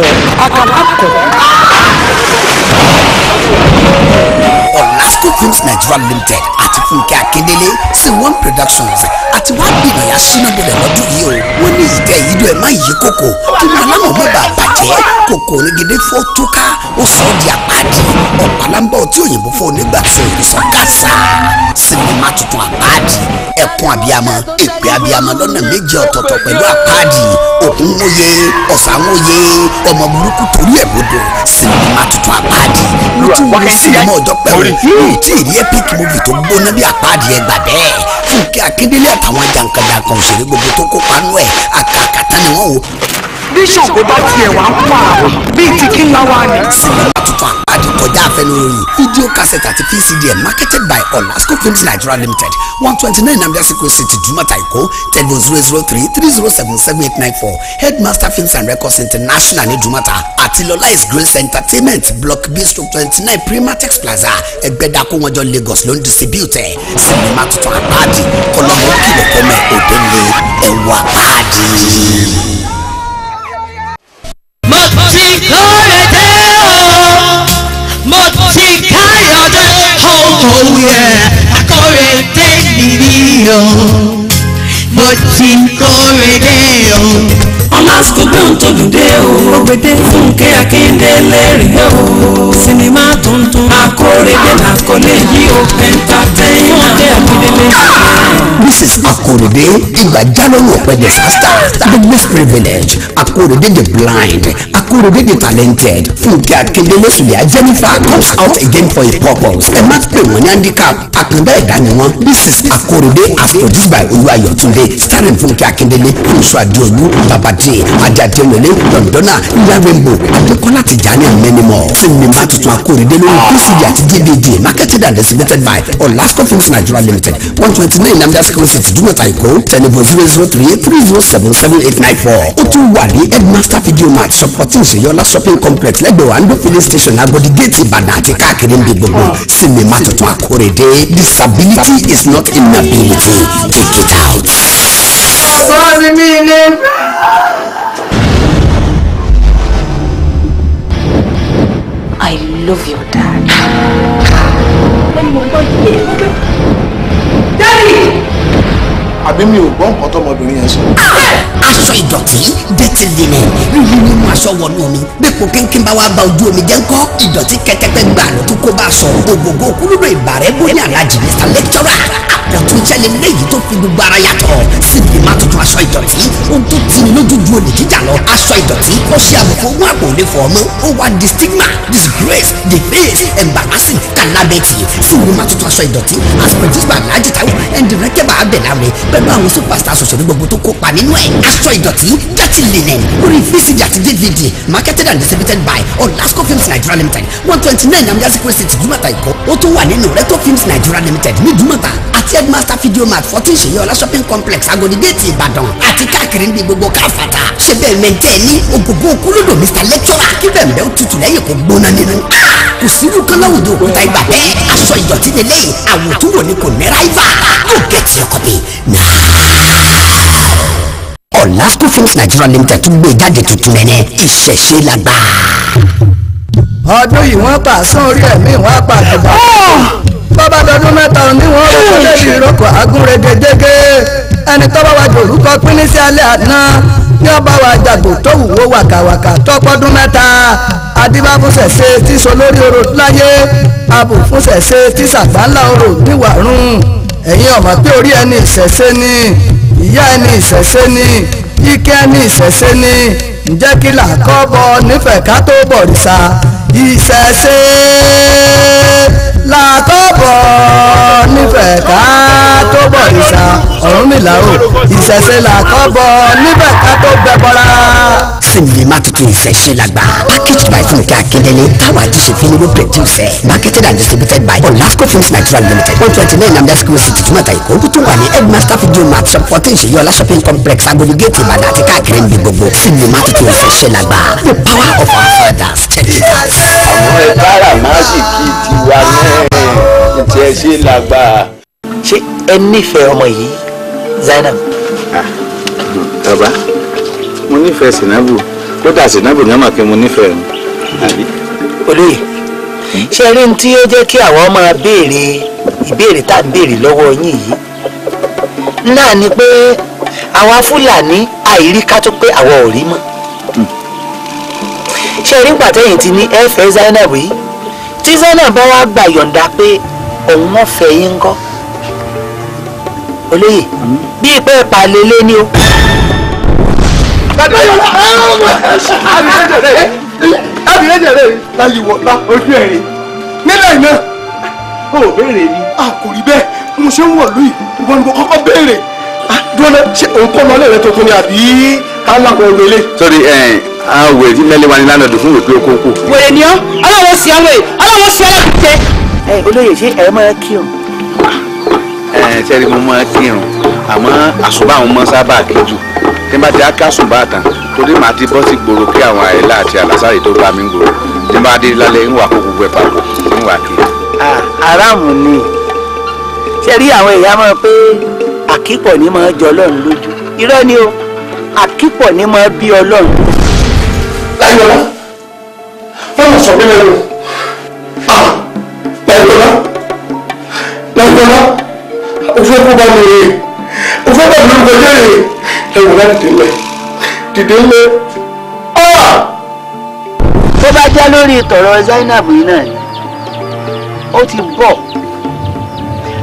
Akram, Akram, Akram. films nigeria limited àti fúnkẹ́ akíndélé sí one productions àti wá gbìyànjú àṣínàbọ̀dẹ̀ lọ́dún yìí o wọ́n ní ìtẹ́ ìdú ẹ̀ má yí kókò kí màlámù má bàa bàjẹ́ kòkò onígidé fọ́ túká ó sọ ọ́ di àpáàdì ọ̀pálábọ̀ tí òyìnbó fọ́ onígbà tó ìrìnsọ kásá sinimá tuntun àpáàdì ẹ̀kún abiyamọ èpè abiyamọ lọ́nà méje ọ̀tọ̀ọ̀tọ̀ pẹ̀lú àpáàdì òkun wòye ọ̀sán wòye ọmọ burúkú torí ẹ̀ gbọdọ̀ sinimá tuntun àpáàdì mo ti wọ́n sinimá ọjọ́ pẹ̀lú ìtì rí epic movie tó gbóná bí àpáàdì ẹgbà bẹ́ẹ̀ fúnkẹ́ akíndélé àtàwọn jàǹkàjàǹkà òṣèré gbogbo tó kópa nú ẹ̀ àkàkàtà ni wọ́n wò bí ṣòkò bá tiẹ̀ wá ń pa àwọn bíi ti kí ńlá wa ni. kọjá àfẹnuròyìn fídíò cassette àti pcd marketed by olasco films nigeria limited one twenty nine namdi Azikiwe city Dumota Èkó telephone zero zero three three zero seven seven eight nine four headmaster films and records international ní Jumata. àti lọ́lá is grace entertainment block b stroke twenty nine primatex plaza ẹgbẹ́dá kó lagos ló ń distribute ẹ̀ sinimá tuntun àpáàdé kọlọ́mù kìlọ̀ kọ́mọ òdòlè ẹ̀wọ̀ àpáàdé. ti oh yeah akórè dé nìyí o mo ti kórè ọlásùkùdùn tòlùdé o ògbédè fúnkẹ́ akíndélé rí o sinimá tuntun akóredé làkọlé yìí o entertainer fúnkẹ́ akíndélé. Mrs. Akorede Ìgbà Jálọ́rù Ọ̀pẹ the disaster the most privileged Akorede the blind Akorede the talented Fúnkẹ́ Akíndélé Sùlíà Jennifer comes out again for a purpose ẹ má pè wọ́n ní handicap àkàndá ẹ̀dá ni wọ́n is Akorede as produced by Olúwayọ̀túndé starring Fúnkẹ́ Akíndélé Olùsọ Adéolú Babaji. Mercy Àjàdé Òlélé Lọ́ndọ́nà Ìyá Rainbow Adékọ́lá Tìjání àmẹ́nimọ̀ sinimá tuntun akóredé lórí PCD àti DVD marketed and distributed by Olasco Films Nigeria Limited one twenty nine Namdi Asikoro City Dunata Eko telephone zero zero three three zero seven seven eight nine four ó tún wà ní Headmaster Video Mart supporting Seyola shopping complex lẹ́gbẹ̀ẹ́ Wando police station Agodi gate Ìbàdàn àti káàkiri ń bí gbogbo sinimá tuntun akóredé disability is not inability take it out. الظالمين I love you, Dad. Daddy! Àbí mi ò gbọ́ nǹkan tọmọbìnrin yẹn sọ. Aṣọ ìdọ̀tí dẹ́tí lílẹ̀ lulú nínú aṣọ wọnú omi. Bẹ́ẹ̀kọ́ kínkín bá wá ba ojú omi jẹ́ ńkọ́. Ìdọ̀tí kẹ́tẹ́pẹ́ gbà ló tún kó bá a sọ. Ògògó kúlúrò ìbàrẹ́ bóyá alájì Mr. Lecturer àjọ̀tún jẹ́lẹ̀ léyìí tó fi gbogbo ara yàtọ̀ síbi má tuntun aṣọ ìdọ̀tí ohun tó ti ní lójú ju olè jíjà lọ aṣọ ìdọ̀tí ó ṣe àbùkù owó àpò òlé fọ ọmọ ó wà di stigma disgrace deface embarrassing calabeti síbi má tuntun aṣọ ìdọ̀tí as produced by Alhaji Taiwo and directed by Abdelhamid pẹ̀lú àwọn superstars òṣèré gbogbo tó kópa nínú ẹ̀ aṣọ ìdọ̀tí dirty linen orí vcd àti dvd marketed and distributed by Olasco Films Nigeria Limited one twenty nine Amjazi Crescent Dumata Eko ó tún wà nínú Recto Films Nigeria Limited ní Dumata àti limited master video mart fourteen ṣèyí ọlá shopping complex agodi gate ìbàdàn àti káàkiri níbi gbogbo káfàtà ṣe bẹ́ẹ̀ mẹ́tẹ́ ní ògògbó kúlódò mr lecturer kí bẹ́ẹ̀ bẹ́ẹ̀ ó tutù lẹ́yìn kò gbóná nínú. Ah! kò sírú kan láwùjọ òkúta ìgbà bẹ́ẹ̀ aṣọ ìdọ̀tí lélẹ́yìn àwòtúwò ni kò ní ráìvà yóò gẹ̀ẹ́tì ọkọ̀ mi náà ọ̀làsco films nigeria limited tún gbé jáde tuntun ẹni ìṣẹ̀ṣe la gbà. ọdún yìí wọ́n pa sán orí ẹ̀mí wọ́n pa àgbà bọ́bá dọdún mẹ́ta òní wọn ò kó lè rí ìrókò agúnrege jẹ́gẹ́ ẹni tó bá wa jòlúkọ pínín sí alẹ́ àná ní ọba wa jàgbò tó wùwó wàkàwàkà tọpọdún mẹ́ta adíbá fúnṣẹ̀ ṣe tí so lórí oró láyé abò fúnṣẹ̀ ṣe tí sàgbáńlá níwàrún ẹ̀yin ọ̀mọ̀ pé orí ẹni ìṣẹ̀ṣe ni ìyá ẹni ìṣẹ̀ṣe ni ike ẹni ìṣẹ̀ṣe ni ǹjẹ́ kí là kọ́ bọ nífẹ̀ẹ́ ká tó bọ̀rìṣà ìṣẹ̀ṣe látọ̀bọ̀ nífẹ̀ẹ́ ká tó bọ̀ ìṣà Ọ̀rúnmìlà o ìṣẹ̀ṣe làkọ́bọ̀ níbẹ̀ ká tó gbẹbọra sì lè má tuntun ìfẹ́ ṣe lágbá. packaged by fúnkẹ́ akíndélé táwọn àtúnṣe fílíbù producer marketed and distributed by olasco films nigeria limited one twenty nine amdas kúrò sí tuntun mẹ́ta ìkó tó wà ní headmaster video mart shop fourteen ṣèyíọlá shopping complex agodi gate ìbàdàn àti káàkiri níbi gbogbo sì lè má tuntun ìfẹ́ ṣe lágbá. the power of our fathers check it out. àwọn ẹ̀ bára máa sì kí tiwa náà ìtì ẹ̀ ṣe lágbá. ṣé ẹ nífẹ̀ẹ́ ọmọ yìí Zainab. ah bàbá mo nífẹ̀ẹ́ sinabu kódà sinabu ní àmàkí mo nífẹ̀ẹ́ mi. olóyè ṣe rí ní tí ó jẹ́ kí àwọn máa béèrè ìbéèrè tá à ń béèrè lọ́wọ́ yín yìí náà ni pé àwa fúlàní àìrí ká tó pé àwa ò rí mọ́ ṣe rí pàtẹ́yìn ti ní ẹ fẹ́ Zainab yìí tí Zainab bá wá gbà yọ̀ǹda pé òun wọ́n fẹ́ yín ńkọ́ olóyè bí ìpẹ́ ìpàlélé ni o. Báyọ̀lá àbílẹ̀jẹ̀ rẹ̀ àbílẹ̀jẹ̀ rẹ̀ láyé wọ̀lá ojú ẹ̀ rẹ̀ nílẹ̀ iná. Ó béèrè ni. A kò rí bẹ́ẹ̀ mo ṣe ń wọ̀ lóyè ìwọ ni mo kọ́kọ́ béèrè. Dúró ṣe òun kọ́ lọ́lẹ̀ rẹ tuntun ni àbí kálákọ̀ ògbélé. Sọ́ri àwọn èdè mẹ́lẹ́wà ni lánàá dùn fún òpin okòókò. Wèrè ni ọ́, aláwọ̀ sí àwọn èèyàn, aláwọ̀ sí aláàbùtẹ́. Ẹ olóyè ṣé ẹ̀rọ máa kí o. Eh, ẹ ṣẹ́ni mo máa kírun àmọ́ àṣùbà àwọn ọmọ sábà kéjù tí n bá di akásùn bá tán torí màá ti bọ́ sí gbòòrò kí àwọn àìlá àti àlàsáre tó bá mi ń gbòòrò tí n bá dé lálẹ́ ń wà kó gbogbo ẹ̀ papọ̀ ń wà kí. aráàmù ni ṣe rí àwọn ìyá máa pé àkípọ̀ ni máa jọ ọlọ́run lójú irọ́ ni o àkípọ̀ ni máa bí ọlọ́run. láyọ̀lá fọlọ́ sọ mí lẹ́nu láyọ̀lá láyọ̀lá òfin kú bá mi rè òfin bá mi rè ẹ wò láti délé dìde lé. Ah! tó bá já lórí tọ̀rọ̀ Zainab yìí náà ni ó ti bọ̀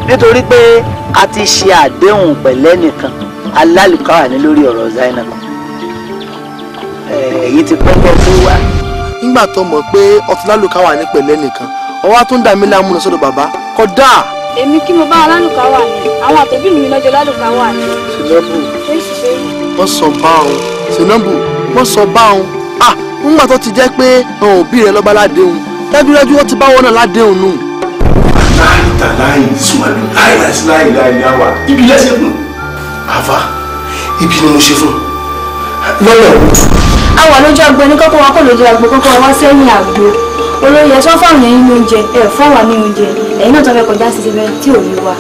nítorí pé a ti ṣe àdéhùn pẹ̀lẹ́ nìkan alálùkáwà ní lórí ọ̀rọ̀ Zainab èyí ti pẹ́ńpẹ́ fún wa. nígbà tó mọ̀ pé ọtí lálùkáwà ní pẹ̀lẹ́ nìkan ọwọ́ tó ń dà mí láàmú lọ sọ́dọ̀ bàbá kódà. èmi kí mo bá alálùkáwà ni àwọn àtẹ̀bí mi lọ́jọ́ lálùkáwà ni. ṣùgbọ́n wọ́n sọ báwọn Sìnàbù wọ́n sọ báwọn à ńgbà tó ti jẹ́ pé àwọn òbí rẹ̀ lọ́ba ládéhùn dájúdájú wọ́n ti bá wọn náà ládéhùn nù. láì tà láì sùmàlù láì láì láì láì ní àwà ibi lẹ́sẹ̀ fún àfa ibi ni mo ṣe fún lọ́wọ́ ẹ̀wọ̀n. àwa lójú agbo ní kókó wa kò lójú agbo kókó wa wá sẹ́yìn àgbo olóyè sọ́fà ní oúnjẹ ẹ̀ fún wa ní oúnjẹ ẹ̀yin náà tó fẹ́ kọjá sí ti bẹ́ẹ̀ tí ò ní wa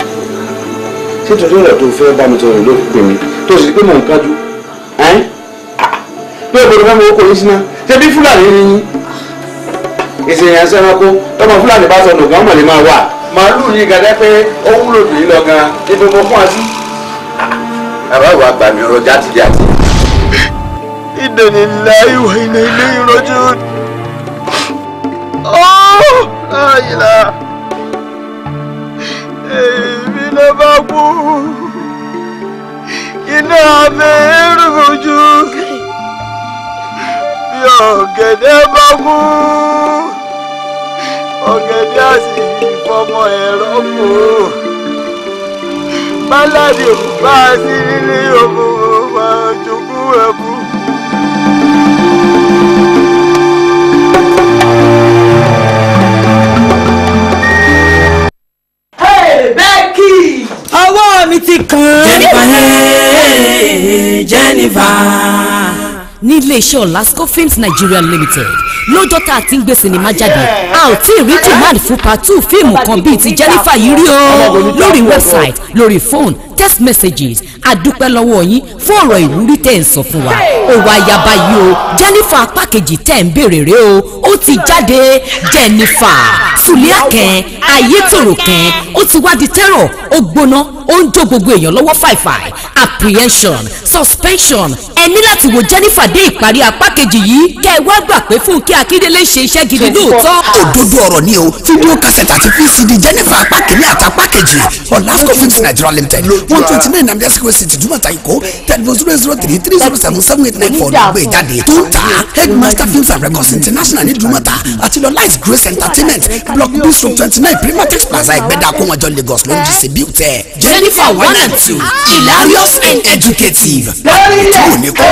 ṣé torí ọ̀rọ̀ tó fẹ́ bá mi tọrọ ló pè mí tó sì pé mò ń kájú ẹ́n bí ọ̀gbọ́n bá mi kó yín síná ṣé bí fúlàní ni yín ìsìnyàn sẹ́ranko tọmọ fúlàní bá sọnù gan mọ̀lẹ́ máa wà màálù yìí gàdá pé ó wúlò dùn lọ gan ibi mo fún ọ sí. bàbá wa gbà mí ọ̀rọ̀ jáde jáde. ìdènì láì wà ilé ilé ìrọ́jú. ó láyìí iná bá kú iná abẹ́rù ojú bí ọ̀gẹ̀dẹ̀ bá kú ọ̀gẹ̀dẹ̀ á sì fọmọ ẹ̀rọ kú bálàdì bá a sí nílé òmùmọ̀ ọ̀jọ̀gbọ́n ẹ̀kú. ọwọ́ mi ti kàn. Jennifer hey, Jennifer ní iléeṣẹ́ Olasco Films Nigeria Limited lọ́jọ́ tá a ti ń gbé sinimá jáde a ò tí ì rí demand fún part two fíìmù kan bíi ti Jennifer yìí rí o lórí website lórí phone text messages àdúpẹ́ lọ́wọ́ yín fún ọ̀rọ̀ ìwúrí tẹ̀ ń sọ fún wa òwò ayaba yìí o Jennifer apá kejì tẹ̀ ń béèrè rẹ o ó ti jáde Jennifer fúlíàkẹ́ ayétòròkẹ́ ó ti wá di tẹ́rọ̀ ó gbóná ó ń jó gbogbo èèyàn lọ́wọ́ fàìfàì apprehension suspension ẹ ní láti wo Jennifer dé ìparí apá kejì yìí kẹ́ ẹ wá gbà pé Fúnkẹ́ Akíndélé ṣe iṣẹ́ gidi lóòótọ́. òdodo ọ̀rọ̀ ni o fídíò kásẹ̀tì àti pcd Jennifer apá kìíní àti apá kejì ọ̀làfọ̀ films Nigeria limited one twenty nine nàmdi ẹsẹ̀ wẹ̀sì tìjú bàtà ikó telephone zero zero three three zero seven seven eight nine four ló gbé tó ń ta headmaster films and records international ní Dùmọ̀tà àti lọ light grace entertainment block b twenty nine primatex plaza ìgbẹ́dàkọ́ wọn jọ Lagos ló ń sí bí tẹ̀ ready for one and two hilarious and educative ètò òní kò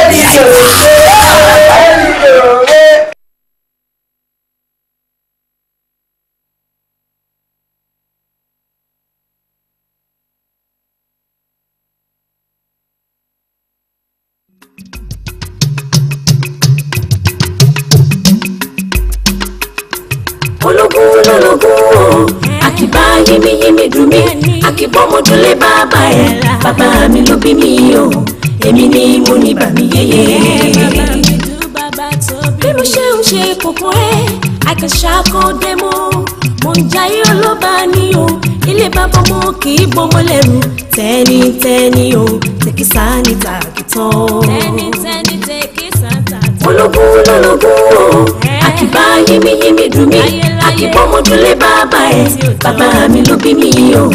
gbọ́mọlẹ́rù tẹ́nitẹ́ni o tẹ̀kísà ní tàkìtàn. tẹ́nitẹ́ni tẹ̀kísà tàkìtàn. ológun lọ́lọ́gun o àkìbá yínmíyínmí dùn mí àkìbọ́mọdúnlé bàbá ẹ̀ bàbá mi ló bí mi o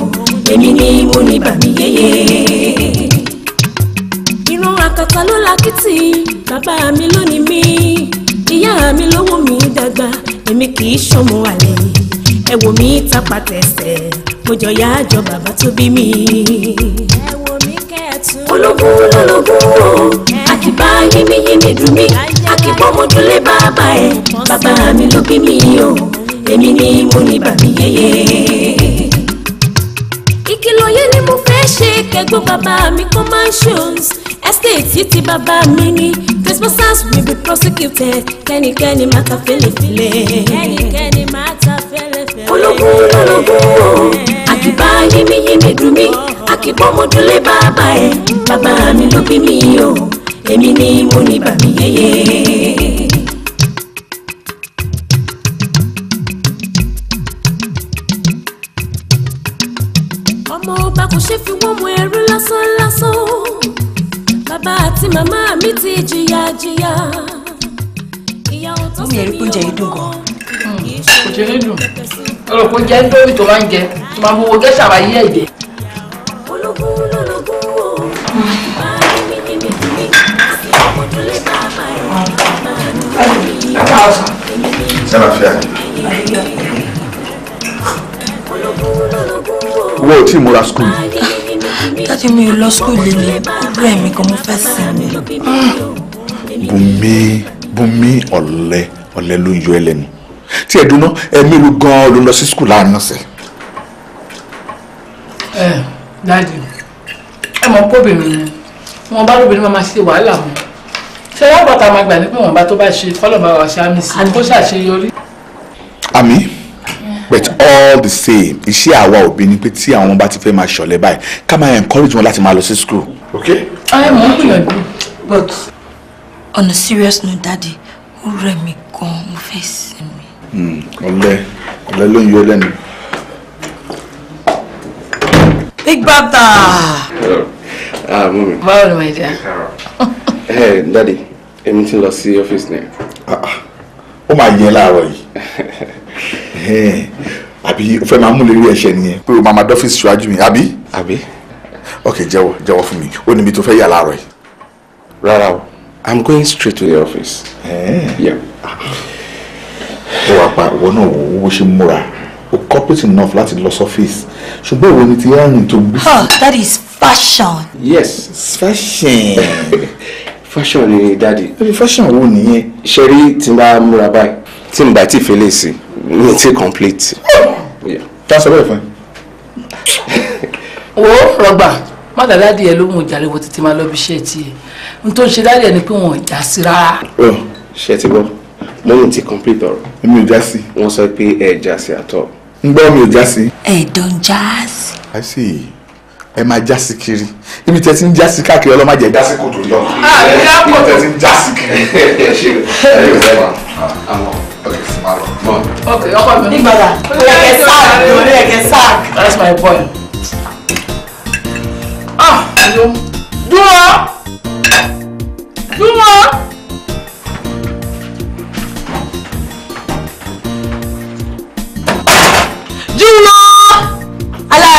èmi ni mo ní bàmí yéyé kàkà ló lakìtì bàbá mi ló ni mí ìyá mi ló wò mí dàgbà èmi kì í ṣọmọ àlè yìí ẹ wò mí tapá tẹsẹ̀ mo jọ yá àjọ bàbá tó bí mi. ẹ wò mí kẹ́ẹ̀tún. ológun lológun o àkìbá yínmíyínmí dùn mí àkìbọ́mọdúnlé bàbá ẹ bàbá mi ló bí mi o èmi ni mo ní bàbí yẹyẹ. ìkìlọ̀ yẹn ni mo fẹ́ ṣe kẹ́gbọ́n bàbá mi commercials estate ti bàbá mi ni trespassers will be prosecuted kẹ́nikẹ́ni máa ta fèlèfèlè. kẹ́nikẹ́ni máa ta ológun lọ́lọ́gun o àkìbá yínmíyínmí dùn mí àkìbọ́mọdúnlé bàbá ẹ̀ bàbá mi ló bí mi o èmi ni mo ní bàbí yẹyẹ. ọba kò ṣe fi wọ́n mu ẹrú lásán lásán o bàbá àti màmá mi ti jìyà jìyà ìyàwó tó sì ní ọmọ kì í ṣe ìdúkẹ́ sí i ọ̀rọ̀ kò jẹ́ nítorí tó máa ń jẹ tó máa ń fowó gẹ́sà wá ẹ̀jẹ̀. wo ò tí ì múra skul. dájú mi ò lọ skul lè ní ojú ẹ̀mí kan mo fẹ́ sinmi. Ah! Bùnmi Bùnmi ọ̀lẹ ọ̀lẹ ló ń yọ ẹlẹ́nu tí ẹ ẹ̀mí ru gan ló lọ sí skul láàrin ọ̀sẹ̀. ẹ dáàdi ẹ mọ kóbìnrin wọn bá lóbìnrin máa ma ṣe wàhálà mu ṣe lágbàtà máa gbà ní wọn bá tó bá ṣe fọlọ bá ṣe àmì sí kó ṣàṣeyọrí. àmì eh. but all the same iṣẹ́ àwa òbí ni pé tí àwọn bá ti fẹ́ máa ṣọ̀lẹ báyìí ká máa encourage wọn láti máa lọ sí school. okay. ayé gbìyànjú but. on a serious note daddy ó rẹ̀ mí gan-an mo fẹ́ sinmi. Hmm, ọ̀lẹ ọ̀lẹ ló ń yọ lẹ́nu. big ah mọ́mi. báwo ni my dear. ẹ eh, dadi èmi ti lọ sí ọ́fíìsì náà. Ah, ah. ó máa yẹ láàárọ̀ yìí eh, àbí o fẹ́ máa mú lérí ẹ̀ṣẹ̀ nìyẹn pé o máa máa dọ́fíìsì ṣíwájú mi àbí. àbí. ok jẹ́wọ́ jẹ́wọ́ fún mi ó níbi tó fẹ́ yà láàárọ̀ yìí. rárá o i'm going straight to the office. Eh. Yeah. Ah ó wàá pa ìwọ náà wò ó ṣe múra o corporate enough láti lọ sọ́fíìsì ṣùgbọ́n ìwọ ni ti rárìn tó gbé ah, that is fashion. yes fashion fashion ni dadi. ẹbí fashion wo nìyẹn. ṣe rí tí n bá múra báyìí tí n bá tí fèlè sí mi ti complete. tá a sọ bẹ́ẹ̀ fún ẹ. wo rọgbà má dàda díẹ̀ ló mú ìjàlè wo títí máa lọ bí iṣẹ́ tiẹ̀ n tó ń ṣe dálẹ̀ ni pé wọn ò já sí oh, gbọ́ lẹ́yìn tí complete ọ̀rọ̀. èmi ò já sí. wọ́n sọ pé ẹ já sí àtọ̀. ń gbọ́ mi ò já sí. ẹ dán já sí. a sì ẹ máa já sí kiri ibi tẹ́ ti ń já sí káàkiri ọlọ́mọ jẹ́ já sí kò tó lọ. ibi tẹ́ ti ń já sí kiri. ẹ ṣe ẹ yóò fẹ́ wa àmọ́ ọkẹ́ fún wa lọ. ọkẹ́ ọkọ mi nígbà dà ó yẹ kẹ́ sáàk ó yẹ kẹ́ sáàk that's my boy. ah dúró dúró.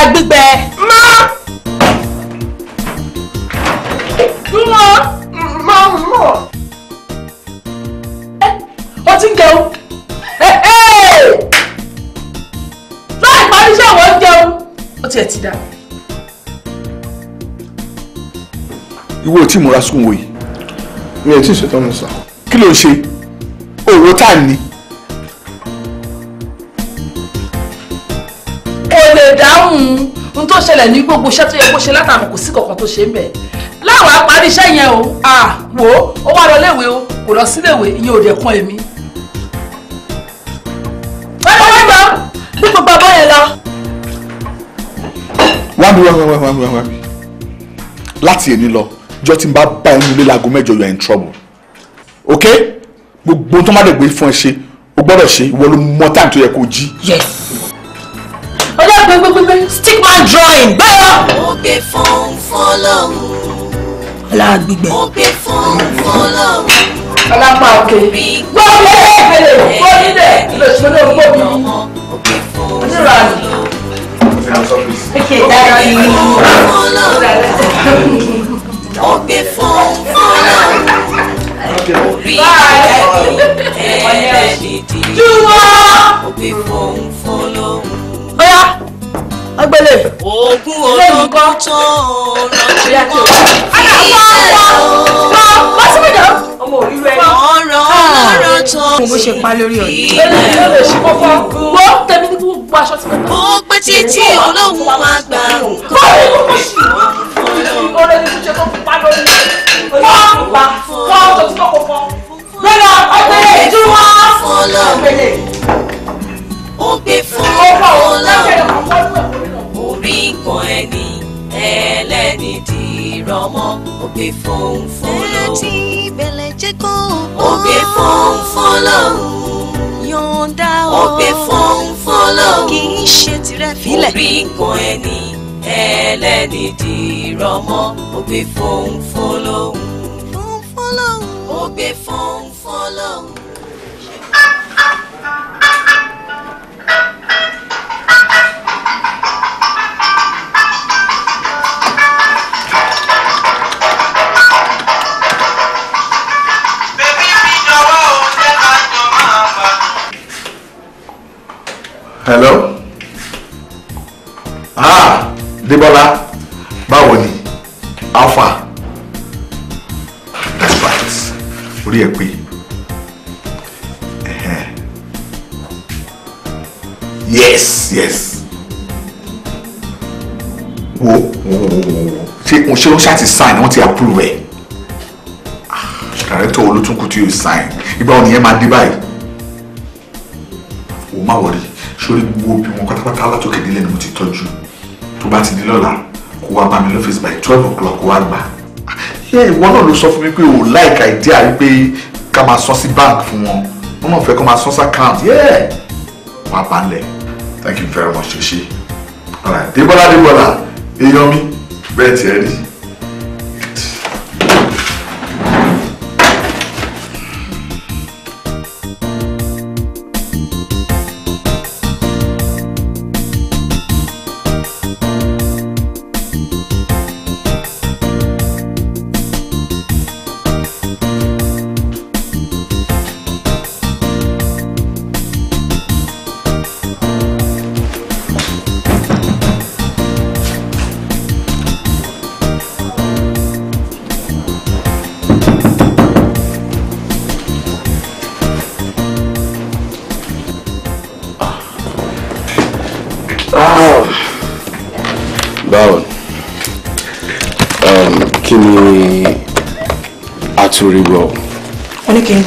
gbígbẹ. má. dúró. má mọ̀. ó ti ń jẹun. láì parí iṣẹ́ àwọn jẹun. ó tiẹ̀ ti dà. ìwọ tí mo ra sukùn wò yìí mi ò tí ì ṣetán mi sàn. kí ló ń ṣe òwò tá a lè dáhùn ohun tó ṣẹlẹ̀ ní gbogbo iṣẹ́ tó yẹ kó ṣe látàmú kò sí kankan tó ṣe ń bẹ̀ láwọn àparí iṣẹ́ yẹn o wò ó wá lọ léwe o kò lọ síléèwé ìyẹn ò dẹ̀ kún èmi. ẹ lọ wá lọ bí gbogbo abọ́ yẹn lọ. wá mi wá mi wá mi wá mi láti èmi lọ jọ tí n bá bá ẹnu ilé láago mẹ́jọ you in trouble ok gbogbo tó má dẹ̀ gbé fún ẹ ṣe o gbọ́dọ̀ ṣe ìwọ ló mọ táìmù tó yẹ kó jí. yes ọjọ́ gbẹgbẹgbẹ stick man drawing bẹ́ẹ̀. ó gbé fún fọlọ́hún. aláàgbígbẹ. ó gbé fún fọlọ́hún. alápá òkè. gbọ́ mi ẹ̀ẹ́dẹ̀gbẹ̀lẹ̀ gbọ́ nílẹ̀ lọ́sọ̀rọ̀ gbọ́ mi. onírà ni. ok dára ni. ó gbé fún fọlọ́hún. òbí ẹ̀ẹ́dẹ̀gbẹ̀lẹ̀ wọlé. oògùn olóko tó ah. lọ́jọ́ kọ́ fi ilẹ̀ o. bá síbi dàn. ọmọ òrí rẹ ni. ọ̀rọ̀ ọ̀rọ̀ tó fi ilẹ̀ o. bẹ́ẹ̀ ló lè ṣe kọ́kọ́. wọ́n tẹ̀mí ní gbogbo aṣọ tí mo. ó pé títí olóhùn máa gbà. bọ́ọ̀lù kò fi ṣì. ọ̀rẹ́ mi ti ṣe tó pa lórí rẹ̀. fọ́ọ̀mù pa fọ́ọ̀mù tó ti kọ́kọ́ Bẹ́lá ọ̀pẹ̀lẹ̀ ìdúró. Fọlọ́ ó gbé fún ọlọ́run rí nǹkan ẹni ẹlẹ́ni di ìrọ̀mọ́ òkè fòun fún lòun. láti ìbẹ̀lẹ̀ jẹ́ kó mọ́. òkè fún lòun. yọ̀ǹda o. òkè fún lòun. kì í ṣe tirẹ̀ fílẹ̀. rí ẹni ẹlẹ́ni di ìrọ̀mọ́ òkè fún lòun. fún fún òkè fòun. hello ah debola báwo ni alpha that's right orí ẹ pé yes yes wo wo wo wo ṣé o ṣe o ṣáà sign wọn ti approve ẹ ah, director olótùnkù tí yóò sign ìgbà wọn nìyẹn máa dé báyìí o má wọrí sórí gbogbo obì wọn pátápátá látòkè délẹ̀ ni mo ti tọ́jú tó bá ti di lọ́la kó wá bá mi lọ́fíìsì by twelve o'clock kó wá gbà. ṣé ìwọ náà ló sọ fún mi pé o like idea wípé ká máa sọ sí bank fún wọn wọn náà fẹ́ kó máa sọ sí account wàá bá lẹ̀ thank you very much ṣe ṣe. Débọ́lá Débọ́lá èèyàn mi bẹ́ẹ̀ tiẹ̀ rí.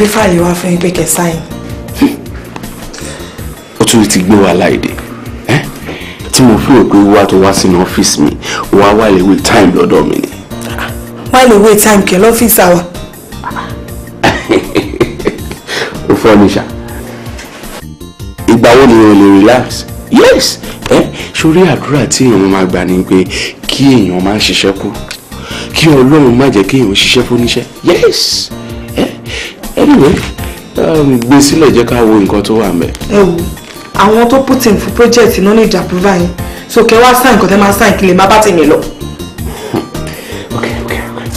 Before you have fún yín pé kẹ́ sáyìn. ó tún ti gbé wa láìdè tí mo fi òpin wá tó wá sínú ọ́fíìsì mi wá while away time lọ́dọ̀ mi ni. while wait time kẹ́ office àwa. ó fọ́ mi ṣá wo ni o lè relax yes sórí àdúrà tí èèyàn máa gbà ni pé kí èèyàn máa ṣiṣẹ́ kú kí ọlọ́run má jẹ́ kí èèyàn ṣiṣẹ́ fún níṣẹ́ yes anyway um, gbé sílẹ̀ jẹ́ ká wo nǹkan tó wà mẹ́. ẹ wo àwọn tó put in fún project náà ní ìjàpúvà yín so kẹ wá sign nǹkan tẹ máa sign kí lè má bá tèmi lọ. Hmm. okay okay okay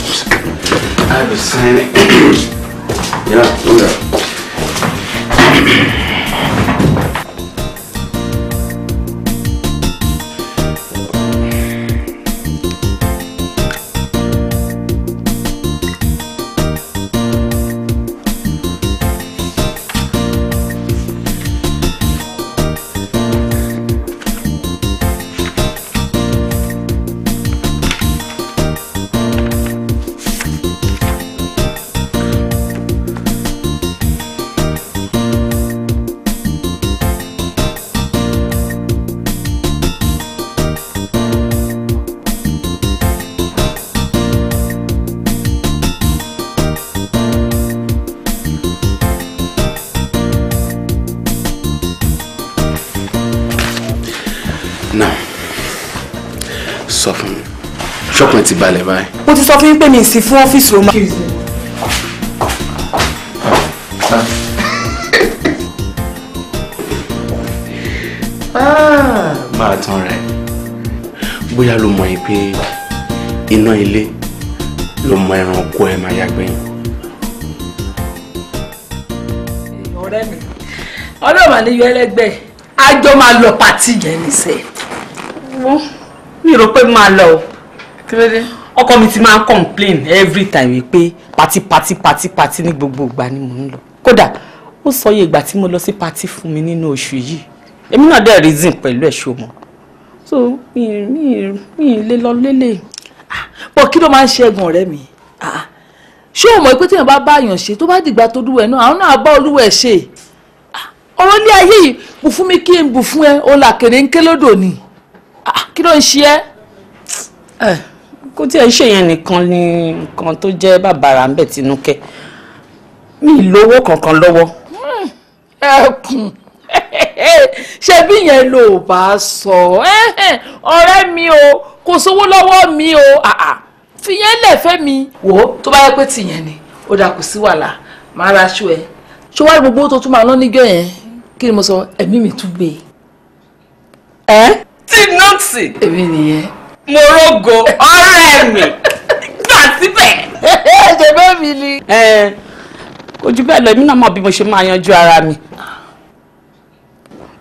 i will sign yeah, okay. ti balẹ̀ báyìí. mo ti sọ fún yín pé mi ì fún ọ́fíìsì o máa. Ah, máa tán rẹ bóyá ló mọ yín pé iná ilé ló mọ ẹranko ẹ máa yàgbẹ́ yín. ọ̀rẹ́ mi ọlọ́run àníyọ ẹlẹ́gbẹ́ àjọ máa lọ pàtì yẹn nìṣẹ́. mi rò pé máa lọ kí ló dé. ọkọ mi ti máa ń complain every time wípé pati pati pati pati ní gbogbo ìgbà ni mò ń lọ kódà ó sọ iye ìgbà tí mo lọ sí pati fún mi nínú oṣù yìí èmi náà dẹ̀ reason pẹ̀lú ẹ̀ ṣó mọ́ so mi mi mi lè lọ lélẹ̀. Ah, bọ̀ kí ló máa ń ṣẹ́gun ọ̀rẹ́ mi ah, ṣé o mọ̀ pé tí èèyàn bá bá àyàn ṣe tó bá dìgbà tó dúwẹ̀ náà àwọn náà bá olúwẹ̀ ṣe ah, ọ̀rọ̀ ilé ayé yìí bù fún mi kí n bù fún ẹ òun làkèrè ń ké lódò ni kí ló ń ṣe ẹ́. Eh kó tiẹ̀ ṣe yẹn nìkan ni nǹkan tó jẹ́ bàbàrà ń bẹ̀ tinúkẹ́ mi lówó kankan lọ́wọ́. Hmm, ẹkùn ṣe bí yẹn ló bá sọ ọ̀rẹ́ mi o kò sówó lọ́wọ́ mi o fìyẹn lẹ̀fẹ́ mi. wò ó tó bá yẹ pé tìyẹn ni ó dà kò sí wàhálà máa ra aṣọ ẹ ṣé wàá gbogbo tó tún máa ná nígẹ̀ yẹn kí ni mo sọ ẹ̀mí mi tún gbé e. ẹ tí nọ́ọ̀sì. èmi nìyẹn Morogo, rógo ọ̀rẹ́ mi gbà síbẹ̀. ṣèbẹ́ mi ni. kò jù bẹ́ẹ̀ lọ èmi náà mọ̀ bí mo ṣe máa yanjú ara mi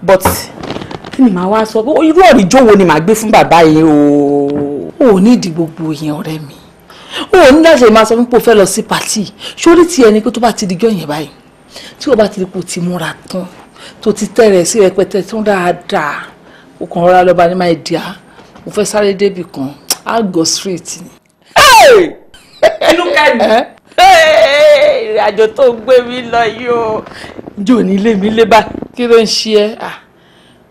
but kí ni màá wá sọ pé irú ọ̀rìjọ́ wo ni màá gbé fún bàbá yìí o. o ò ní ìdí gbogbo yẹn ọ̀rẹ́ mi o ò ní láti máa sọ fún pé o fẹ́ lọ sí pàtì sórí ti ẹni pé tó bá ti di jọ́ yẹn báyìí tí o bá ti di kò ti múra tán tó ti tẹ̀rẹ̀ sí rẹpẹtẹ tán dáadáa o kàn rọra lọ́ba ní máa di a mo fẹ́ sáré débì kan á gọ straight ni. inú kẹ́mi ìrìn àjò tó gbé mi lọ yìí o jò ní ilé mi lé báyìí. kí ló ń ṣe ẹ́ ah!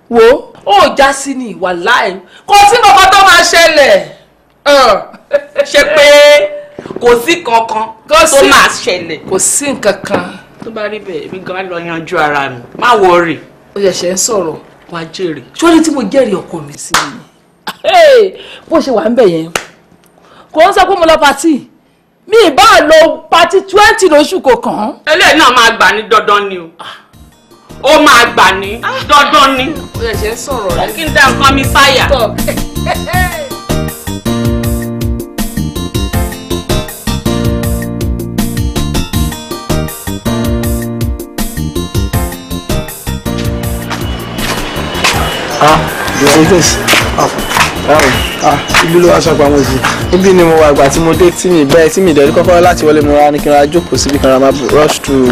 wo ó já sí ni ìwà láì kò sí kankan tó máa ṣẹlẹ̀ ah! ṣe pé kò sí kankan tó máa ṣẹlẹ̀. kò sí nǹkan kan. tó bá rí bẹ́ẹ̀ mi gan lọ yanjú ara mi má wọrí. ó yẹ ṣe ń sọ̀rọ̀ wá jèrè ṣó ní tí mo jẹ́rìí ọkọ mi sí i bó ṣe wà ń bẹ̀ yẹn kò ń sọ pé mo lọ patí mi ìbá lọ patí twenty lóṣù kò kàn eléyìí náà máa gbà ní dandan ni o ah. ó máa gbà ní ah. dandan ni. ó yẹ ṣe ń sọ̀rọ̀ rẹ. kí n dá nǹkan mi sáyà. Ah, this is this. Oh. Ah. Ah, ibi ló wá sọ pamọ́ sí. ibi ni mo wà àgbà tí mo dé tí mi bẹ́ẹ̀ tí mi ìdẹ̀rí kọ́kọ́ láti wọlé mo ra ní kí n ra jókòó síbi kan ra máa rush through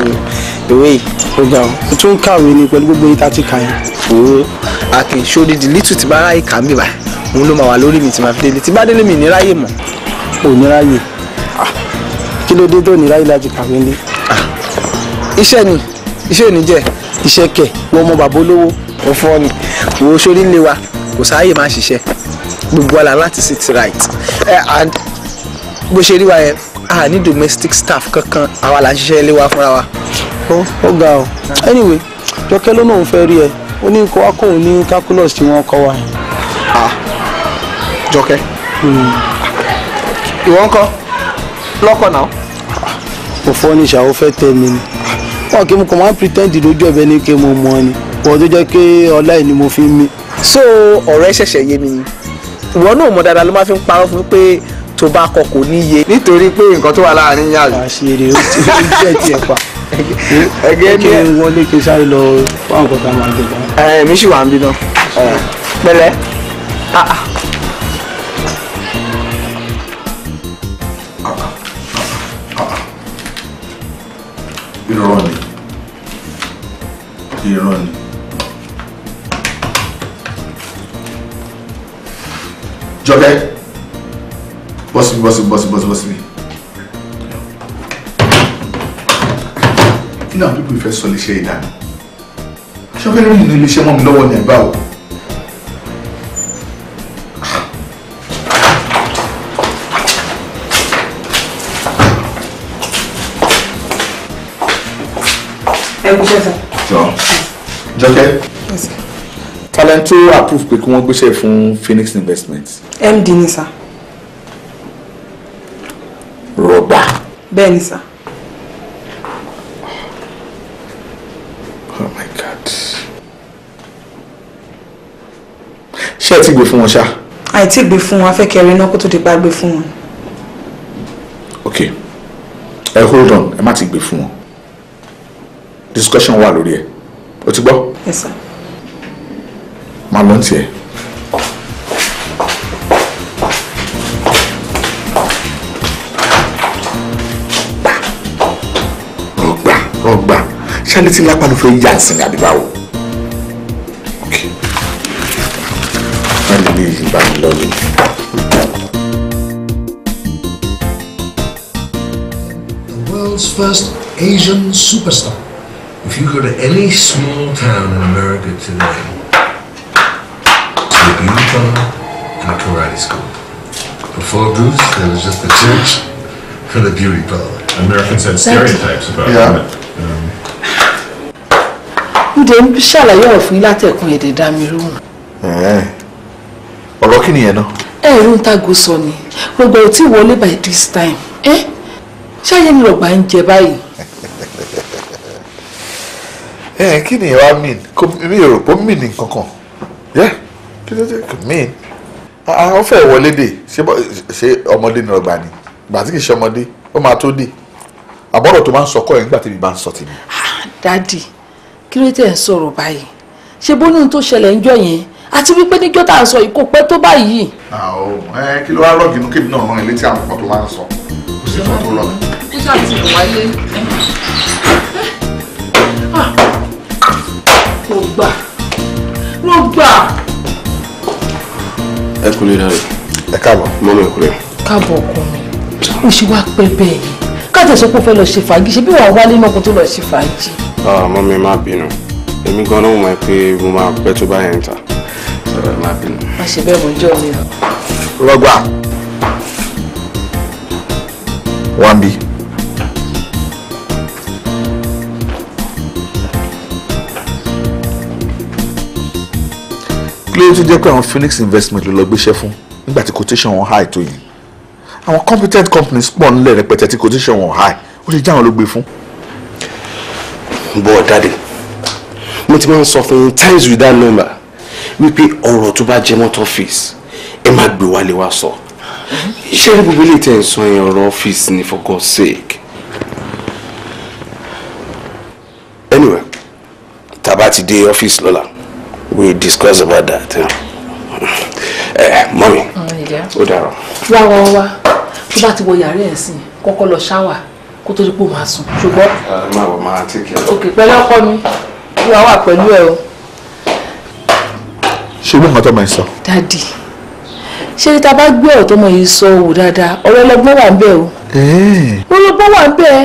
ìwé ìgbà o. mo tún ń kàwé ni pẹ̀lú gbogbo yín tàti kà yín. òwò akin sórí di lítù tí bára ìka mi bá òun ló máa wà lórí mi tí máa fi délé tí bá délé mi níráyè mọ́. ò níráyè ah, kí ló dé tó níráyè láti kàwé ní. Ah, iṣẹ́ ni iṣẹ́ ò ní jẹ́ iṣẹ́ kẹ̀ wọ́n mọ bàbá olówó ọ̀fọ́ ni òwò sórí ilé wa kò sáàyè gbogbo ala láti ṣe ti right and bó ṣe rí wa yẹn a ní domestic staff kankan àwa là ń ṣiṣẹ́ ilé wa fúnra wa. ó ga ọ anyway jọkẹ́ ló náà fẹ́ rí ẹ ó ní kó wá kóun ní calculus tí wọ́n kọ́ wa. Ah, jọkẹ́ ìwọ ń kọ́ lọ́kọ̀ náà. mo fọ́ ní ìṣàwọ́ fẹ́ tẹ̀ mí ni wọn kì í mú kọ́ máa ń pretend lójú ọ̀bẹ ní kí mo mọ̀ ni wọ́n tó jẹ́ pé ọlá ẹ̀ ni mo fi ń mi. so ọ̀rẹ́ ṣẹ̀ṣẹ̀ yé mi ni ìwọ náà mọ̀ dáadáa ló máa fi ń parọ́ fún pé tó bá kọ kò níye. nítorí pé nǹkan tó wà láàrin yín àjò. àṣírí ó ti rí jẹ́ tiẹ̀ pa ẹgẹ́ ní ẹ wọlé kí sáré lọ fún àwọn kọ̀ọ̀kan máa gbẹ̀dọ̀. ẹ mi sì wà ń bí náà pẹ̀lẹ́ ah, ah. Ah, irọ́ ni irọ́ ni. Jọkẹ́ bọ́sibí bọ́sibí bọ́sibí bọ́sibí bọ́sibí. kí náà pípọ̀ ìfẹ́ sọ iléeṣẹ́ ìdáná ṣọ́kẹ́ lórí inú iléeṣẹ́ mọ́ mi lọ́wọ́ ní ẹ̀bá o. ẹ kú sẹ́sà. jọ Jọkẹ́ lẹni tó approve pé kí wọ́n gbéṣẹ́ fún Phoenix Investment. MD ni sá. rọgbà. bẹ́ẹ̀ ni sá. oh my god. ṣé ẹ ti gbé fún wọn ṣá. àìtí gbé fún wọn afẹ́kẹ̀rẹ́ náà kó tó di pa gbé fún wọn. ok ẹ hold on ẹ má ti gbé fún wọn discussion wà lórí ẹ o ti gbọ́. yes sir máa lọ tiẹ̀. rọgbà rọgbà ṣáà létí lápá ló fẹ́ yá ìsinmi àbí báwo. báyìí ní ìgbà ìlọrin. The world's first Asian superstar. If you go to any small town in America today, Bristol Tattoo Riding School. Before Bruce, there was just the church for the beauty parlor. Americans had stereotypes about yeah. women. Um, Ǹdè ń ṣàlàyé ọ̀rọ̀ fún yín látẹ̀kùn èdè Dámirúhùn. Ọ̀rọ̀ kí nìyẹn náà? Ẹ ẹ̀rú ń tágo sọ ni, gbogbo ò tí wọlé by this time. Ṣáyé ni ọ̀gbà ń jẹ báyìí. Kí ni ìwà mean? Mi ò rò pé ó mean nǹkan kí ló dé mean àwọn fẹ́ wọlé dè ṣé ọmọdé ni ọgbà ni gbà tí kì í ṣe ọmọdé ó máa tó dè àbọ̀rọ̀ tó máa ń sọkọ́ yẹn nígbà tí mi bá ń sọ tèmi. Ah, dádì kí ló tẹ̀ ń sọ̀rọ̀ báyìí ṣe bó ní tó ṣẹlẹ̀ ń jọ yẹn àti wípé níjọ́ tá à ń sọ yìí kò pẹ́ tó báyìí. àwọn ẹ kí ló wá rọ́ọ̀gì inú kébì náà rán ilé tí àwọn kan tó máa ń sọ kò sí fún tó rọ́ọ̀gì ẹ kò lè dáre. ẹ káàbọ̀. mọ́ mi kúrẹ́. káàbọ̀ ọkọ mi ó ṣe wá pẹ́ bẹ́ẹ̀ yìí káàtẹ̀ sọ pé ó fẹ́ lọ ṣe fàájì ṣe bí wàá wálé náà kó tó lọ ṣe fàájì. Ah, mọ́ mi má bínú èmi gan-an mọ̀ pé mo máa pẹ́ tó bá yẹn ta má bínú. má ṣe bẹ́ẹ̀ mọ́ jọ́ mi. rọgbà wọ́n bí. ló tún jẹ́ pé àwọn Phoenix investment ló lọ gbéṣẹ́ fún nígbà tí quotation wọn high tó yẹn àwọn competent companies pọ̀ nílẹ̀ rẹpẹtẹ tí quotation wọn high ó lè jẹ́ àwọn ló gbé fún. bọ́ dáde mo ti máa ń sọ fún yín times with that number wípé ọ̀rọ̀ tó bá jẹ́ mọ́tò ọ́fíìsì ẹ má gbé wálé wá sọ ṣé gbogbo ilé tẹ̀ ń sọ yẹn ọ̀rọ̀ ọ́fíìsì ni for God's sake. anyway tá a bá ti dé ọ́fíìsì lọ́la we discuss about that. ẹ eh, eh, mọ́mi ó dára. wa. wá wá tó bá ti wọ yàrá ẹ̀ sìn kọ́kọ́ lọ ṣáwà kó tó di pò máa sùn ṣùgbọ́n. Eh, máa bọ̀ máa tí kì í. òkè pẹ̀lú ọkọ mi wíwá wà pẹ̀lú ẹ o. ṣé bí nǹkan tó máa ń sọ. dadi ṣé ta bá gbé ọ̀rọ̀ tọmọ yìí sọ wò dáadáa ọ̀rọ̀ ọlọ́gbọ́n wà ń bẹ̀ o. ọlọ́gbọ́n wà ń bẹ̀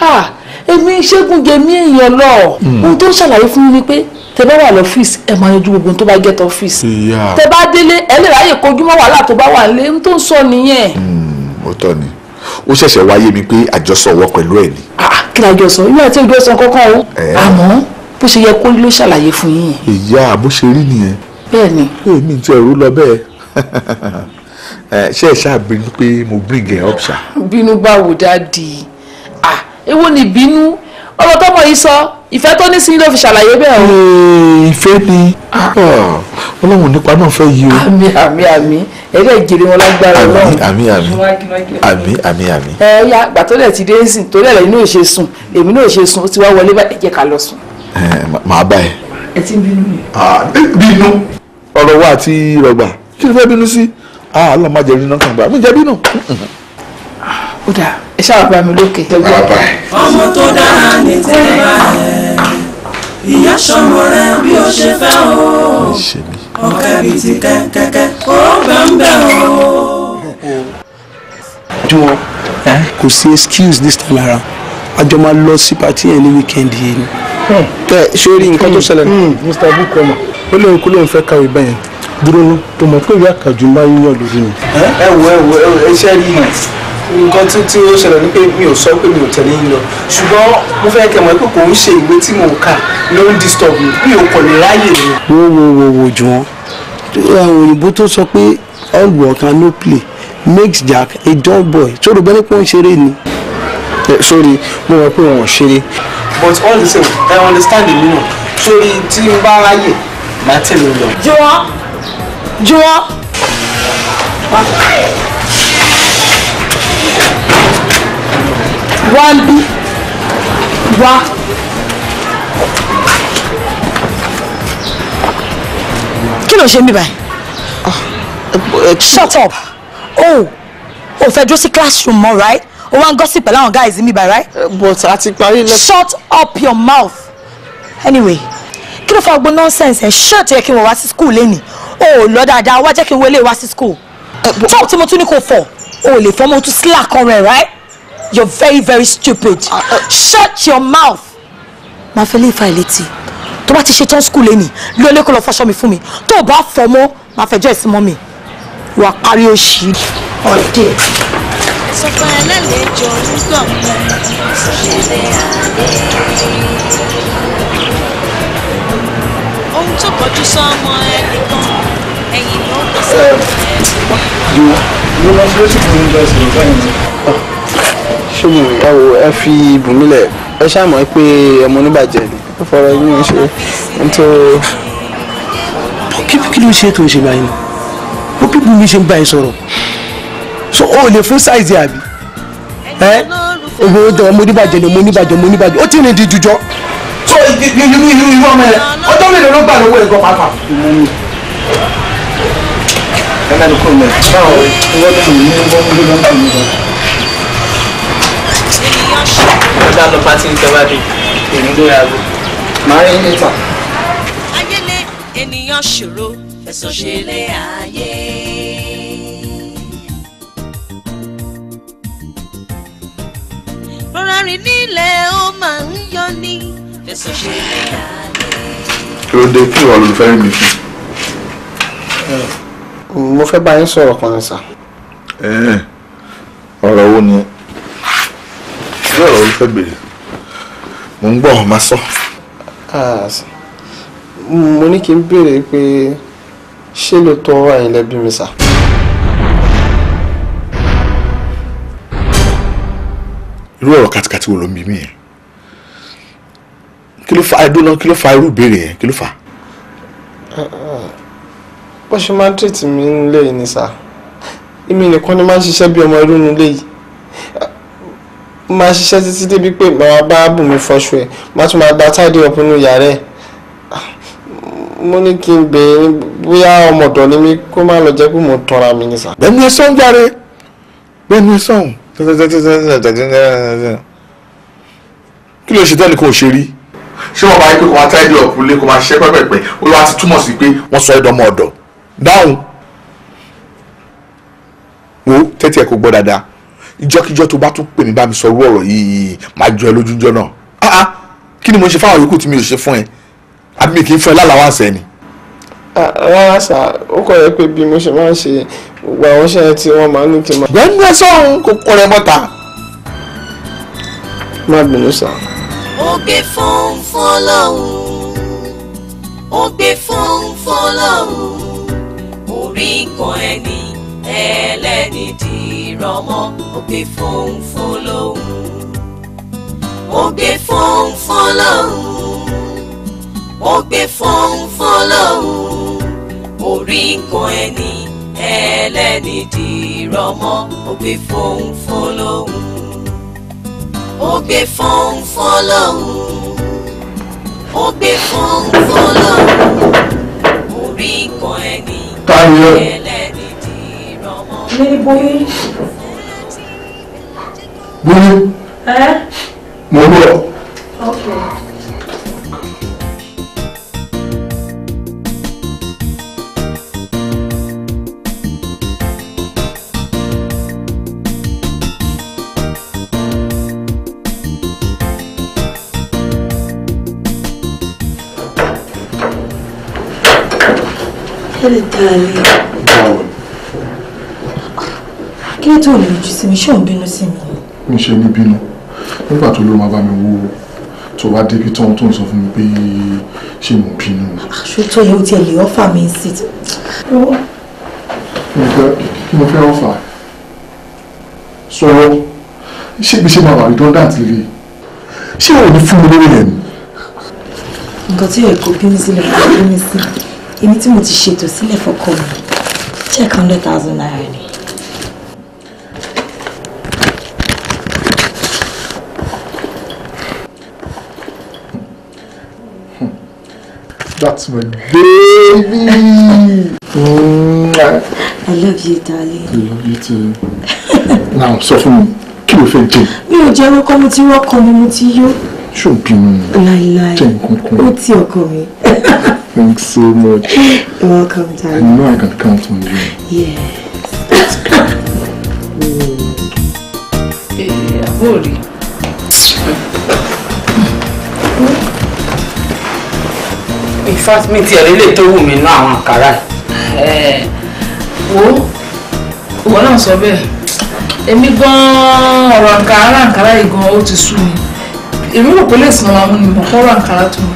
ah, èmi ṣẹ́gun jẹ mí èèyàn lọ hmm. ohun tó ń ṣàlàyé fún ni pé tẹ bá wà lọ́fíìsì ẹ máa yanjú gbogbo tó bá jẹ́ tọ́fíìsì tẹ bá délé ẹ lè ráyè kojú mọ́ wàhálà tó bá wà lé ń tó ń sọ nìyẹn. Hmm, ó tọ́ ni ó ṣẹ̀ṣẹ̀ wáyé mi pé àjọsọ wọ pẹ̀lú ẹ̀ ni. Ah, ah, kí ni àjọsọ ìwé àti ìjọsọ kankan o àmọ́ bó ṣe yẹ kó ló ṣàlàyé fún yín. ìyá bó ṣe rí nìyẹn. bẹ́ẹ̀ ni. èmi ti ẹ̀rú lọ bẹ́ẹ̀ ṣe ẹ ṣáà bínú pé mo bring ẹ up ṣá. bínú báwo dáàdi ah èwo ni bínú ọ̀rọ̀ yìí sọ ìfẹ́ tó ní sí ló fi ṣàlàyé bẹ́ẹ̀ o. ìfẹ́ ni ah. Ah, ọlọ́run nípa náà fẹ́ yí o. àmì àmì àmì ẹgbẹ́ ìjèrè wọn lágbára ọlọ́run. àmì àmì àmì àmì àmì. ẹ ẹ ya gbà tó dẹ̀ ti dé sìn tó dẹ̀ lẹ́yìn náà ṣe sùn èmi náà ṣe sùn ó ti wá wọlé bá ẹ̀jẹ̀ ká lọ sùn. ẹ màá bá ẹ. ẹ ti ń bínú mi. bínú ọ̀rọ̀ wa àti rọ̀gbà kí ló fẹ́ bínú sí? àlọ́ máa jẹ́ bínú kàn gbà mí jẹ́ bínú ó dà ẹ ṣáà bá mi lókè. ọmọ tó dára ní tẹ́lá ẹ̀ ìyá sọmọ rẹ bí ó ṣe fẹ́ o ọ̀kẹ́ bíi ti kẹ́kẹ́kẹ́ ó bẹ̀ ń bẹ̀ o. jọ̀wọ́ kò sí excuse this time around a jọ máa lọ sí pàtí yẹn ní weekend yìí ni. Hmm. tẹ sórí nǹkan tó hmm. ṣẹlẹ̀ ní. Hmm. mr bukoma ó lóun kó lóun fẹ́ kàwé bẹ́yẹn dúró tó mọ̀ pé àkàjù máa ń yàn lórí mi. ẹ wo ẹ wo ẹ ṣe rí i nǹkan tí tí ó ṣẹlẹ̀ ni pé mi ò sọ pé mi ò tẹ̀lé yín lọ ṣùgbọ́n mo fẹ́ kẹ́ mọ̀ pé kò ń ṣe ìwé tí mo kà ló ń disturb mi mi ò kọ̀ lè ráyè mi. wo wo wo wo jù wọn òyìnbó tó sọ pé all work no play makes jack a dull boy tó rò bẹ́ẹ̀ pé wọ́n ṣeré ni. Eh, sorry mo rò pé wọn ṣeré. but all the same i understand the meaning sórí tí n bá ráyè màá tẹ̀lé lọ. jọ̀wọ́ jọ̀wọ́. One, ń bí wá. kí ló ṣe ń bí ah, eh, eh, shut up oh o fẹ́ dúró classroom mọ́ right o wá gossip, gọ́sì pẹ̀lú àwọn guys mi báyìí right. Eh, but a ti parí shut up your mouth anyway kí ló fa gbogbo nonsense ẹ̀ shut yẹ kí n wọ̀ wá school lẹ́nìí Oh, ò lọ dáadáa wá jẹ́ kí n wọlé wá sí school talk tí mo tún ní kò fọ̀ o lè fọmọ tún slack on ọ̀rẹ́ right you're very very stupid ah, ah. shut your mouth. màá fẹ́ lè fa ìlétí tó bá ti ṣe tán skul lẹ́nì ló lé kó lọ fọṣọ mi fún mi tó o bá fọmọ màá fẹjọ́ ẹ̀sìn mọ́ mi wà á parí oṣù ọ̀dẹ̀. sọpọ ẹlẹ́lẹ́jọ ń gbọ̀ngàn ṣẹlẹ̀ àdé ohun tó kọjú sọmọ ẹnìkan ẹ̀yìn ló kọ sí ọmọ ẹnìkan mo lọ sí létí fún oúnjẹ ìṣòro báyìí ni. ṣé mo ẹ wo ẹ fi bùnmí lẹ ẹ ṣàmọ́ pé ọmọ oníbàjẹ́ ni ó fọ̀rọ̀ yín ṣe ń tó. kí ló ń ṣe tó ń ṣe báyìí ni bó bí bùnmí ṣe ń bá ẹ sọ̀rọ̀ so o lè fún ṣáìsì àbí ẹ ogun oúnjẹ ọmọ oníbàjẹ́ ni ọmọ oníbàjẹ́ ọmọ oníbàjẹ́ ó ti rìn di jùjọ. so ìlú ìlú ìlú ọmọ ẹ ọjọ́ mélòó ló gbà lọ́wọ́ ẹ̀gọ́ pàápàá. Kana da kuma báwo wọ́n tún ní wọ́n ń gbé lọ́n tún lọ. Wọ́n dá lọ pátí ìjọba dé, èmi ló yàgò. Màá rí níta. Ayélé ènìyàn ṣòro fẹ̀sọ̀ ṣe lé ayé. Rọra rìn nílẹ̀ ó máa ń yọ ní fẹ̀sọ̀ ṣe lé ayé. Kí ló dé kí ìwà olùfẹ́ rìn mi fún? mo fẹ́ bá yín sọ̀rọ̀ kan ní sà. ọ̀rọ̀ wo ni ṣé ọ̀rọ̀ wo fẹ́ bèrè mo ń gbọ́ ọ̀ máa sọ. mo ní kí n béèrè pé ṣé ló tọ́ àyìnlẹ́ bí mi sà. irú ọ̀rọ̀ kàtìkàtì wo ló ń bí mi yẹn kí ló fa irú ìbéèrè yẹn kí ló fa bó ṣe máa ń tírètì mi nílé yìí ni sà èmi nìkan ni máa ń ṣiṣẹ́ bí ọmọ irú nílé yìí máa ṣiṣẹ́ títí débi pé màá bá bùnmi fọṣọ ẹ̀ má tún máa gba táàdì ọ̀pọ̀ nínú yàrá ẹ̀ ah, mo ní kí n bẹ̀ ẹ́ bóyá ọmọ ọ̀dọ̀ ni mi kó má lọ jẹ́ pé mo tọ́ra mi ní sà. bẹ́ẹ̀ni ẹ sọ́n járe bẹ́ẹ̀ni ẹ sọ́n kí ló ṣe tẹ́ni kò ṣe rí ṣé wọn bá yẹ pé kò máa ọ̀pọ̀ lé kò máa ṣiṣẹ́ pẹ́pẹ́pẹ́ olúwa ti túmọ̀ sí pé wọ́n sọ ẹ̀dọ́mọ ọ̀dọ̀ dáhùn wo tẹ́tí ẹ̀ kò gbọ́ dáadáa ìjọ́kíjọ́ tó bá tún pè mí bá mi sọ irú ọ̀rọ̀ yìí máa jọ ẹ lójújọ́ náà ah ah kí ni mo ṣe fáwọn yòókù tí mi ò ṣe fún ẹ àbí mi kì í fún ẹ lálàá wá sẹ́ni ah, ah, rárá sá ó kọ̀ yẹ pé bí mo ṣe máa ń ṣe gbogbo àwọn iṣẹ́ tí wọ́n máa ń ní kí n máa. gbẹ́ngbẹ́ sọ́hún kò kọ́ rẹ bọ́ta. má bínú sá. ògbé fún fún ọlọ́run ògbé fún fún ọlọ́run orí nǹkan ẹni ẹlẹ́ni di ó gbé fónfón lóhùn ó gbé fónfón lóhùn ó gbé fónfón lóhùn orí nǹkan ẹni ẹlẹ́ni dìrọ̀mọ́ ó gbé fónfón lóhùn ó gbé lóhùn ó gbé lóhùn orí ẹni. Tani o. Ní Boyin. Boyin. ṣé ò ń bínú sí mi. mi ṣe ní bínú nígbà tó ló máa bá mi wo tó wá débi tán tó ń sọ fún mi pé ṣé mo bínú. Ah, ṣètò yẹn ó tiẹ̀ lè ọ́fà mi sí. kí mo fẹ́ ọ́fà sọ̀rọ̀ ṣé ibi ṣe máa wà redundant rèé ṣé o ní fún mi lórí rẹ̀ ni. nǹkan tí èkó bí mi sílẹ̀ kò bí mi sí èmi tí mo ti ṣètò sílẹ̀ fọ́kọ mi check hundred thousand naira ni. That's my baby. Mm. I love you, darling. I love you too. Now, sọ fún mi, kí ló fẹ́ jẹ? Mi ò jẹ́ ọkọ mi tí rọ́kọ mi, mo ti Lie, Ṣé o bímọ ni? Láíláí. Jẹ́ Thanks so much. You're welcome, darling. I know I can count on you. Yeah. Let's go. Hey, àbúrò in fact mi tiẹ̀ lélè tó wù mí ná àwọn àkàrà ẹ̀. wo ìwọ náà sọ bẹ́ẹ̀ èmi gan-an ọ̀rọ̀ àǹkárá àǹkárá yìí gan-an ó ti sú mi èmi rò pé lè sàn máa mú ni mọ̀ kọ́rọ̀ àǹkárá tó mi.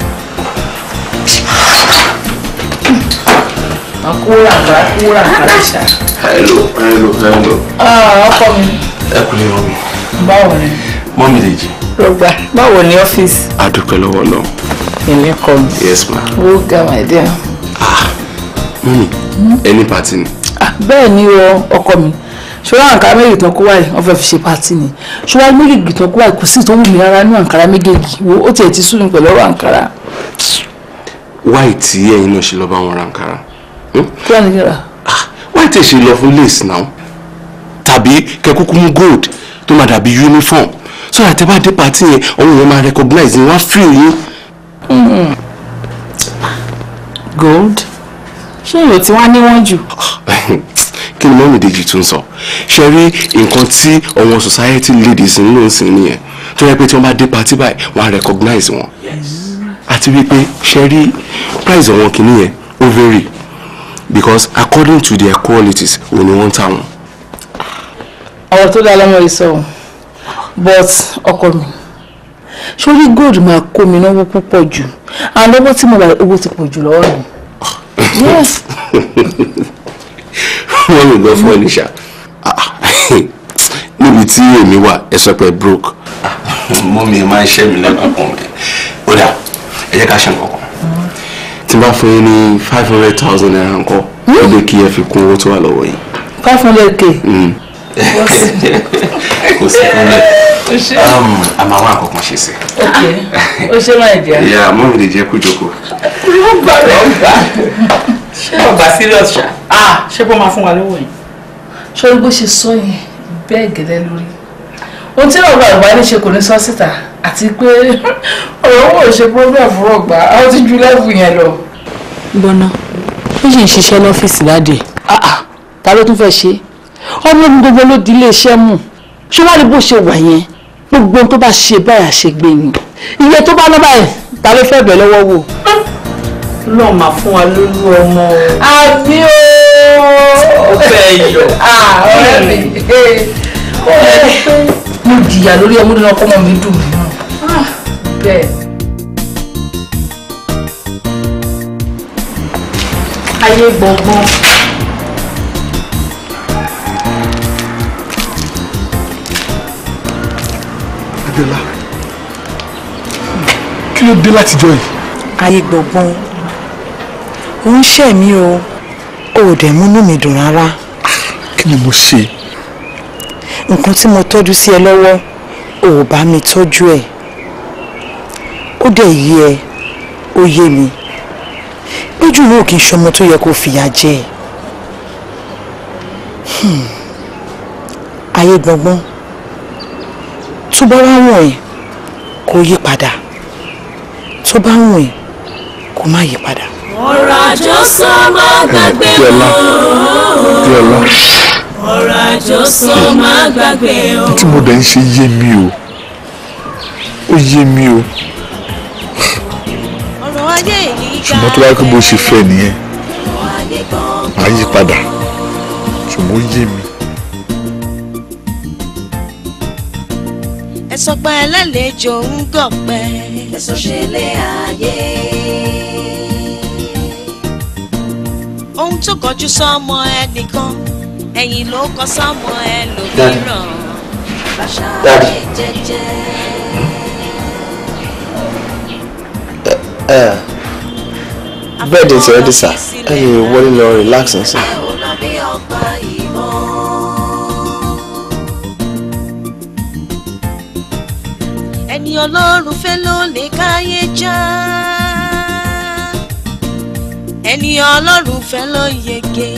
àkúrò àǹkárá kúrò àǹkárá ṣá. hello hello hello. ọkọ mi. ẹ kú lè rọ mi. báwo ni. mọ́mí lè jí. rọgbà báwo ni ọ́fíìsì. a dúpẹ́ lọ́wọ́ Ọlọ́run. Èmi kọ mi. Yes ma. Olga oh, my dear. Ah, mọ́mí, ẹni pàtí ni. Ah, bẹ́ẹ̀ ni o, ọkọ mi. Ṣọlá àǹkárá méjì tán kó wáyé, wọ́n fẹ́ fi ṣe pàtí ni. Ṣọlá méjì tán kó wáyé kò sí tó wù mí rárá ní àǹkárá méjèèjì. Wo ó tiẹ̀ ti sú mi pẹ̀lú ọ̀rọ̀ àǹkárá. Wáì tí ẹ̀yin náà ṣe lọ bá wọn ra àǹkárá. Hmm? Kí wàá nìyẹn rà? Ah, Wáì tẹ̀ ṣe lọ lace náà. Tàbí kẹkúkú mú gold tó máa dàbí uniform. So tẹ bá dé pàtí yẹn, ọ̀hún yẹn máa recognize ni wọ́n á gold ṣé èrò tí wàá níwọ̀n jù. kí ni mọ́mí dèjì tún sọ ṣe rí nǹkan tí ọmọ society ladies ń lò ń sìn nìyẹn tó yẹ pé tí wọ́n bá dé party by, wọ́n á recognize wọn àti wípé ṣe rí price ọ̀wọ́n kìíní yẹn ó vary because according to their qualities òun ni wọ́n ń tà wọ́n. ọ̀rọ̀ tó dáa lọ́mọ yìí sọ but ọkọ mi sórí gold máa kó mi náwó púpọ̀ jù àwọn lọ́wọ́ tí mo wà owó ti pọ̀ jù lọ́wọ́ mi. yes. wọ́n lè lọ fún ẹnìṣà níbi tí èmi wà ẹ sọ pé broke. mọ́ ah, mi máa ń ṣẹ́ mi lẹ́kọ̀ọ̀kan rẹ̀ ó dà ẹ jẹ́ ká ṣe nǹkan kan tí bá fún yín ní five hundred thousand naira nǹkan ó lè kí ẹ fi kún owó tó wà lọ́wọ́ yìí. five hundred k. Hmm kò sí fún mi um, a máa wá àkọ́kọ́ ṣe sí. o ṣe máa jẹ. ìyá mọ́ mi lè jẹ́ kó jókòó. rọ́bà rọ́bà ṣé ọba serious ṣá ah! Ah, ṣé bó máa fún wa lówó yìí. sọ́ni bó ṣe sọ yẹn bẹ́ẹ̀ gẹ́lẹ́ lórí ohun tí ọba àgbà ní ṣe kò ní sọ síta àti pé ọ̀rọ̀ owó ṣe problem fún ọgbà àwọn ti ju lẹ́bù yẹn lọ. bọ́nà ó sì ń ṣiṣẹ́ lọ́fíìsì ládìí ah, ta ló tún fẹ́ ṣe ọlọ́run gbogbo ló di iléeṣẹ́ mú ṣé wàá rí bó ṣe wà yẹn gbogbo tó bá ṣe báyà ṣe gbé ni iye tó bá lọ́ba ẹ̀ ta ló fẹ́ bẹ̀ lọ́wọ́ wò. lọ́ọ̀ máa fún wa lólu ọmọ. àbí o. ó fẹ́ yọ. ọ̀rẹ́ mi ọ̀rẹ́ mi. mo jìyà lórí ẹmú nínú ọkọ ọmọ mi dùn mí náà. Ah, ayé gbọ̀ngbọ̀n. Adela kí ló dé látijọ́ yìí. ayé gbọ̀ngbọ̀n ò ń ṣẹ̀ mí o ò dẹ̀ múnú mi dùn rárá. kí ni mo ṣe. nǹkan tí mo tọ́jú sí ẹ lọ́wọ́ ò bá mi tọ́jú ẹ̀ ó dẹ̀ yé ẹ ó yé mi lójú ìwé òkè ìṣọmọ tó yẹ kó fìyà jẹ hmm. ayé gbọ̀ngbọ̀n tó bá wá wọ̀n ẹ́ kó yí padà tó bá wọ̀n ẹ́ kó má yí padà. ọ̀rọ̀ àjọsọ máa gbàgbé mọ́. ọ̀rọ̀ àjọsọ máa gbàgbé o. tí mo dẹ̀ ń ṣe yé mi o ó yé mi o. ọ̀rọ̀ ajé yìí ká. ṣùgbọ́n tó bá kí mo ṣe fẹ́ nìyẹn màá yí padà ṣùgbọ́n ó yé mi. ẹ̀sọ́ pa ẹlẹ́lẹ́jọ ń gọ̀pẹ́. ẹ̀sọ́ ṣe lé ayé. ohun tó kọjú sọ́mọ ẹnìkan ẹ̀yìn ló kọ sọ́mọ ẹlòmíràn. bàṣà ayé jẹ́jẹ́. bẹ́ẹ̀ de tẹ̀rẹ́dì sá ẹ lè wọlé lọ relax nsìn. ẹ lọ bí ọgbà ẹ̀yin olólùfẹ́ lónìí káyé já ẹni olólùfẹ́ ló yege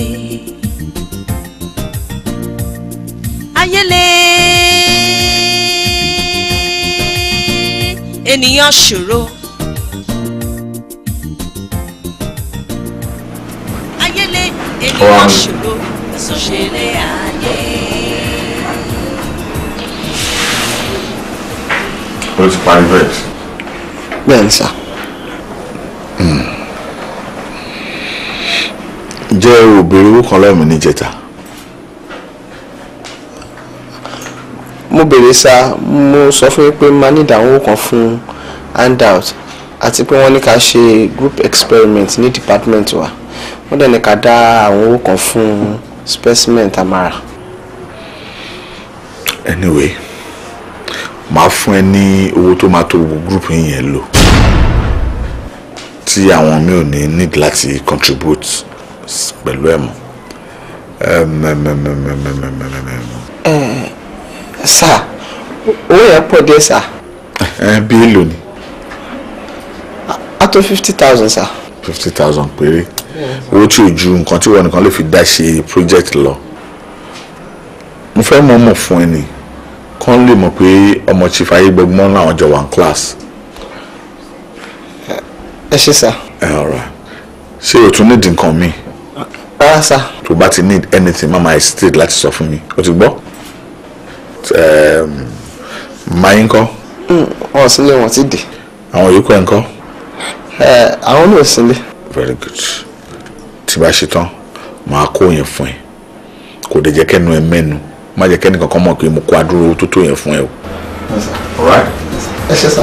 ayélé ènìyàn ṣòro. ayélé ènìyàn ṣòro ìsọ̀ṣẹ̀lẹ̀ ayé. ó private. parí sir. Hmm. ni sà. jẹ́ òbèrè owó kan lọ́ọ̀mù níjẹta. mo béèrè sá mo sọ fún yín pé máa ní ìdánwò kan fún handout àti pé wọ́n ní ká ṣe group experiment ni department wa wọ́n dẹ̀ ní ká dá àwọn owó kan fún specimen tamara. anyway màá fún ẹ ní owó tó máa tó gbogbo group yẹn lò tí àwọn mi ò ní need láti contribute pẹ̀lú ẹ̀ mọ́. sà owó yẹn pọ̀ díẹ̀ sà. bí èlò ni. a tó fifty thousand sà. fifty thousand péré owó tí ò ju nǹkan tí wọn nìkan lè fi dá ṣe project lọ mo fẹ́ mọ̀ mọ̀ fún ẹ nìyí kán lè mọ̀ pé ọmọ chief ayégbẹ́gbọ́n làwọn jọ wà ní class. ẹ ṣe sá. ẹ ọ̀rọ̀ ṣé o tún nídìí nǹkan mi. rárá sá. tó bá ti need anything má máa hesitate láti sọ fún mi o ti gbọ́. máa ehm, ń kọ́. Hmm, wọn ò sílé wọn ti dì. àwọn yòókù ẹ̀ ń kọ́. àwọn náà ò sílé. very good tí bá ṣe tán màá kó yẹn fún ẹ kò dé jẹ́ kẹ́nu ẹ mẹ́nu má jẹ́ kẹ́nìkan kan mọ̀ pé mo kó adúró tó tó yẹn fún ẹ o. ẹ ṣe sá.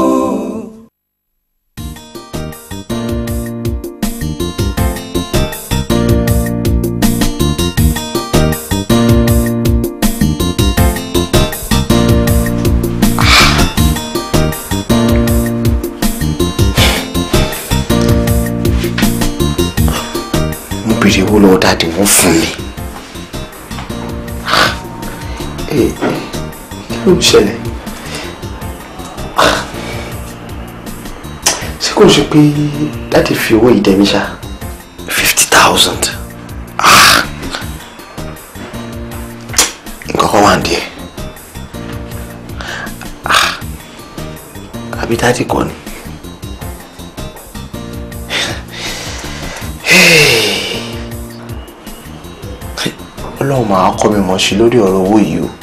láti fi owó ìdẹ́mi ṣá fifty thousand ah. nǹkan kan wà díẹ̀ ah. àbí dáàdì kan ni. ọlọ́run máa kọ́ mi mọ̀ ṣe lórí ọ̀rọ̀ owó yìí o.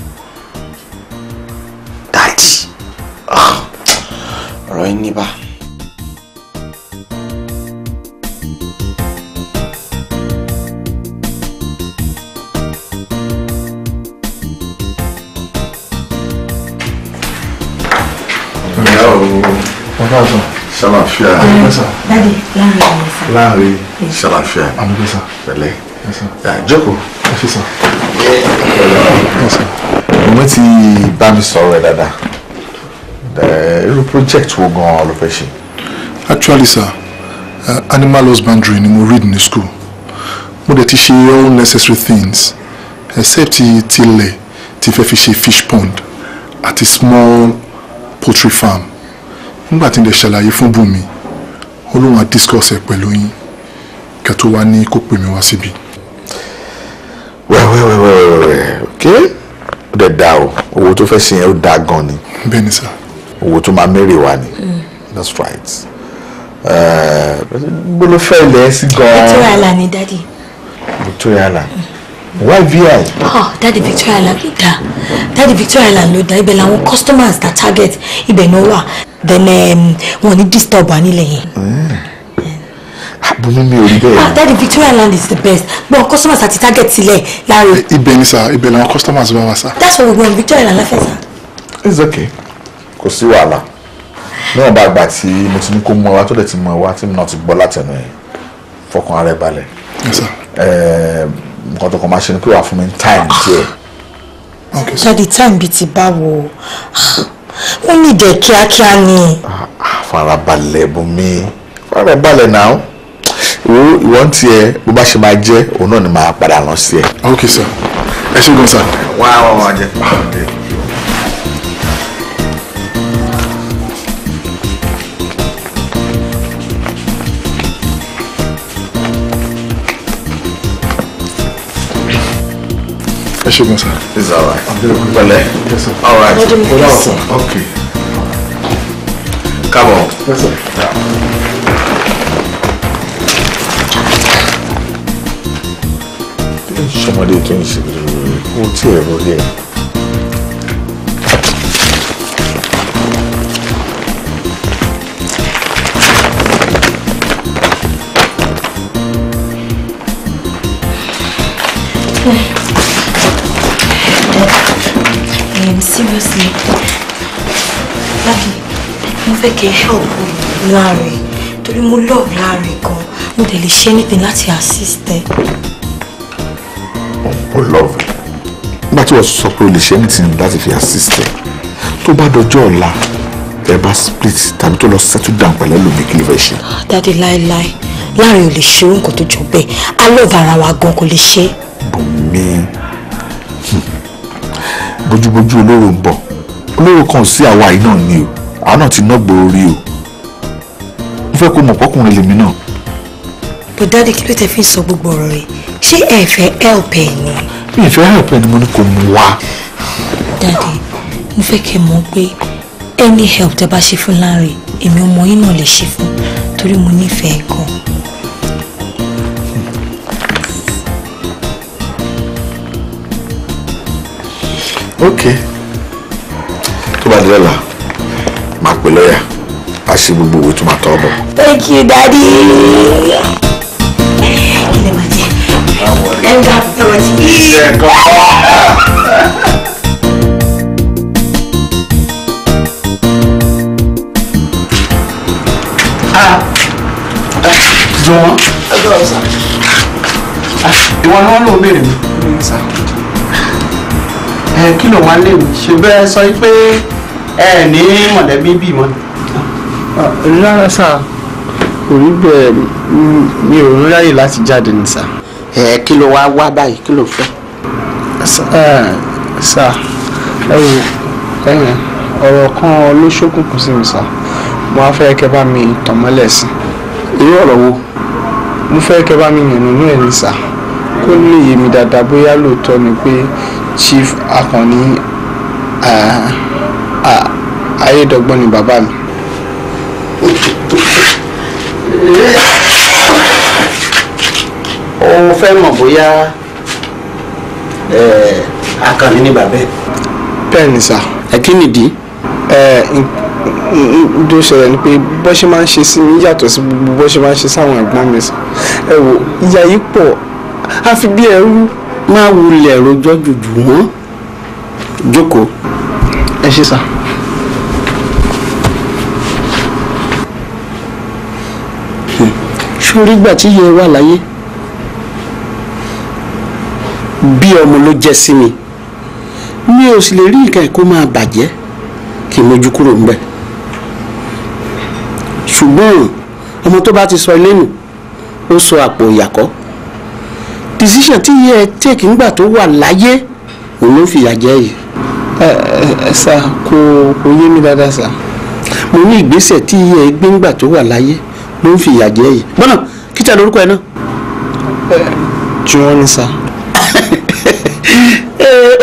káàsán. ṣàlàfíà dáàdi láàrin ẹ̀yẹ sá. láàrin ṣàlàfíà pẹ̀lẹ́ jókòó. ọmọ ti bá mi sọ̀rọ̀ ẹ̀ dáadáa eh, irú project wo gan-an ló fẹ́ ṣe. actually sir uh, animal husbandry ni mo read ní school mo dẹ̀ ti ṣe all necessary things except tilẹ̀ ti fẹ́ fi ṣe fish pond àti small poultry farm nígbà tí n lè ṣàlàyé fún bùnmi ó lóun á discuss ẹ pẹ̀lú yín kẹ́ tó wá ní kó pè mí wá síbi. wẹ́wẹ́wẹ́wẹ́wẹ́ kí ó dẹ̀ da o owó tó fẹ́ sìn yẹn ó da gan ni. bẹ́ẹ̀ ni sà. owó tó máa mẹ́rẹ̀ wá ni mm. that's right. gbólófẹ́ eh, ilẹ̀ ẹ sí gan-an. ètò àlà ni dádì. ètò àlà. Mm why vi. Oh, Daddy, Victoria Island Daddy, Victoria Island ló dá ibẹ̀ our customers ta target ibẹ̀ náà wà then um, wọn ní disturb wa nílẹ̀ yẹn. àbúrò ah, mi ò rí bẹ́ẹ̀. Ah, dadi Victoria Island is the best But our customers àti target sílẹ̀ láàrin. ibẹ̀ ni sà ibẹ̀ làwọn customers bá wa sà. that's why we go Victoria Island first. it's okay kò sí wàhálà níwọ̀n bá gbà tí mo ti ní kó mọ wa tó dẹ̀ ti mọ wa tí mo náà ti gbọ́ látẹnu ẹ̀ fọkàn ara ẹ̀ balẹ̀ nǹkan tó kàn máa ṣe ni pé wà fún mi time ah. díẹ̀. jáde time bíi ti báwo wọ́n ní ìdẹ̀ kíákíá ni. Ah, ah, farabalẹ̀ bùnmi farabalẹ̀ náà wo ìwọ ń tiẹ̀ bó bá ṣe máa jẹ́ òun náà ni màá padà rán sí ẹ. ok sir ẹ ṣe gan sir. wá wá wá jẹ. ṣẹ́gun sir. it's all right pẹ̀lẹ́ all right kódà ọ̀sán ok. kábọ̀. Yes, sir. ṣọmọdé tó ń ṣe kó tí ẹ̀rọ lé Yeah. darling, seriously. Láàrin, mo fẹ́ kẹ́ help me láàrin. Torí mo love Larry, gan. Mo dẹ̀ lè ṣe anything láti assist ẹ. Mo love ẹ. Nígbà tí wọ́n sọ pé o lè ṣe anything láti fi assist ẹ. Tó bá dọjọ́ ọ̀la, ẹ bá split tàbí tó lọ settle down pẹ̀lú ẹlòmíì kí ló fẹ́ ṣe. Ah, Dádì láéláé, láàrin ò lè ṣe orúkọ tó jọ bẹ́ẹ̀. love ara wa gan kò lè ṣe. Bùnmi bójúbójú olóró ń bọ̀ olóró kan sí àwa yìí náà ni o àwa náà ti ná gbòòrò rí o mo fẹ́ kó mọ̀ pọ́kùnrin lèmi náà. bó dáàdì kí ló tẹ fi ń sọ gbogbo ọ̀rọ̀ rẹ̀ ṣé ẹ fẹ́ help ẹ ni. mi ì fẹ́ help ẹ ni mo ní kó mú wá. dáàdì mo fẹ́ kẹ́ mọ̀ pé any help tẹ bá ṣe fún Lanre èmi ọmọ yín náà lè ṣe fún torí mo nífẹ̀ẹ́ gan-an. ok tó bá di lọ́la máa pè lọ́yà a ṣe gbogbo owó tó máa tọ́ bọ̀. thank you daddy. ilé máa jẹ ẹ̀ka ah, sọ̀rọ̀ ah, yìí. jọ̀wọ́. ẹ Ah, ah, ìwọ ni wọ́n lò ń béèrè mi. sá kí ló wá lè ṣe bẹ́ẹ̀ sọ pé ẹ ní mọ̀lẹ́bí bì mọ́. Ah, rárá sá kò rí bẹ́ẹ̀ mi ò ń ráyè láti jáde ní sá. ẹ kí ló wá wá báyìí kí ló fẹ́. sá ẹ wò ẹ̀yìn ọ̀rọ̀ kan ló ṣókùnkùn sí mi sá mo á fẹ́ kẹ́ bá mi tàn mọ́lẹ̀ sí i irú ọ̀rọ̀ wo mo fẹ́ kẹ́ bá mi yànnú ní ẹ̀ ní sá kó lè yé mi dáadáa bóyá lóòótọ́ ni pé. Chief Akànní Ayédọ́gbọ́n ni bàbá mi. o fẹ́ mọ̀ bóyá Akànní ni bàbá ẹ̀. bẹ́ẹ̀ ni sà. ẹ kí nìdí. ẹ tó ṣẹlẹ̀ ni pé bó ṣe máa ń ṣe sí mi yàtọ̀ sí gbogbo bó ṣe máa ń ṣe sáwọn ẹ̀gbọ́n mi. ẹ wò ìyà yìí pọ̀ á fi bí ẹrú má wulẹ̀ rojọ́ jùjù wọ́n jókòó ẹ ṣe sá. sórí ìgbà tí yẹn wà láyé bí ọmọ ló jẹ́ sí mi mi ò sì lè rí nǹkan kó máa bàjẹ́ kí n mójú kúrò ń bẹ̀ ṣùgbọ́n ọmọ tó bá ti sọ ilé nù ó sọ àpò ìyàkọ́. decision tí yẹ take ńgbà tó wà láyé òun ló fìyà jẹ yìí. ẹ ẹ sà kò kò yé mi dáadáa sà. mo ní ìgbésẹ̀ tí yẹ gbé tó wà láyé ló ń fìyà jẹ yìí. bọ́nà kíta lórúkọ ẹ náà. jùwọ́n ni sà.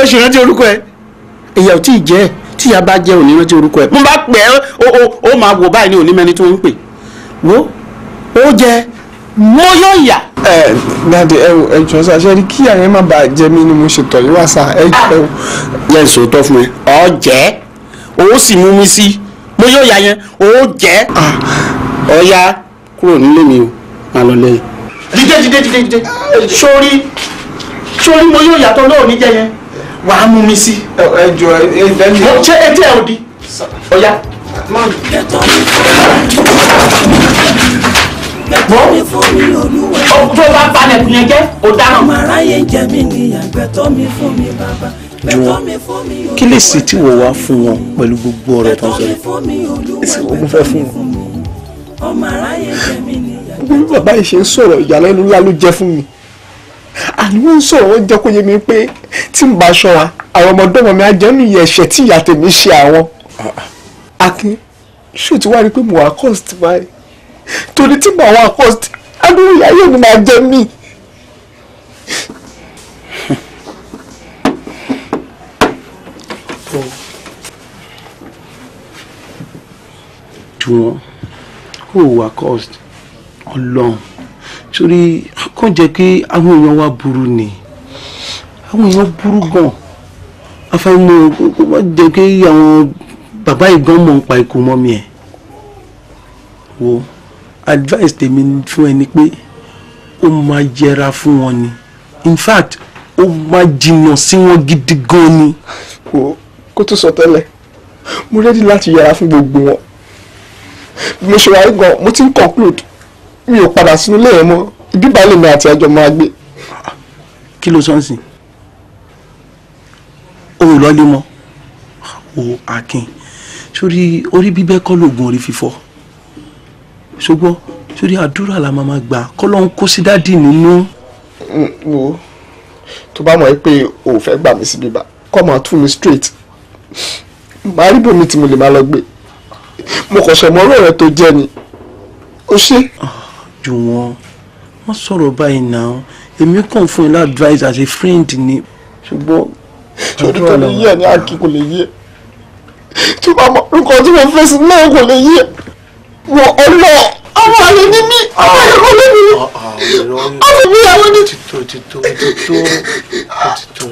rántí orúkọ ẹ ìyà ò tí ì tí bá òní rántí orúkọ ẹ mo bá mo yóò yà. ẹ dade ẹ wo ẹjọ sá ṣe rí kí àyẹn má bàa jẹ mí ni mo ṣe tọ̀ yíwá sá ẹ jẹ o. yẹn sòótọ́ fún mi. ọ jẹ́ o sì mú mi sí mo yóò yà yẹn o jẹ́. ọ ah! ya kúrò nílé mi o má lọ lẹ́yìn. dídé dídé dídé dídé sórí sórí mo yóò yàtọ̀ náà níjẹ yẹn wàá mú mi sí. ẹjọ ẹ dẹ́ mi. ṣé etí ẹ ò di. ọ ya àgbẹ̀tọ́ mi fún mi olúwa. ó tó bá balẹ̀ kùn yẹn jẹ́ ó dáná. ọmọ aráyé jẹ mí ni àgbẹ̀tọ́ mi fún mi bàbá. jùwọ́n kí lè ṣe tí wọ́n wá fún wọn pẹ̀lú gbogbo ọ̀rọ̀ tó ń sọ ogun fẹ́ fún wọn. ọmọ ni àgbẹ̀tọ́ mi. bí bàbá yìí ṣe ń sọ̀rọ̀ ìyàlẹ́nu ńlá ló jẹ́ fún mi àní ń sọ̀rọ̀ wọ́n jẹ́ kó yé mi pé tí n bá ṣọ́ra àwọn ọmọdọ́mọ mi á jẹ́ nù yẹ ẹ̀ṣẹ̀ tí ìyá tèmi ṣe àwọn. akin ṣé wá rí i pé mo wà cost báyìí torí tí màá wà first adúrú ìyáyé ni màá jẹ mí. dùn ó wà cost ọlọ́run torí kàn jẹ́ kí àwọn èèyàn wa burú ni àwọn èèyàn burú gan afẹ́mọ́ kó má jẹ́ kí àwọn bàbá ìgàn mọ̀ ń pa ikú mọ́mí ẹ̀ wo advice tèmi fún ẹ ni pé ó máa yẹra fún wọn ni in fact ó máa jìnnà sí wọn gidi gan ni. wo kó tó sọ tẹ́lẹ̀ mo rẹ́dí láti yẹra fún gbogbo wọn bí mo ṣe wáyé gan mo ti ń conclude mi ò padà sínú ilé yẹn mọ́ ibi balẹ̀ mi àti àjọ máa gbé. kí ló sọ ń sìn o ò lọ́ọ́ lé mọ́ o Akin sórí orí bíbẹ́ kọ́ lóògùn orí fífọ́ ṣùgbọ́n sórí àdúrà la máa gbà kọ́lọ́hún kó sí dádì nínú. Mm, wo tó bá mọ̀ pé o ò fẹ́ gbà mí síbi bá kọ́ máa tú mi straight màá rí bòmí tí mo lè máa lọ gbé mo kàn sọ̀mọ́ ọ̀rọ̀ rẹ tó jẹ́ ni ó ṣe. Ah, jùwọ́n wọ́n sọ̀rọ̀ báyìí náà èmi kàn fún ẹ ní advice as a friend ni ṣùgbọ́n torí tó lè yí ẹ̀ ní àkí lè yí ẹ̀ tó bá mọ̀ nǹkan tí mo fẹ́ sí náà kò lè yí ẹ̀ wọ ọlọ ọmọ àlè ní mí ọmọ ìrọ lé mi ọmọ mi àwọn ni. títò títò títò títò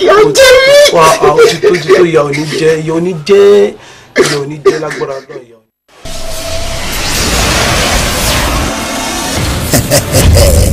ìyá jẹ mí. wà á títò títò ìyá òní jẹ ìyá òní jẹ ìyá òní jẹ lágbára lọ ìyá òní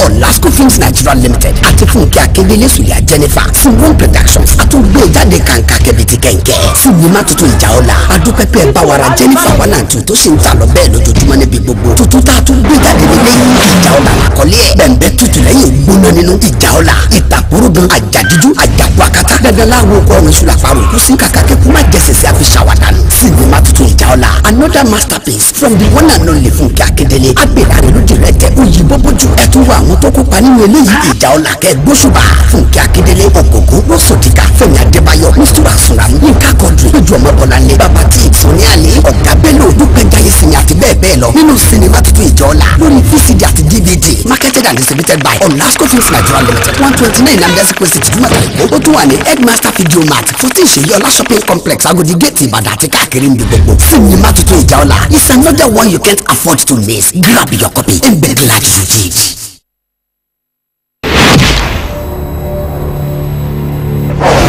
for lasco films nigeria limited àti fúnkẹ́ akérèlé sùlẹ̀ jennifer sinwon productions àtúgbò ìjáde e kàǹkà kẹ̀bìtì kẹ̀ǹkẹ̀ sinimá tuntun ìjà ọ̀la adúpẹ́pẹ́ báwara jennifer wàlàntì tó ṣe ń ta lọ bẹ́ẹ̀ lójoojúmọ́ níbi gbogbo tuntun tá a tún gbé e jáde lélẹ́yìn ìjà ọ̀la làkọ́lé ẹ̀ bẹ̀ǹbẹ́ tutù lẹ́yìn gbóná nínú ìjà ọ̀la ìtàkùrọ̀dùn àjàdíjú àjàkú akata dandan láwọn okọ̀ ọ̀run sùlà parun kú sí kàkàkẹ́ kú má jẹ́sẹ̀ sí àfi ṣàwádànù sinimá tuntun ìjà ọ̀la another masterpiece from the one and only fúnkẹ́ akérèlé agbèrè àrẹ lójú rẹ tẹ òyìnbó bójú ẹ̀ tó kópa nínú eléyìí ah. ìjà ọ̀la kẹ́ gbóṣùbà fúnkẹ́ akíndélé ògògó lọ́sọ̀tìkà fẹ́mi adébáyọ̀ mùsùlùmá sunramu yínká kọ́ndùrì péjú ọmọ ọ̀làlẹ̀ bàbá tí sọ̀ní àlẹ́ ọ̀gá bẹ́lẹ̀ olùgbẹ́jà yìí sinmi àti bẹ́ẹ̀ bẹ́ẹ̀ lọ nínú sinimá tuntun ìjà ọ̀la lórí vcd àti dvd marketed and distributed by olasco films nigeria limited one twenty nine and desi kwesi tìdúmọ̀tà ìgbó ó tún wà ní headmaster video mart fourteen ṣèyí ọlá shopping complex agodi gate ìbàdàn àti káàkiri níbi gbogbo sinimá tuntun ìjà ọ̀la is another one you can't afford to miss grab your copy and beg like you did.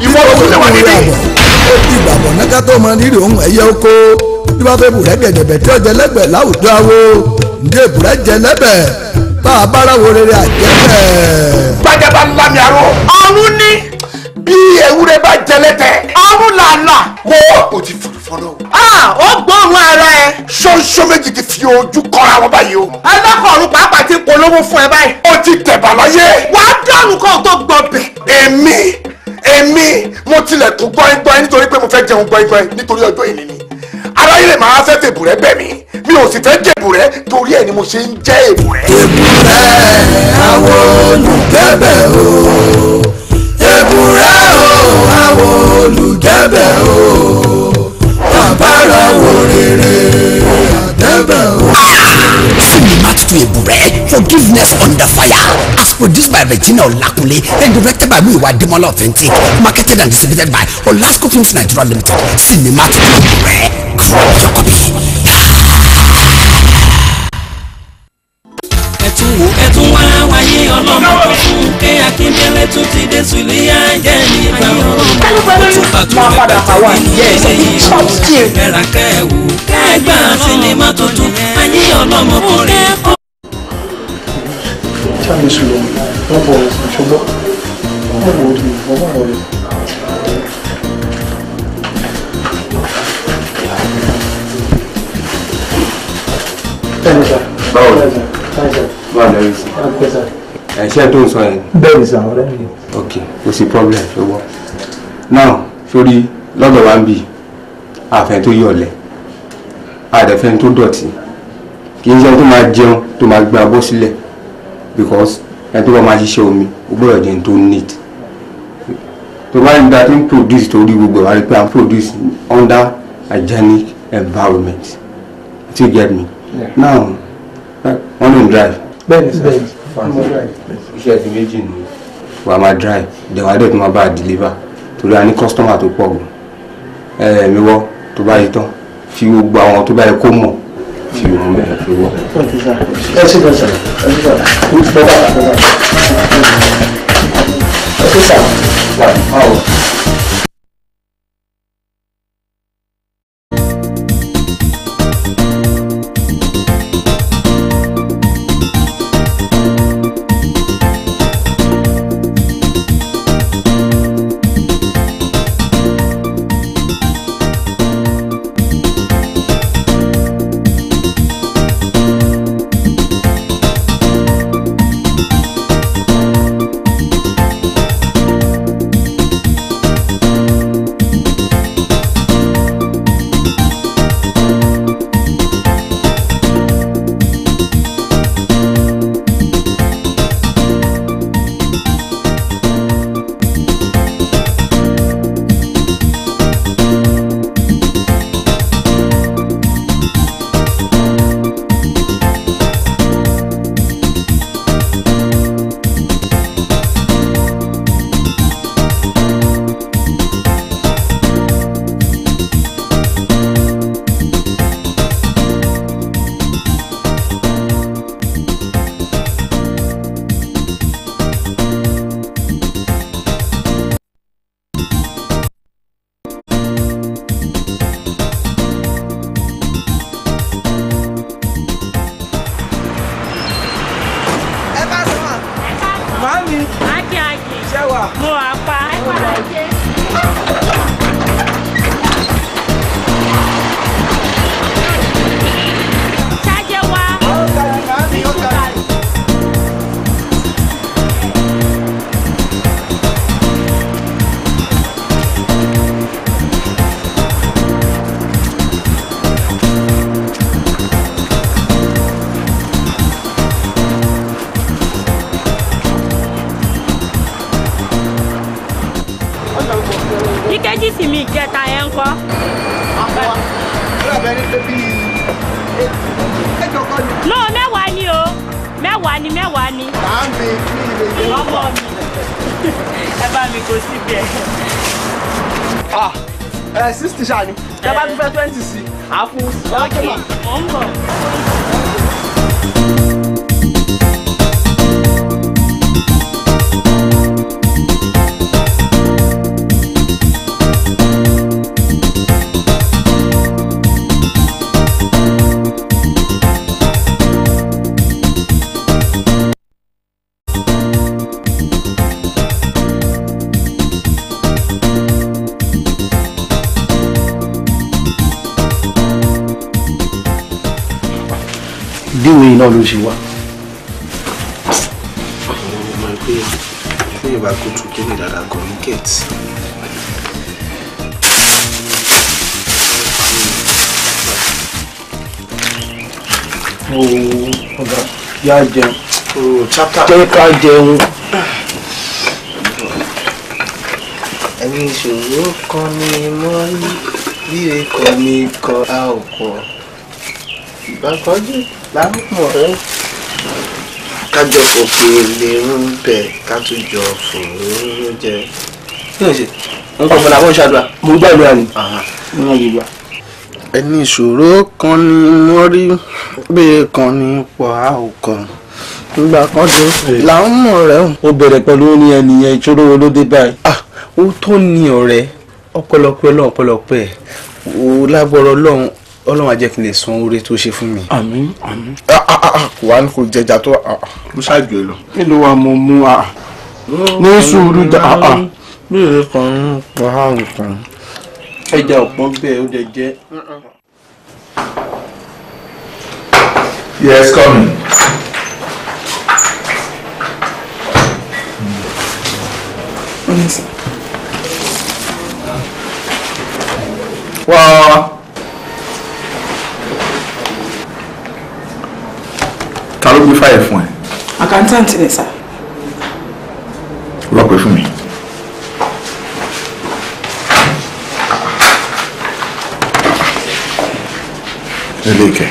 ìwọ ló tún lè wà níbí. ó ti gbàgbọ́ náà tó mọ rírì ohun ẹ̀yẹ oko bí wọ́n fẹ́ bùrẹ́ gẹ̀dẹ̀bẹ̀ tí ọjà lẹ́gbẹ̀ẹ́ láwùjọ awo ǹdí èbùrẹ́ jẹ lẹ́bẹ̀ tá a bára wo rere àjẹbẹ̀. gbàjẹ́ bá lámì aró. ọ̀run ní bí ewúrẹ́ bá jẹlẹ́tẹ̀. ọ̀run làlà. wo o ti fọ fọlọ. ó gbóòórùn ara ẹ. ṣóńṣó méjì ti fi ojú kọra wọn báyìí o. alákọ̀ọ́rù pàápàá ti polówó fún ẹ báyìí. ó ti tẹ̀bà láyé. wàá dánù kan tó gbọ̀bẹ̀. èmi èmi mo tilẹ̀kùn gbọ́ngbọ́n nítorí pé mo fẹ́ jẹun gbọ́ngbọ́n nítorí ọjọ́ ìní ni aráyé lè máa fẹ́ fèbù rẹ bẹ̀ mí mi ò sì fẹ́ jẹ̀bù rẹ torí ẹ̀ ni mo ṣe ń jẹ́ èbù rẹ. èbù rẹ àwọn olùjẹ́bẹ̀ o èbù rẹ o àwọn olùjẹ́bẹ̀ o bàbá rẹ wò rere àtẹ́bẹ̀ o. sinimá tuntun èbù rẹ forgiveness under fire produced by Regina Olakunle and directed by Muyiwa Demola Authentic marketed and distributed by Olasco Films Nigeria Limited cinematic rẹ grab your copy. ẹ̀tún wá wáyé ọlọ́mọ fún ké akíndélé tún ti dé sùlí ayé nígbà ọlọ́mọ tún bá tún lè bá tún nílé lẹ́yìn ìwọ̀n ẹ̀rà kẹ́ẹ̀wò kẹ́ẹ̀gbà sinimá tuntun ayé ọlọ́mọ kò rí Tell me slow. No worries, I'm sure. No worries, no worries. Thank you, sir. Báwo ni? Báwo ni? Báwo ni? Ẹ ṣe tó ń sọ yẹn. Bẹ́ẹ̀ni sà, ọ̀rẹ́ mi. Ok, kò sí problem ṣọwọ́. Now, sórí to wa ń to àfẹ́ tó yọ̀lẹ̀, àdẹ̀fẹ́ tó dọ̀tí, kì í ṣe tó máa jẹun tó máa gbé abọ́ sílẹ̀ because ẹni tó bá máa ṣiṣẹ́ omi ó gbọ́dọ̀ jẹ́ ní tó neat tó bá nígbà tó ń produce torí gbogbo ẹ̀ wá rí pé produce under hygienic environment you get me yeah. now wọ́n lè drive. bẹ́ẹ̀ni bẹ́ẹ̀ni mo drive. iṣẹ́ ti méjì nù wàá máa drive then wàá dẹ̀ tó máa bá a deliver torí a ní customer tó pọ̀ gùn ẹ̀ẹ́dẹ̀mí wọ́ tó bá yẹ tán fi gbogbo àwọn tó bá yẹ kó mọ̀ tí o ń bẹ̀rẹ̀ tó wọ̀. ẹ ṣe bẹ́ẹ̀ sà ẹ ṣe bẹ́ẹ̀ sà ẹ ṣe sà wà á o. náà ló ṣe wá. àwọn ọmọ ẹgbẹ́ ṣé ìbá kó tún kí ni dàda gan ní gẹ̀ẹ́tì. ọ̀gá yá jẹun jẹ́ ká jẹun. ẹni ìṣòro kan ni mo ní bí èkó mi kọ a ò kọ ìbá kọjú lápò ọ̀rẹ́. kájọ fòfin lè ń bẹ ká tún jọ fòun jẹ. kí ló ń ṣe wọn kọ fọlá wọn ṣàdúrà mo gbà ìlú àná ní wọn gbogbo. ẹni ìṣòro kan ni mo rí bẹ́ẹ̀ kan ni pọ̀ á ò kàn nígbà kan dé làwọn mọ̀ rẹ̀ o. ó bẹ̀rẹ̀ pẹ̀lú ní ẹnìyẹn ìṣòro wo ló dé báyìí. Ah, ó tó ní ọ̀rẹ́ ọ̀pọ̀lọpọ̀ náà ọ̀pọ̀lọpọ̀ ẹ̀ wò ọlọ́run á jẹ́ kí n lè san oore tó ṣe fún mi. àmín àmín. Ah, ah, ah, kò wá kò jẹjà tó mo ṣáàjù ẹ lọ. nílò wa mo mú a ní sùúrù dá a. bí èyí kan ń pa àrùn kan. ẹja ọ̀pọ̀ bẹ́ẹ̀ ó jẹ jẹ́. yes come in. Mm. wá wá wá. ló gbé fáyẹ̀ fún ẹ. accountant ni sà. lọ́pẹ́ fún mi. ilé ìkẹ́.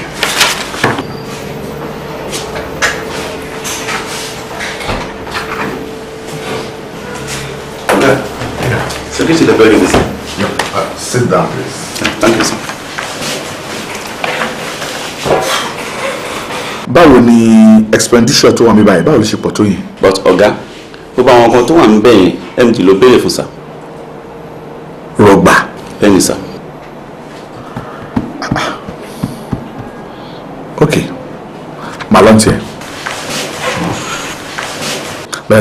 Uh, sit down, please. Thank you, sir. báwo ni expenditure tó wà mí báyìí báwo ló ṣe pọ̀ tó yẹn. but ọ̀gá gbogbo àwọn kan tó wà ń bẹ̀ yẹn md ló béèrè fún sà. rọgbà. bẹ́ẹ̀ni sà. ok màá lọ́n tiẹ̀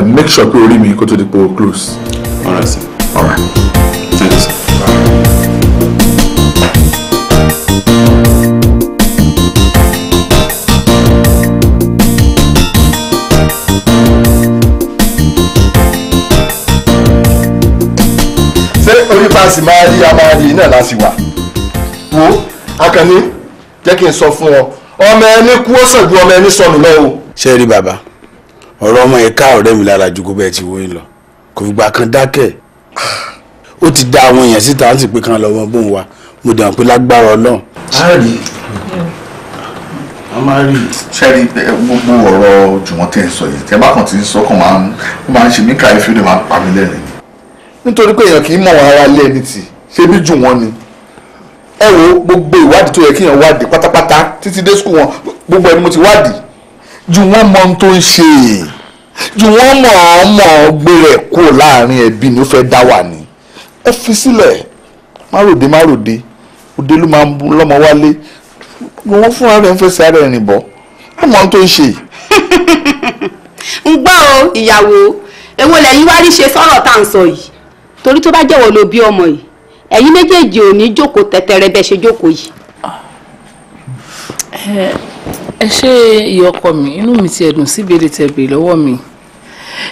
make sure pé orí mi kó tó di pé close. all right yìí náà la sì wà wo akànni jẹ́ kí n sọ fún ọ ọmọ ẹni kú ó sàn ju ọmọ ẹni sọnù lọ o. ṣé rí bàbá ọ̀rọ̀ ọmọ yẹn ká ọ̀rẹ́ mi lára ju kó bẹ́ẹ̀ ti wọ́n lọ kò fìgbà kan dákẹ́ ó ti dá àwọn èèyàn síta á sì pé kan lọ́wọ́ bóun wa mo dàn pé lágbára ọlọ́run. a rí a máa rí ṣẹ́rí gbogbo ọ̀rọ̀ jùwọ́n tẹ̀ ń sọ yìí tẹ́ bá kàn ti ń sọ kàn máa ń ṣe mí káyé fídíò máa ń pa mí lẹ́rìn-ín. nítorí pé èèyàn kì í mọ̀ wọn ara lé tì í ṣe bí jù wọ́n ni ẹ wo gbogbo ìwádìí tó yẹ kéèyàn wádìí pátápátá títí dé skul wọn gbogbo ẹni mo ti wádìí jù wọ́n mọ ohun tó ń ṣe jù wọ́n mọ̀ ọ́n mọ̀ ọ́n gbére ẹ̀ kúrò láàrin ẹbí ni ó fẹ́ dá wà ní ẹ fi sílẹ̀ máròdé máròdé òde ló máa ń bu lọ́mọ wálé wọ́n fúnra rẹ̀ ń fẹsẹ̀ ara ẹ̀ rìn bọ̀ ẹ mọ̀ ohun tó ń ṣe. ń gbọ́ o ìyàwó èwo lẹ́yìn wá rí ṣe sọ́rọ̀ tá à ń sọ yìí torí tó bá jẹ́wọ́ lo bí ọmọ yìí ẹ̀yin méjèèjì ò ní jókòó tẹ̀tẹ̀rẹ̀ bẹ́ẹ̀ ṣe jókòó yìí. ẹ ṣe ìyá ọkọ mi inú mi ti ẹ̀dùn sí ìbéèrè tẹ́ béèrè lọ́wọ́ mi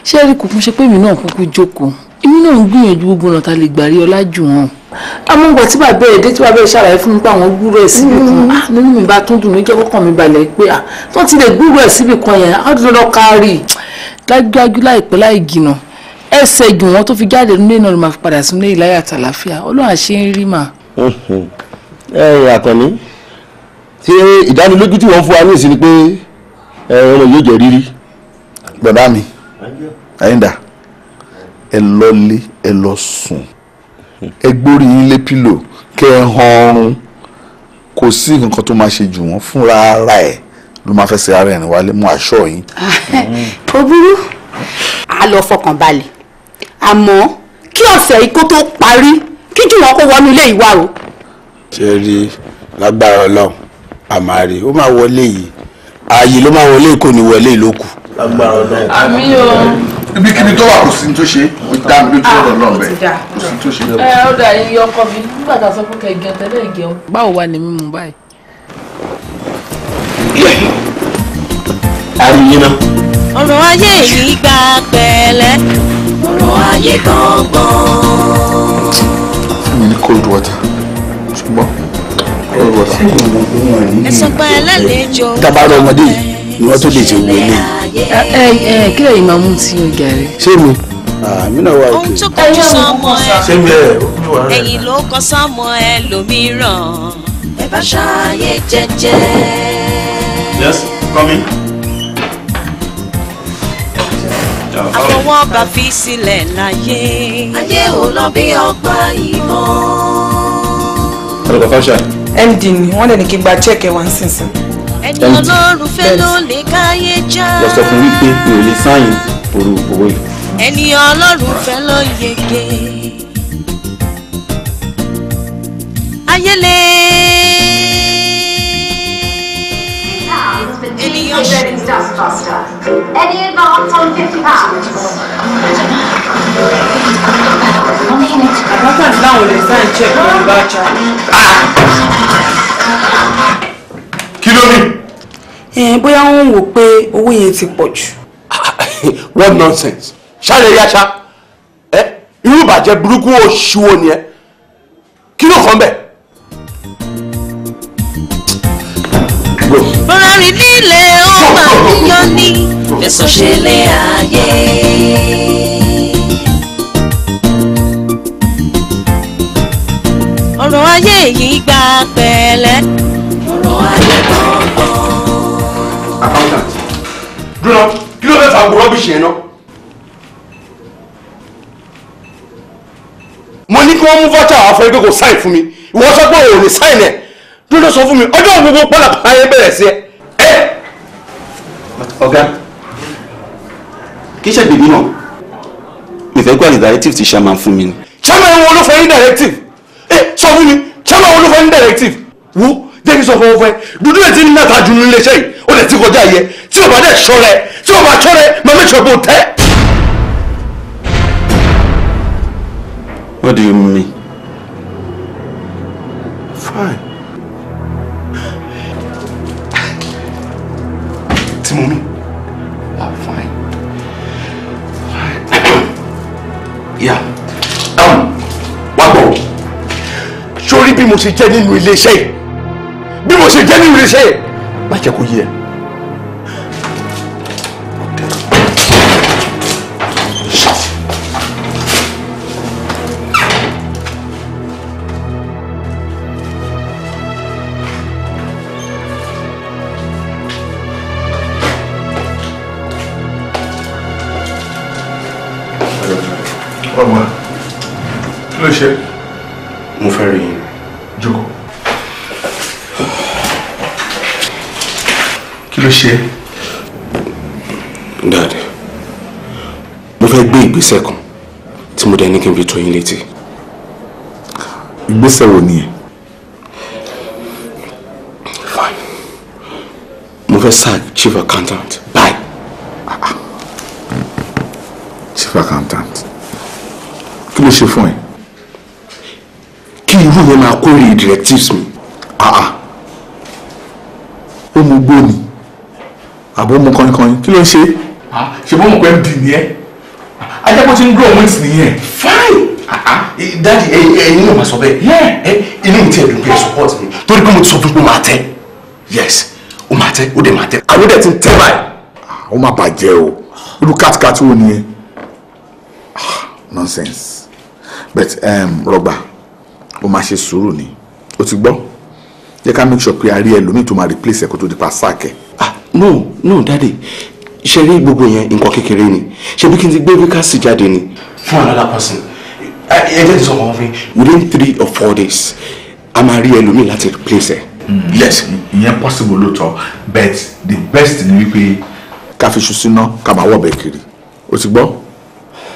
ṣé ẹ rí kò fún ṣe pé èmi náà kúkú jókòó èmi náà ń gbìyànjú gbogbo ọ̀nà ta lè gbà rí ọlá jù wọn. àmọ́ tí bàbá ẹ̀ dé tí bàbá ẹ̀ ṣàlàyé fún mi pé àwọn gbúrò ẹ̀ síbì kan mm-hmm. ah, nínú mi bá tún dùn ní jẹ́ kọ́kàn mi balẹ̀ pé ah, tó ti lè gbúrò ẹ̀ síbì kan yẹn á dúró lọ́ọ́ kárí dájúdájú láìpẹ́ láì jìnnà ẹsẹ̀ gùn wọn tó fi jáde nílé náà ló máa fi padà sínú ilé ìláyà àtàláfíà ọlọ́run àṣẹ ń rí mà. ẹ ẹ àkànní ṣé ìdánilójú tí wọ́n fún wa ní ìsinmi pé ẹ ọmọ yóò jẹ rírí. bàbá mi àyíǹda ẹ lọlé ẹ lọ sùn ẹ gbórí yín lé pílò kẹ ẹ han ọrùn kò sí nǹkan tó máa ṣe jù wọ́n fúnra ara ẹ̀ ló máa fẹ́ ṣe ara ẹ̀ wálé mú aṣọ yín. kò burú a lọ fọkàn balẹ̀ àmọ́ kí ọ̀sẹ̀ yìí kó tó parí kí jùwọ́n kó wọnú ilé ìwà o. ṣe rí lágbára Ọlọ́run àmàrí ó máa wọlé yìí ààyè ló máa wọlé kò ní wọlé ìlókù. lágbára Ọlọ́run àmì o. ibikíbi tó wà kò sí tó ṣe ó dá mi lójú ọ̀rọ̀ náà bẹ́ẹ̀ ah, kò sí tó ṣe. ẹ ó dà yín yọ ọkọ mi nígbà tá a sọ fún kẹgẹ tẹ́lẹ̀ gẹun. báwo wà ní mímú báyìí. ariyin náà ọ̀rọ̀ ayé yìí gba pẹ̀lẹ́. ọ̀rọ̀ ayé gbọ̀ngbọ̀n. fún mi ní cold water ṣùgbọ́n cold water. ẹ sọ pé ẹlẹ́lẹ́jọ. tabarọ ọmọdé yìí ni wọ́n tó lè ṣe òwe lé. ẹ ẹ kí lè máa mú tí o gà rẹ. ṣé mi àmì náà wà òkè. ohun tó kọjú sọmọ ẹ ẹ̀yìn ló kọ sọmọ ẹ lòmíràn. ẹ bá ṣàyè jẹ́jẹ́. yes come in. àfọwọ́bà fi sílẹ̀ láyé. ayé ò lọ bí ọgbà ìmọ̀. ọlọ́pàá fáṣà. md ni wọ́n lè ní kí n gba check ẹ̀ wá nísinsìn. ẹni ọlọ́run ló lè káyé já. lọ sọ fún wípé mi ò lè sáyìn orú owó yìí. ẹni ọlọ́run ló yege. ayẹlẹ́. Shreddy's Dustbuster. Any advance on fifty pounds? now we sign check on the voucher. Kí ló ní? Ẹ̀ẹ́n bóyá wọ́n wò pé owó yẹn ti pọ̀ jù. What nonsense! Ṣáre yá ṣá! Ẹ irú ìbàjẹ́ burúkú òṣìwò ni ẹ. Kí ló kàn bẹ́ẹ̀? rọra rìn nílé ó máa ní fẹ̀sọ̀ ṣe lé ayé. ọ̀rọ̀ ayé yìí gba pẹ̀lẹ́. ọ̀rọ̀ ayé gbọ̀ngàn. accountant dúró kí ló fẹ́ fa àgùrọ̀ bí ṣe náà. mo ní kí wọ́n mú vọ́tà àfọ̀rí pé kò sáìn fún mi ìwọ sọ pé òun ò ní dúró sọ fún mi ọjọ́ gbogbo pálapàla yẹn bẹ̀rẹ̀ sí ẹ. ọ̀gá kí ṣègbè mímọ́ ìfẹ́ gbà ní directive ti ṣàmà fún mi chairman wo ló fẹ́ ní directive ẹ sọ fún mi chairman wo ló fẹ́ ní directive wo jẹ́kí sọ fún ọ fẹ́ dúdú ètí ní mẹ́ta jù nílé iṣẹ́ yìí ó lè ti kọjá yẹ tí o bá dẹ̀ ṣọrẹ tí o bá ṣọrẹ máa mẹ́sàn-án tẹ́. What do you mean? Fine. tí mo mí. ah fine fine ya wá bọ̀ sórí bí mo ṣe jẹ́ nínú iléeṣẹ́ yìí bí mo ṣe jẹ́ nínú iléeṣẹ́ yìí má jẹ́ kó yé ló ṣe. mo fẹ́ rí yín. jókòó. kí ló ṣe. dad mo fẹ́ gbé ìgbésẹ̀ kan tí mo dẹ̀ ní kí n fi tó yín létí. ìgbésẹ̀ wo nìyẹn. fine mo fẹ́ sack chief accountant bye. chief accountant kí ló ṣe fún ẹ sùúrù yẹn máa kórè directives mi ó mu gbó ni àbó mu kọ́nkọ́n kí ló ń ṣe. Ah, ṣe bó mu pẹ́ ń bì ní ẹ́ ajẹ́pọ̀ ti ń grow wings nìyẹn. fine eh, dadi eh, eh, ẹyin náà máa sọ bẹ́ẹ̀ inú mi ti ẹ̀dùn pé ẹ support mi torí pé mo ti sọ fún pé ó máa tẹ́ yes ó máa tẹ́ ó dẹ̀ máa tẹ́ àwọn dẹ̀ ti ń tẹ́ báyìí. Ah, ó máa bàjẹ́ o irú kàtìkàtì wo nìyẹn ah, nonsense but um, rọgbà ó máa ṣe sùúrù ni ó ti gbọ́ jẹ́ ká make sure pé a rí ẹlòmíì tó máa replace ẹ̀ tó di pa sack ah no no daddy ṣe rí gbogbo yẹn nǹkan kékeré ni ṣe bí kí n ti gbé vacancy jáde ni. fún another person ẹ jẹ́ ti wọn fún within three or four days a máa rí ẹlòmíì láti replace ẹ̀. Hmm. yes ìyẹn possible lóòótọ́ but the best ni wípé. ká fi ṣu síná ká máa wọ̀ kiri ó ti gbọ́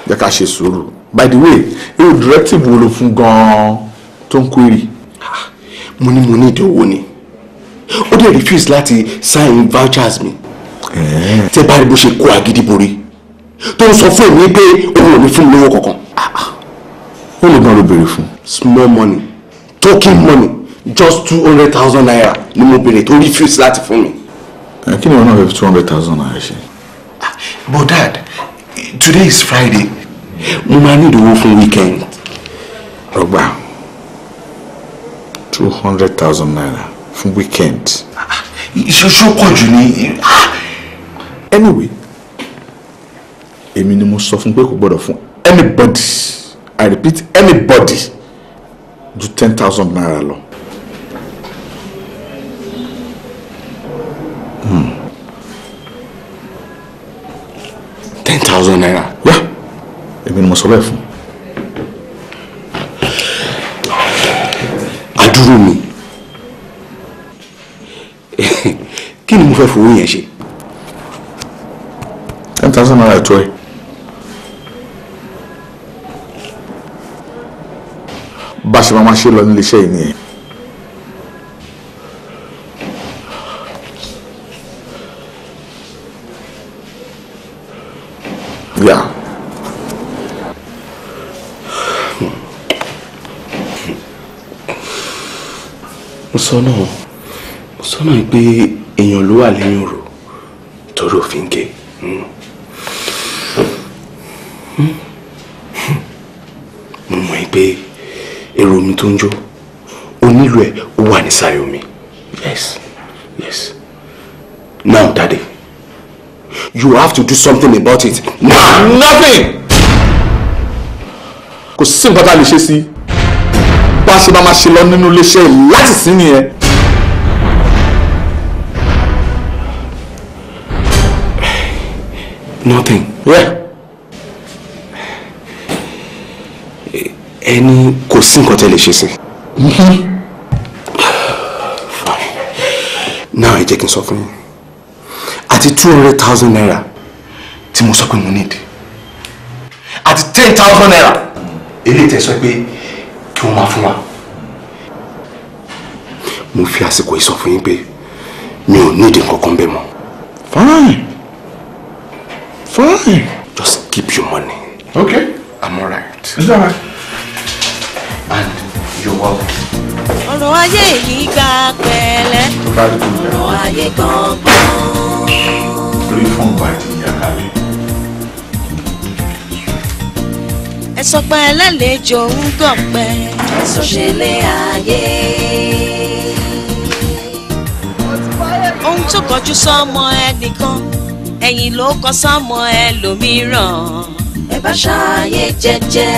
jẹ́ ká ṣe sùúrù by the way irú directive wo ló fún gan-an tó ń query ah, mo ní mo ní ìdánwò ni ó dẹ̀ refuse láti sign vouchers mi tẹ bá rí bó ṣe kó agídí borí tó ń sọ fún èmi pé òun ò ní fún mi lówó kankan. Ah, ah. ó lè gbọ́n ló béèrè fún. small money talking money just two hundred thousand naira ni mo béèrè tó refuse láti fún mi. kí ni wọn náà fi two hundred thousand naira ṣe. but dad today is friday mo máa ní ìdòwò fún weekend. ọgbà. Oh, wow two hundred thousand naira fún weekend. ìṣoṣo pọ̀ jù ni. anyway èmi ni mo sọ fún pé kò gbọ́dọ̀ fún anybody i repeat anybody ju ten thousand naira lọ. Hmm. ten thousand naira. yá èmi ni mo sọ bẹ́ẹ̀ fún. dúró mi kí ni mo fẹ́ fowó yẹn ṣe. ten thousand naira tó ẹ. bá a ṣe máa ṣe lọ nílé iṣẹ́ yìí nìyẹn. Yeah. mo sọ́nà mo sọ́nà pé èèyàn ló wà lẹ́yìn òrò torí òfin ké. mo mọ̀ pé èrò mi tó ń jó onílù ẹ̀ ó wà ní sáyọ̀ mi yes yes now daddy you have to do something about it now nothing kò sí nǹkan tá a lè ṣe sí i bá ṣe máa ṣe lọ nínú iléeṣẹ́ láti sí nìyẹn. nothing. ẹni kò sí nǹkan tẹ́ lè ṣe sí. Mm-hmm. now ẹ jẹ́ kí n sọ fún yín àti two hundred thousand naira tí mo sọ pé mo need àti ten thousand naira eléyìí tẹ́ sọ pé fún wa fún wa mo fi àsìkò yìí yín pé mi ò ní ìdí kankan bẹ́ẹ̀ mọ́. fine fine. just keep your money. okay. i'm alright. Is that right? and you're welcome. ọ̀rọ̀ ayé yìí gba pẹ̀lẹ́ ọ̀rọ̀ ayé gbọ̀ngbọ̀n. three four five. ẹ̀sọ́pẹ́ ẹlẹ́lẹ́jọ ń gọ̀pẹ́. ẹ̀sùn ṣẹlẹ̀ ayé. ohun tó kọjú sọ́mọ ẹnìkan ẹ̀yìn ló kọ sọ́mọ ẹlòmíràn. ẹ bá ṣàyè jẹ́jẹ́.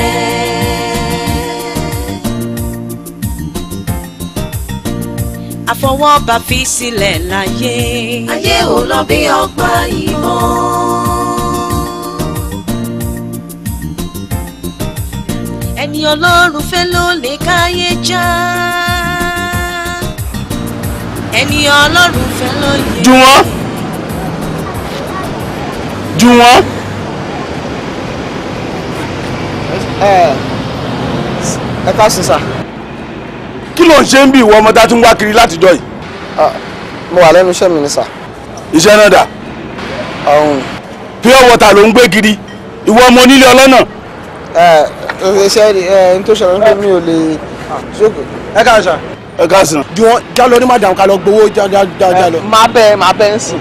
àfọwọ́bà fi sílẹ̀ láyé. ayé ò lọ bí ọgbà ìmọ̀. ẹni ọlọ́run fẹ́ ló lè káyé já ẹni ọlọ́run fẹ́ ló yẹ. jù wọ́n jù wọ́n. ẹ ká sùn sà. kí ló ń ṣe ń bí ìwọ ọmọ tá a tún wá kiri látijọ́ yìí. mo wà lẹ́nu iṣẹ́ mi ni sà. iṣẹ́ náà dà. pure water ló ń gbé kiri ìwọ ọmọ onílé ọlọ́nà ṣe eh, ẹ n tó ṣẹlẹ̀ nípa mi ò lè ẹ ká ṣá. ẹ ká sàn. ju wọn ní madam ká lọ gbowó já eh, má bẹ má bẹ ń sìn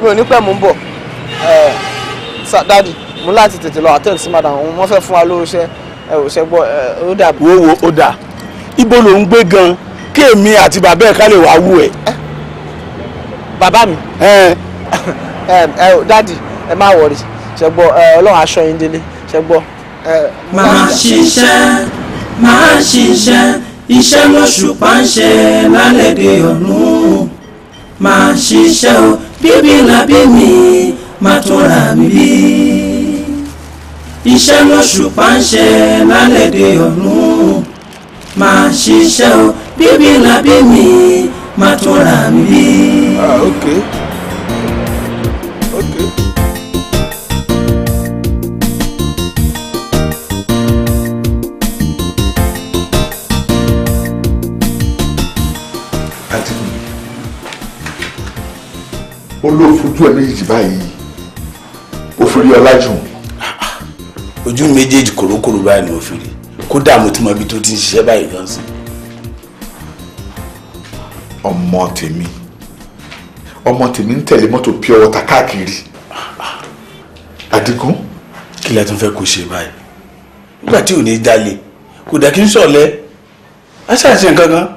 mi ò ní pẹ́ mú bọ̀ eh, dadi mo láti tètè lọ àtẹ̀ sí madam wọn fẹ́ fún wa lówó ẹ ò ṣe gbọ́ ó dà. wo wo ó dà ibo ló ń gbé gan kí àti bàbá ẹ ká lè wá wú ẹ. bàbá mi. ẹ ẹ dadi ẹ má wọrí ṣe gbọ́ ọlọ́run aṣọ yín délé ṣe gbọ́ máa ṣiṣẹ́ máa ṣiṣẹ́ iṣẹ́ lóṣùpá ń ṣe lálẹ́dẹ̀ ọ̀run máa ṣiṣẹ́ o bíbí làbí mi máa tó ra mi bí iṣẹ́ lóṣùpá ń ṣe lálẹ́dẹ̀ ọ̀run máa ṣiṣẹ́ o bíbí làbí mi máa tó mi bí. Ah, okay. ó ló fojú ẹ méjèèjì báyìí ó fi rí ọlá jù. ojú méjèèjì kòrókòrò báyìí ni mo fi rí kódà mo ti mọ ibi tó ti ń ṣiṣẹ́ báyìí gan sí. ọmọ tèmi ọmọ tèmi ń tẹ̀lé mọ́tò pure water káàkiri àdìgún. kí lẹ tún fẹ́ kó ṣe báyìí nígbà tí ò ní dalẹ̀ kò dà kí n sọ̀lẹ̀ á ṣàṣe nǹkan kan.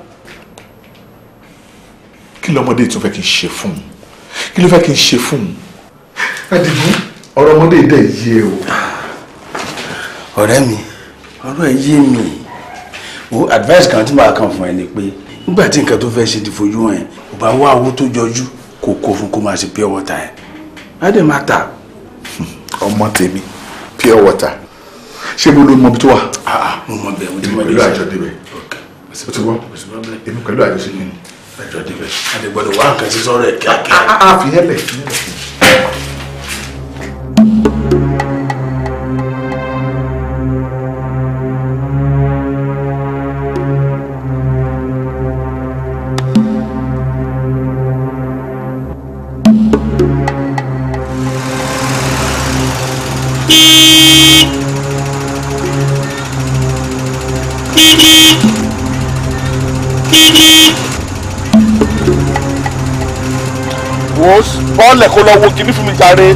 kí lọmọdé tún fẹ́ kí n ṣe fún un kí ló fẹ́ kí n ṣe fún un Adigun ọ̀rọ̀ ọmọdé dẹ̀ yé o. ọ̀rẹ́ mi ọ̀rọ̀ ẹ̀ yé mi o advice kan tí màá kàn fún ẹ ni pé nígbà tí nǹkan tó fẹ́ ṣe ti fojú hàn ẹ̀ ò bá wá owó tó jọjú kò kó fún kó máa ṣe pure water ẹ̀ á dẹ̀ máa tà. ọmọ tèmi pure water ṣé mo ló mọ ibi tó wà. Ah, ah, mo mọ bẹ́ẹ̀ mo ti mọ ibi tó èmi pẹ̀lú àjọ mi ni ẹjọ́ débẹ̀ àti gbọ́dọ̀ wá nǹkan sí sọ́rọ̀ ẹ̀ kíákíá. a fi hẹ́lẹ̀ fi hẹ́lẹ̀ sílẹ̀ kó lọ wo fún mi jàre.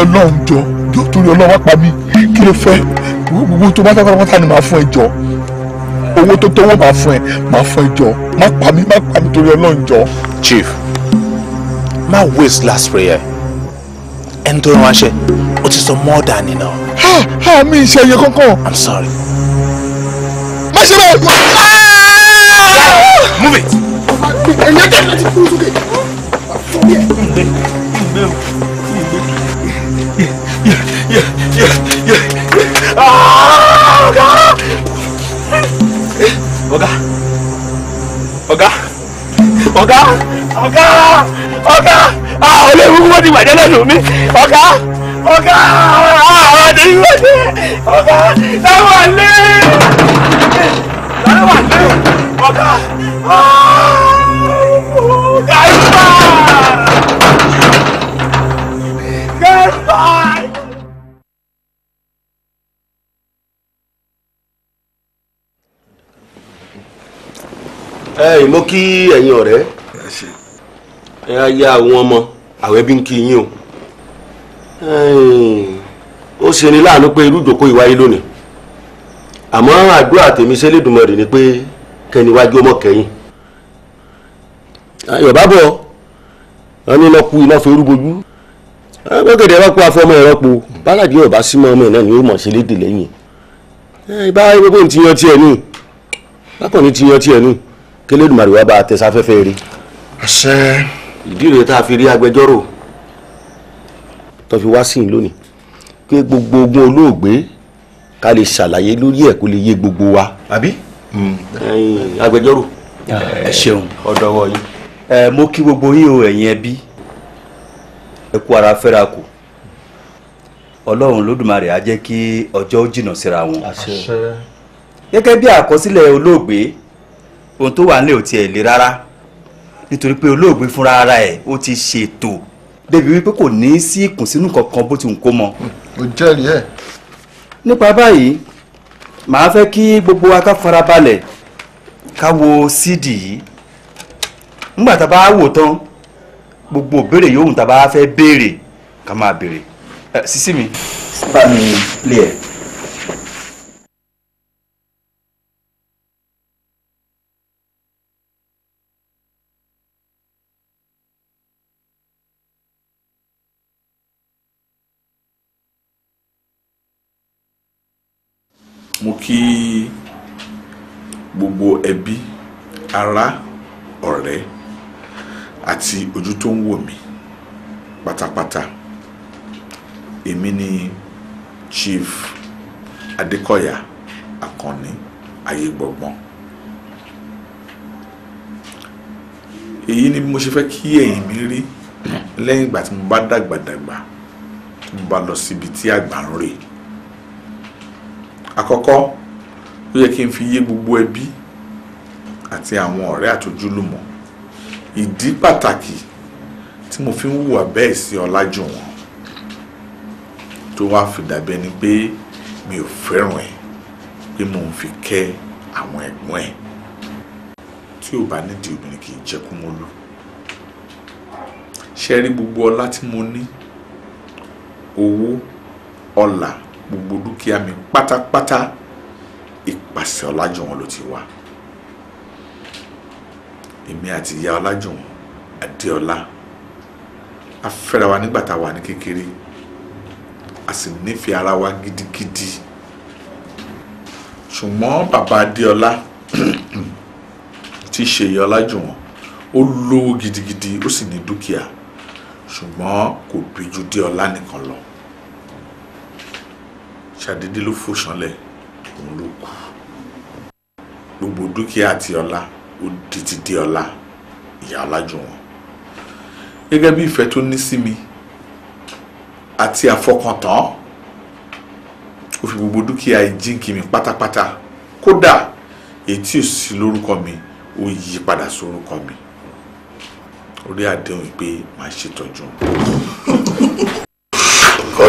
Ọlọ́run jọ yóò torí Ọlọ́run wá pa kí ló fẹ́ gbogbo tó bá tọ́kọ́ pátá ni màá fún ẹ jọ owó tó tówó màá fún ẹ màá fún ẹ jọ má pa mí má pa mí torí Ọlọ́run jọ. Chief má waste last prayer ẹni tó rán wa ṣe o ti sọ more than enough. ha ha mi ìṣe ẹyẹ kankan. I'm sorry. má ṣe bẹ́ẹ̀ gbọ́. move it. ẹ̀yẹ́ kẹ́kẹ́ ti kúrú sókè. ǹgbẹ́ Oga, Oga, Oga, Oga, Oga, ah olóòwú wọ́n di bàjẹ́ lẹ́nu mi ọ̀gá ọ̀gá àwọn àdéhùn ọ̀dẹ́ ọ̀gá táwọn àlẹ́ táwọn àlẹ́ Oga, ah, ìgbà. Ah, Goodbye! mo kí ẹ̀yin ọ̀rẹ́ ẹ á yá àwọn ọmọ àwọn ẹbí ń kí yín o ó ṣe ni láàánú pé irú ìjókòó ìwáyé lónìí àmọ́ àdúrà tèmi sẹ́lẹ̀dùmọ̀rì ni pé kẹ́niwájú ọmọ kẹ́yìn yorùbá bọ̀ wọn ní lọ́kù iná forú bojú gbẹ́gẹ̀dẹ̀ ẹ̀rọ kó afọ́mọ ẹ̀rọ po bálàdì yorùbá símọ́ ọmọ ẹ̀ náà ni ó mọ̀ ṣe lédè lẹ́yìn ìbá gbogbo ní ti yan tiẹ̀ ní bákan ní ti yan tiẹ̀ ní kélédùmarè wá bá a tẹ̀sáfẹ́fẹ́ rí. àṣẹ. ìdí rèé tá a fi rí agbẹjọ́rò tó fi wá sí i lónìí pé gbogbo ogún olóògbé ká lè ṣàlàyé lórí ẹ̀ kó lè yé gbogbo wa. àbí. Hmm. agbẹjọ́rò. ẹ ṣeun ọ̀dọ́wọ́ yín. ẹ mo kí gbogbo yín o ẹ̀yin ẹbí ẹ kú ara fẹ́ra kù ọlọ́run lódùmarè á jẹ́ kí ọjọ́ jìnnà síra wọn. gẹ́gẹ́ bí àkọsílẹ̀ olóògbé ohun tó wà nílẹ̀ ò tiẹ̀ le rárá nítorí pé olóògbé fúnra ara ẹ̀ ó ti ṣètò débi wípé kò ní sí ìkùnsínú kankan bó ti ń kó mọ. o jẹ́rìí ẹ̀. nípa báyìí màá fẹ́ kí gbogbo wa ká farabalẹ̀ ká wo síìdì yìí nígbà tá a bá wò tán gbogbo bere yòówù tá a bá fẹ́ béèrè ká máa béèrè sísí mi. bá ẹ̀. mo kí gbogbo ẹbí ará ọ̀rẹ́ àti ojú tó ń wò mí pátápátá èmi ni Chief Adékọ̀yà Àkànní Ayégbọ̀gbọ́n èyí ni mo ṣe fẹ́ kí ẹ̀yin mi rí lẹ́yìn ìgbà tí mo bá dàgbà mo bá lọ síbi tí àgbà ń rè àkọ́kọ́ ó yẹ kí n fi yé gbogbo ẹbí àti àwọn ọ̀rẹ́ àtojúlùmọ̀ ìdí pàtàkì tí mo fi ń hùwà bẹ́ẹ̀ sí ọlájú wọn tó wá fi dàbí ẹni pé mi ò fẹ́ràn ẹ̀ pé mo ń fi kẹ́ àwọn ẹ̀gbọ́n ẹ̀ tí ò bá nídìí obìnrin kì í jẹ́ mo lò ṣe rí gbogbo ọlá tí mo ní owó ọlà gbogbo dúkìá mi pátápátá ìpàṣẹ ọlájúwọn ló ti wá èmi àti ìyá ọlájúwọn adéọlá a fẹ́ra wa nígbà tá a wà ní kékeré a sì nífẹ̀ẹ́ ara wa gidigidi ṣùgbọ́n bàbá adéọlá tí í ṣe ìyá ọlájúwọn ó lówó gidigidi ó sì ní dúkìá ṣùgbọ́n kò bíjú dé ọlá nìkan lọ ṣàdédé ló fò ṣánlẹ̀ òun ló kú gbogbo dúkìá àti ọlá ó di ti di ọlá ìyá ọlájú wọn gẹ́gẹ́ bí ìfẹ́ tó ní sí mi àti àfọkàntán ó fi gbogbo dúkìá ìjíǹkì mi pátápátá kódà èyí tí ò sí lórúkọ mi ó yí padà sórúkọ mi orí àdéhùn pé màá ṣètọ́jú.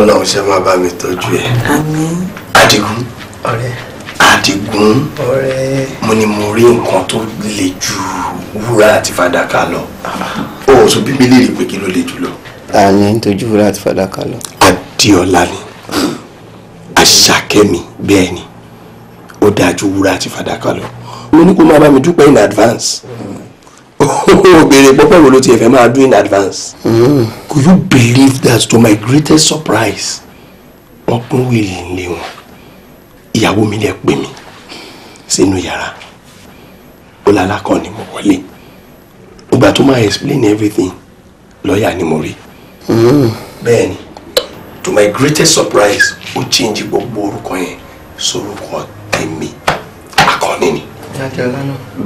Ọlọ́run ṣe máa bá mi tọ́jú ẹ. àmín. Adigun. ọ̀rẹ́. Adigun. ọ̀rẹ́. mo ní mo rí nǹkan tó le ju wúrà àti fàdákà lọ. o ò tún bí mi léèrè pé kí ló le jù lọ. àní tójú wúrà àti fàdákà lọ. Adéọlá ni Àṣàkẹ́ mi bẹ́ẹ̀ ni ó dáa ju wúrà àti fàdákà lọ. mo ní kó máa bá mi dúpẹ́ in advance. o béèrè pọ́pẹ́ wo ló ti ẹ̀fẹ̀ máa do in advance. Mm. could you believe that to my greatest surprise wọ́n pín wíìlì nílé wọn ìyàwó mi lè pè mí sínú yàrá ó lálá kan ni mo wọlé ìgbà tó máa explain everything lọ́ọ̀yà ni mo rí. Mm. bẹ́ẹ̀ to my greatest surprise ó change gbogbo orúkọ yẹn sórúkọ tèmi akọni ni.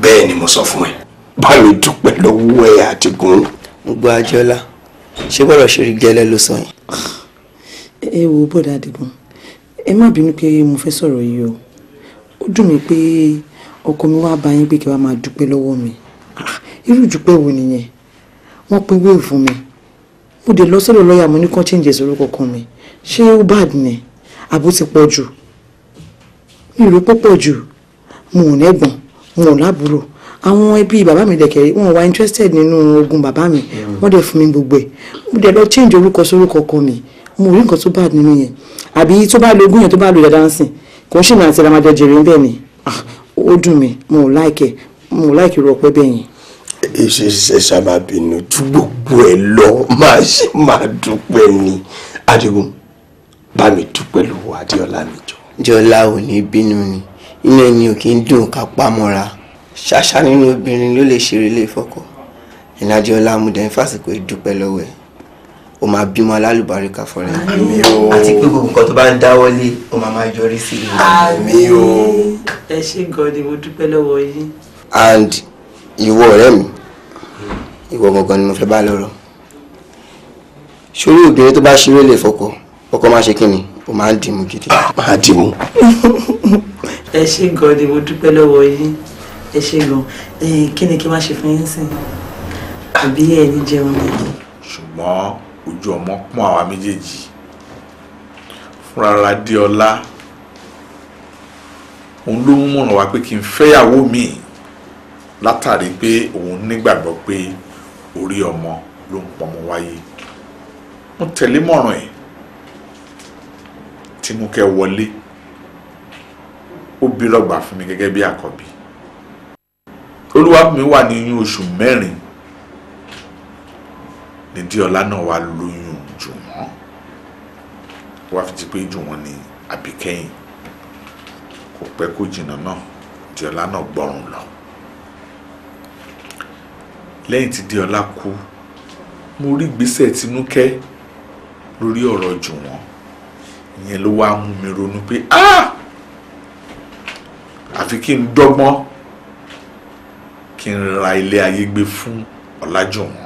bẹ́ẹ̀ mo sọ fún ẹ bá mi dúpẹ́ lọ́wọ́ ẹ̀ àtìgún. gbogbo àjọlá ṣé bọ́rọ̀ ṣe rí gẹ́lẹ́ ló sọ yẹn. ẹ wo bọ́dà àdìgún ẹ má bínú pé mo fẹ́ sọ̀rọ̀ yìí o ó dùn mí pé ọkọ mi wá bá yín pé kí wàá máa dúpẹ́ lọ́wọ́ mi irú ìdúpẹ́ wo nìyẹn wọ́n pín wéè fún mi mo dé lọ sọ́dọ̀ lọ́ọ̀yà mo ní kán change orúkọ kan mi ṣé ó bad ni àbó ti pọ̀ jù mi ò rí pọ́pọ̀ jù mo ò nẹ́gbọ̀n mo ò lábúrò àwọn ẹbí bàbá mi dẹ̀kẹ̀rẹ́ wọn wà interested nínú ogun bàbá mi wọ́n dẹ̀ fún mi gbogbo ẹ̀ mo dẹ̀ lọ change orúkọ sórúkọ kan mi mo rí nǹkan tó bad nínú yẹn àbí tó bá lo ogún yẹn tó bá lo dáadáa sìn kò ń ṣì náà ti ra máa jẹ jèrè bẹ́ẹ̀ ni ah, ó dùn mí mo ò láìkẹ mo ò láìkẹ irú ọpẹ bẹ́ẹ̀ yẹn. èsì ṣe ṣàmàbínú tú gbogbo ẹ lọ máa ṣe máa dúpẹ́ ni adigun bá mi dúpẹ́ lọ́wọ́ adéọlá mi jọ. jọlá ò ní bínú ni inú ẹni ò kí ń dùn ká pamọ́ra ṣàṣà nínú obìnrin ló lè ṣeré ilé ìfọkọ ìlàjì ọlámúdẹ fásitì ìdúpẹ́ lọ́wọ́ ẹ o máa bímọ alálùbáríkà fọrẹ àti pé gbogbo nǹkan tó bá ń dáwọ́lé o máa máa yọrí sí i. àmín o. ẹ ṣé gan mo dúpẹ́ lọ́wọ́ yín. and ìwọ ọ̀rẹ́ mi ìwọ gangan ni mo fẹ́ bá lọ́rọ̀ sórí obìnrin tó bá ṣeré lè fọkọ ọkọ máa ṣe kí ni o máa ń dìmú gidi. máa dìmú. ẹ ṣé gan mo dúpẹ́ lọ́wọ́ yín ẹ ṣe gan kí ni kí n má ṣe fún yín sìn àbí ẹ ní jẹun ni. ṣùgbọ́n ojú ọmọ pọ́n àwa méjèèjì fúnra la dé ọlá òun ló mú mọ̀ràn wá pé kí n fẹ́yàwó mi látàrí pé òun nígbàgbọ́ pé orí ọmọ ló ń pọmọ wáyé mo tẹ̀lé mọ̀ràn ẹ̀ tí mo kẹ́ wọlé ó bí lọ́gbà fún mi gẹ́gẹ́ bí àkọ́bí olúwàbùnmi wà ní oyún oṣù mẹ́rin ní díọ̀lá náà wà lóyún jùwọ́n wà fi ti pé jùwọ́n ní àbíkẹ́yìn kò pẹ́ kó jìnnà náà díọ̀lá náà gbọ́rùn lọ lẹ́yìn tí díọ̀lá kú mo rí gbèsè tinúkẹ́ lórí ọ̀rọ̀ jùwọ́n ìyẹn ló wá mú mi ronú pé àfi kí n dọ́gbọ́n kí n ra ilé ayé gbé fún ọ̀làjọ̀wọ́n.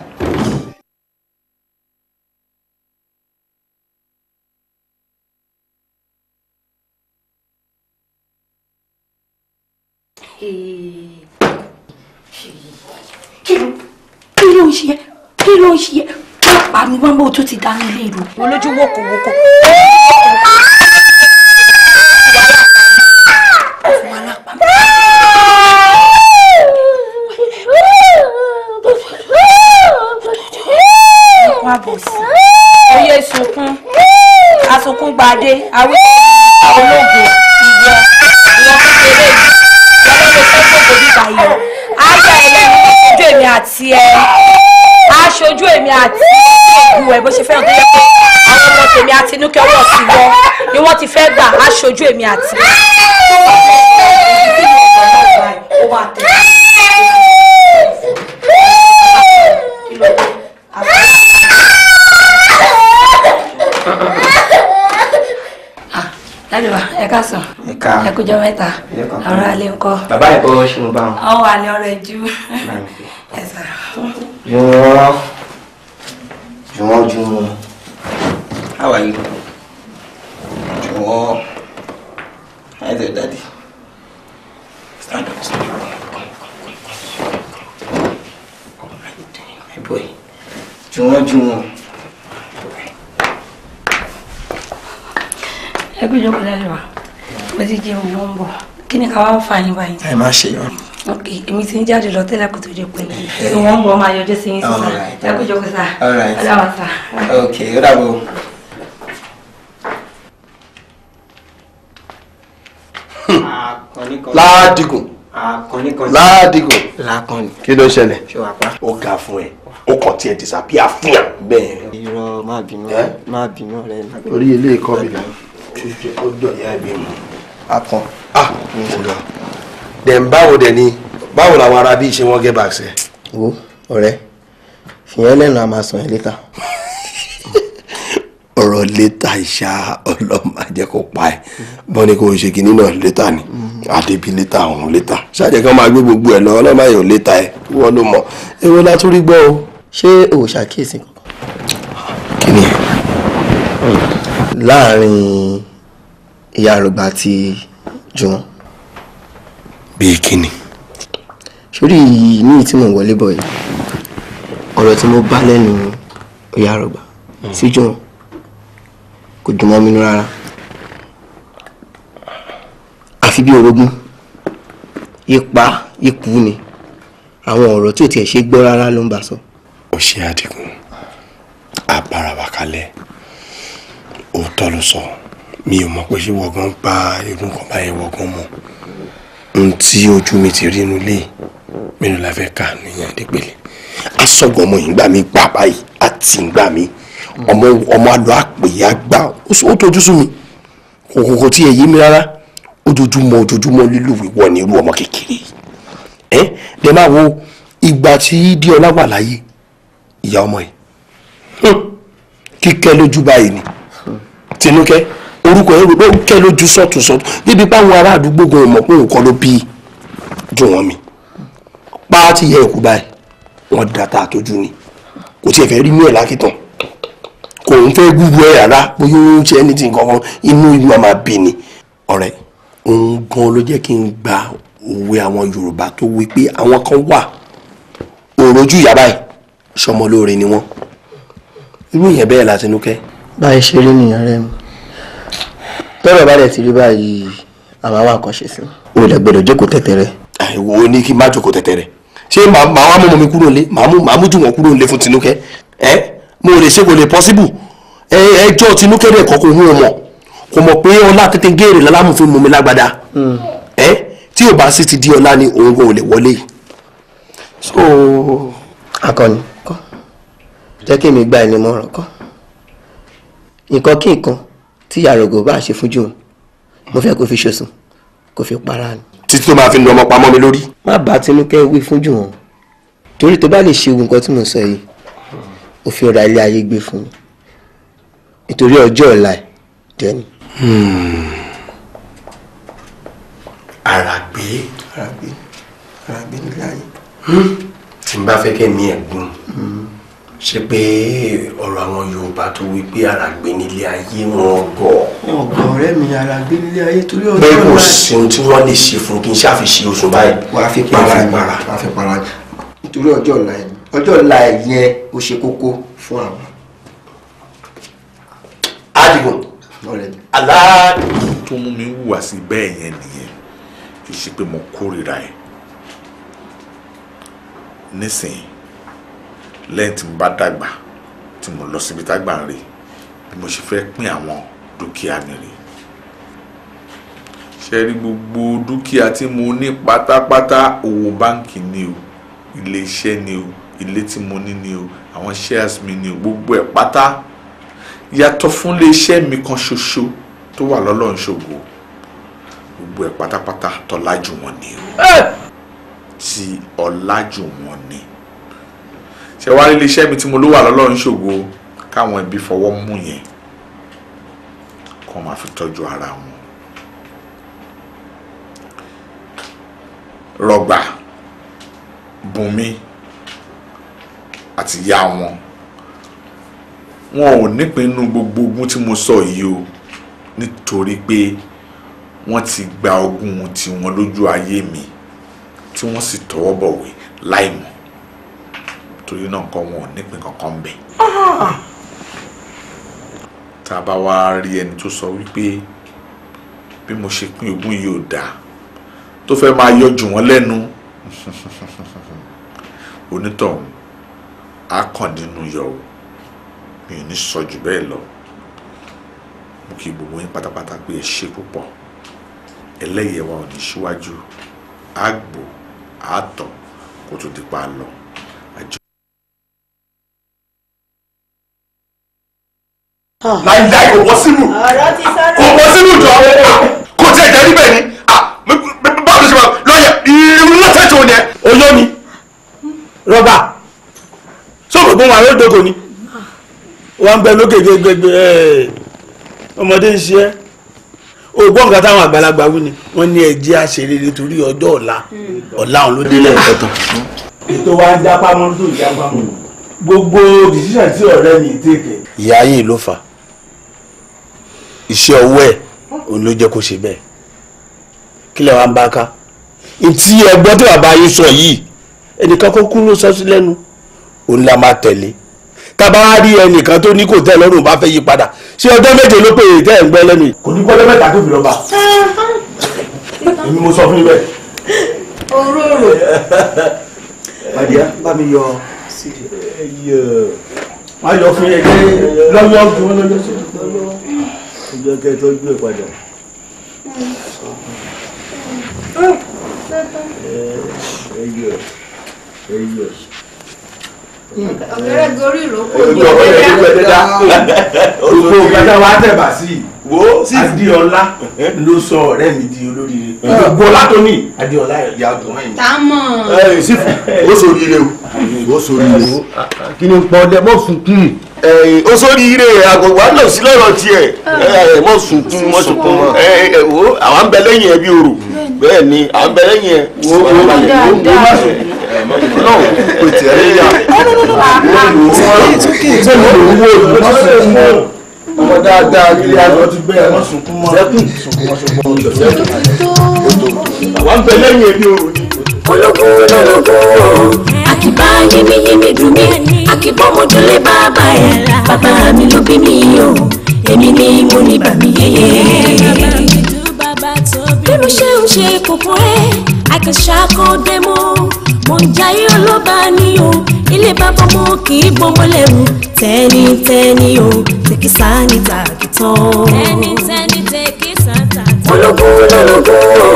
ló ń ṣe ẹ wọn pa mi wọn bó tó ti dá nílé ìlú. olójú wo kò wo kò. kékeré àwọn ológo ìwọ ìwọ kékeré yìí lọ́wọ́ ló fẹ́ gbogbo níta yìí ayé ẹlẹ́nu aṣojú èmi àti ẹ aṣojú èmi àti ìlú ẹ bó ṣe fẹ́ràn tó yẹ pé àwọn ọmọ tèmi àti inúkẹ́ ọwọ́ ti wọ ni wọ́n ti fẹ́ gbà aṣojú èmi àti ẹ. kújọ́ mẹ́ta ọ̀rọ̀ alẹ́ ńkọ́. bàbá ẹ̀ bọ́ ṣe mo bá wọn. ọwọ́ alẹ́ ọ̀rọ̀ ẹ̀jú. jùwọ́n jùwọ́n jùwọ́n how are you jùwọ́n how is your daddy stand up stand up. boy jùwọ́n jùwọ́n. ẹ kújọ́ kújọ́ lẹ́wà mo ti jẹun mo ń bọ̀ kí ni ká wá fà yín báyìí. ẹ má ṣe yọ. ok èmi ti ń jáde lọ tẹ́lẹ̀ kó tó dé pé ìwọ̀n ń bọ̀ máa yọjú sí yín sísá ẹ kó jókòó sá ọ̀dà sá. ok ó dàbọ̀. láàdìgún láàdìgún làákànnì kí ló ṣẹlẹ̀ ó ga fún ẹ ó kàn tiẹ̀ disapia fún yà bẹ́ẹ̀. irọ́ má bínú má bínú rẹ. orí ilé ìkọ́ mi náà ó dọ̀ yá ibi mọ́ akàn. ah ọ̀gá dem báwo dẹ̀ ni báwo làwọn ará bíi ṣe wọ́n gẹ́ bàṣẹ. wo ọ̀rẹ́ fìyẹn lẹ́nu a máa sàn yín létà. ọ̀rọ̀ létà ìṣá ọlọ́mà jẹ́ kó pa ẹ̀ bọ́n ni kò ń ṣe kinní náà létà ni àdébí létà ọ̀hún létà ṣáàjẹ́ kan máa gbé gbogbo ẹ̀ lọ ọlọ́mà yóò létà ẹ̀ wọ́n ló mọ̀ ewé látúrí gbọ́ o. ṣé o ṣàkíyèsí kí ni ẹ. láàárín ìyá àrògbà àti jùwọ́n. bíi kíni. sórí yìí ní tí mò ń wọlé bọ̀ yìí ọ̀rọ̀ tí mo bá lẹ́nu ìyá àrògbà hmm. sí jùwọ́n kò dùn mọ́ mi nú rárá àfi bí orogún ipa ikú ni àwọn ọ̀rọ̀ tí ò tiẹ̀ ṣe gbọ́ rárá ló ń bá sọ. ó ṣe àdìgún abára wa kalẹ̀ òótọ́ ló sọ. So mi ò mọ̀ pé ṣé wọ̀gán gba irú nǹkan báyẹn wọ̀gán mọ̀ ohun tí ojú mi ti rí inú ilé mélòó la fẹ́ kà níyàn dípele asọ́gun ọmọ yìí ń gbà mí gbà báyìí àti ń gbà mí ọmọ ọmọ àlọ́ àpèyà gbà ó tójú sú mi kòkòkò tí èyí mi rárá ojoojúmọ́ ojoojúmọ́ lílù wíwọ́ ni irú ọmọ kékeré yìí ẹ lè máa wo ìgbà tí díọlá wà láyé ìyá ọmọ yìí kíkẹ́ lójú báyìí ni tinúkẹ́ orúkọ yẹn wípé ó kẹ́ lójú sọ́tún sọ́tún débi báwọn ará àdúgbò gan mọ̀ pé òun kọ́ ló bí dùn wọ́n mi pààtì yẹ ẹ̀kú báyìí wọ́n da ta àtọ́jú ni kò tiẹ̀ fẹ́ rí inú ẹ̀ lákìtàn kò ń fẹ́ gbúgbú ẹ̀ rárá bóyá ó ń ṣe ẹni tí nǹkan kan inú ìlú àmà bí ni. ọ̀rẹ́ òun gan ló jẹ́ kí n gba òwe àwọn Yorùbá tó wí pé àwọn kan wà òròjú ìyá báyìí sọmọlóore ni wọ́n irú ìyẹn bẹ́ẹ̀ látinúkẹ́. báyìí ṣe rí nìyẹn rẹ mi tọ́rọ̀ bá dẹ̀ ti rí báyìí àmọ́ àwọn àkànṣe sí i. o lè gbọ́dọ̀ jókòó tẹ̀tẹ̀rẹ̀. àìwo ni kí n má jókòó tẹ̀tẹ̀rẹ̀ ṣé màá wá mọ́mọ́ mi kúrò lé màá mú jù wọ́n kúrò lé fún tinúkẹ́ ẹ mo lè ṣe kò lè pọ́síbù ẹjọ́ tinúkẹ́ rẹ̀ kọ́kọ́ òun ò mọ̀ kò mọ̀ pé ọlá tètè géèrè lálámùfín mú mi lágbádá hmm. ẹ tí ò bá sì ti di ọlá ni òun kò lè wọlé so. akọni kọ jẹ́ kí mi gba ẹni mọ̀ràn kọ́ nǹkan kí nǹkan tí yàrá ògò bá ṣe fún jù mo fẹ́ kó fi ṣòṣùn kó fi para ni. títí tó máa fi lu ọmọ pamọ́ mi lórí. má bàa tinúkẹ́ wí fún jù wọn torí tó bá lè ṣe ogun nǹkan tí mo sọ yìí òfin ọ̀rọ̀ ilé ayé gbé fún mi nítorí ọjọ́ ọ̀la jẹ́ ni. Hmm. àràgbé àràgbé àràgbé nílẹ̀ ayé. Hmm. tí n bá fẹ́ kẹ́ mi ẹ̀ gún. Hmm ṣe pé ọ̀rọ̀ àwọn yorùbá tó wí pé àràgbé nílé ayé wọn gbọ́. ọ̀gbọ̀n ọ̀rẹ́ mi àràgbé nílé ayé torí ọjọ́ báyìí. bẹ́ẹ̀ kò sí ohun tí wọ́n lè ṣe fún kí n ṣàfihàn oṣù báyìí. wàá fi para para wàá fi para nítorí ọjọ́ ọ̀la ẹ̀ ọjọ́ ọ̀la ẹ̀ yẹn ó ṣe kókó fún àwọn. adigun aláàdì. tó mú mi wùwà sí bẹ́ẹ̀ yẹn nìyẹn kì í ṣe pé mo kórìíra ẹ̀ nísìnyí lẹ́yìn tí mo bá dàgbà tí mo lọ síbi tágbà ń rè bí mo ṣe fẹ́ pín àwọn dúkìá mi rè ṣe rí gbogbo dúkìá tí mo ní pátápátá owó báǹkì ni o ilé iṣẹ́ ni o ilé tí mo ní ni o àwọn shares mi ni o gbogbo ẹ̀ pátá yàtọ̀ fún ilé iṣẹ́ mi kan ṣoṣo tó wà lọ́lọ́run ṣògo gbogbo ẹ̀ pátápátá tọ́lájú wọn ni o eh! tí ọlájú wọn ni ṣe wá nílé iṣẹ́ mi tí mo ló wà lọ́lọ́run ṣògo káwọn ẹbí fọwọ́ mú yẹn kó máa fi tọ́jú ara wọn. rọgbà bùnmi àti ìyá wọn wọn ò nípinnu gbogbo ogun tí mo sọ yìí o nítorí pé wọ́n ti gba ogun tiwọn lójú ayé mi tí wọ́n sì tọwọ́ bọ̀wé láìmọ̀ torí náà nǹkan wọn ò nípìn kankan bẹ̀. Ah. tá a bá wá rí ẹni tó sọ wípé bí mo ṣe pín ogún yìí ò dáa tó fẹ́ máa yọ jù wọ́n lẹ́nu onítọ̀hún á kàn nínú yọ o mi ò ní sọ jù bẹ́ẹ̀ lọ mo kí gbogbo yín pátápátá pé ẹ ṣe púpọ̀ ẹlẹ́yẹ̀wá ò ní síwájú àgbò àtọ̀ kó tó di pa lọ. láìláì ah. kò bọ́ sínú kò bọ́ sínú jọ kò tẹ̀ jẹ́ níbẹ̀ ni ah, báwo ló ṣe máa lọ́yẹ̀ irú lọ́tẹ̀ tó yẹ. oyó ni rọ́bà sọ̀rọ̀ gbọ́n wọn àròdògò ni wọ́n ń bẹ lókè gbẹgbẹgbẹ ọmọdé ń ṣe ògbọ́n nǹkan táwọn àgbàlagbà wí ni wọ́n ní ẹ̀jẹ̀ àṣerére torí ọjọ́ ọ̀la ọ̀la òun ló délé ẹ̀kọ́ tán. ètò wa ń jápá mọ́ ìjápá mọ́ gbogbo decision tí ọ̀rẹ́ mi tèkè. ìyá yìí ló fà á iṣẹ́ ọwọ́ ẹ̀ òun ló jẹ́ kó ṣe bẹ́ẹ̀ kí lè wá ń bá ká ntí ẹgbọ́n tí bàbá yín sọ yìí ẹnìkan kó kúrò sọ́sí lẹ́nu òun la máa tẹ̀lé tábà á rí ẹnìkan tó ní kò tẹ́ lọ́rùn bá fẹ́ yí padà ṣé ọjọ́ méje ló pè é tẹ́ ẹ̀ ń gbẹ́ lẹ́nu. kò ní gbọ́dọ̀ mẹ́ta tó fi lọ́ba èmi mo sọ fún yín bẹ́ẹ̀. òróró. bàdíà bá mi yọ sídìí. má yọ fún yẹn lọ́yọ́ fún lọ́yọ́ sí i ó kẹ́ tọ́jú ẹ̀ padà. ẹ yọ ẹ yọ. ọ̀gẹ̀rẹ̀ gorí ìrókò ní ìgbẹ́dá gbogbo ìgbẹ́dá wa tẹ̀bà sí i wo adiola ló sọ ọ̀rẹ́ mi di olóríire gbogbo ọlá tó ní adiola ìyá ọdún ẹ̀yìn. tamọ. ẹ ẹ sífù ó sọ oríire o ó sọ oríire o. kí ni pọ́ọ́dẹ bó sunkún. osori ire agogo àná sí lọ́rọ̀ tiẹ̀ mọ̀ sunkún mọ̀ sunkún mọ̀ wo àwọn bẹ lẹ́yìn ẹ bí bẹ́ẹ̀ ni àwọn bẹ lẹ́yìn ẹ wo wo wo Akiba yíbi yíbi dùn mí àkìbọ́ mojúlé bàbá ẹ̀ bàbá mi ló bí mi o èmi ni mo ní bàmí yẹyẹ. bínú ṣe ń ṣe kòkó ẹ àkàṣàkọ dẹmọ mo ń jayé ọlọ́ba ni o ilé bàbá mo kì í gbọmọ lẹ́rù tẹ́ni tẹ́ni o tẹ̀kísà ní tàkìtàn. tẹ́ni tẹ́ni tẹ̀kísà tàkìtàn. ológun lọ́lọ́gun o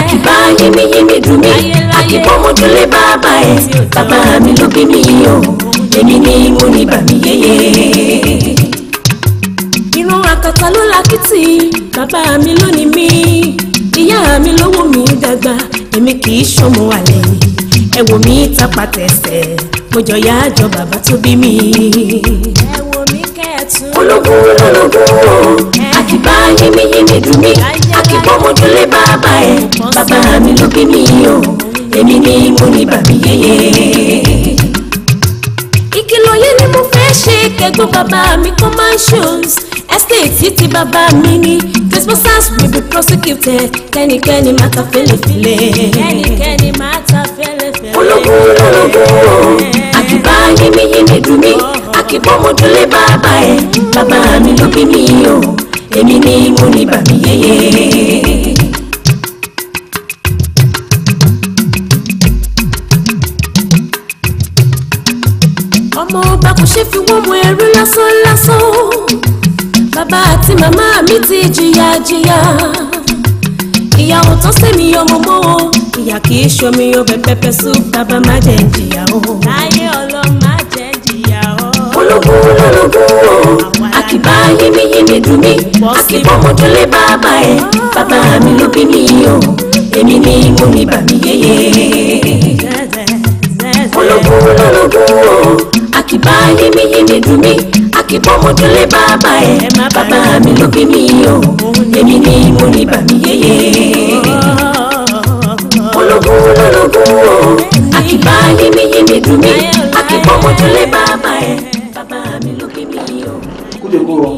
àkìbá yíbi yíbi dùn mí kí bọ́ mo jólé bàbá ẹ̀ bàbá mi ló bí mi yìí o èmi ni mo ní bàmí yéyé. ìran àkàkà ló lakítì bàbá mi ló ní mí ìyá mi ló wò mí dàgbà èmi kì í ṣọmọ àlè ẹ wò mí tapà tẹsẹ̀ mo jọ yá àjọ bàbá tó bí mi. ẹ wò mí kẹ́ẹ̀tún. ológun lọ́lọ́gun o àkìbá yémi yémi dùn mí àkìbọ́ mo jólé bàbá ẹ̀ bàbá mi ló bí mi o ni mo ní bàbí yéyé. ìkìlọ̀ yẹn ni mo fẹ́ ṣe kẹ́gbọ́n bàbá mi commercials estate ti bàbá mi ni trespassers will be prosecuted kẹ́nikẹ́ni má ta fẹ́lẹ́fẹ́lẹ́. kẹ́nikẹ́ni má ta fẹ́lẹ́fẹ́lẹ́. ológun ológun àkìbá yínníyínní dùn mí àkìbọ́ mo dúlé bàbá ẹ̀ bàbá mi ló bí mi o èmi ni mo ní bàbí yéyé. bàbá kò ṣe fi wọ́n mọ ẹrú lásán lásán o bàbá àti màmá mi ti jìyà jìyà ìyà ò tọ́ mi ọmọ mọ́ o ìyà kì í ṣomi ọbẹ̀ pẹpẹ sùn bàbá má jẹ́ ń jìyà o. láyé ọlọ́run má jẹ́ jìyà o. ológun ológun o àkìbá yínníyínní dùn mí àkìbá mọ́jọ́lé bàbá ẹ̀ bàbá mi ló bí mi o èmi ni mo ní bàmí yéyé. ológun ológun o àkìbá yími yími dùn mí àkìbá ọmọdúnlé bàbá ẹ̀ bàbá mi ló bí mi o èmi ni mo ní bàmí yéyé. ológun ológun o àkìbá yími yími dùn mí àkìbá ọmọdúnlé bàbá ẹ̀ bàbá mi ló bí mi o. kúlẹ̀ kó rọ.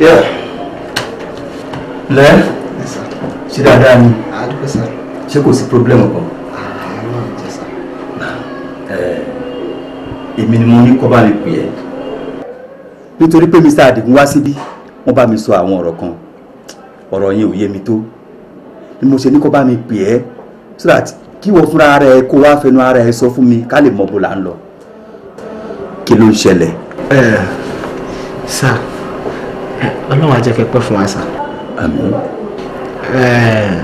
lẹ́ ṣe dáadáa ni ṣé kò sí problem kan. Ah, eh, èmi ni mo ní kọ́ bá mi pè ẹ́. nítorí pé Mr. Adigun wá síbí wọ́n bá mi sọ àwọn ọ̀rọ̀ kan ọ̀rọ̀ yẹn ò yé mi tó ni mo ṣe ní kọ́ bá mi pè ẹ́ so that kí wọ́n fúnra ara ẹ kó wá fẹnu ara ẹ sọ fún mi ká lè mọ bó là ń lọ kí ló ń ṣẹlẹ̀. ẹ eh, sáà ọlọ́run á jẹ́ kẹ́ pẹ́ fún wa sà. àmín. Eh,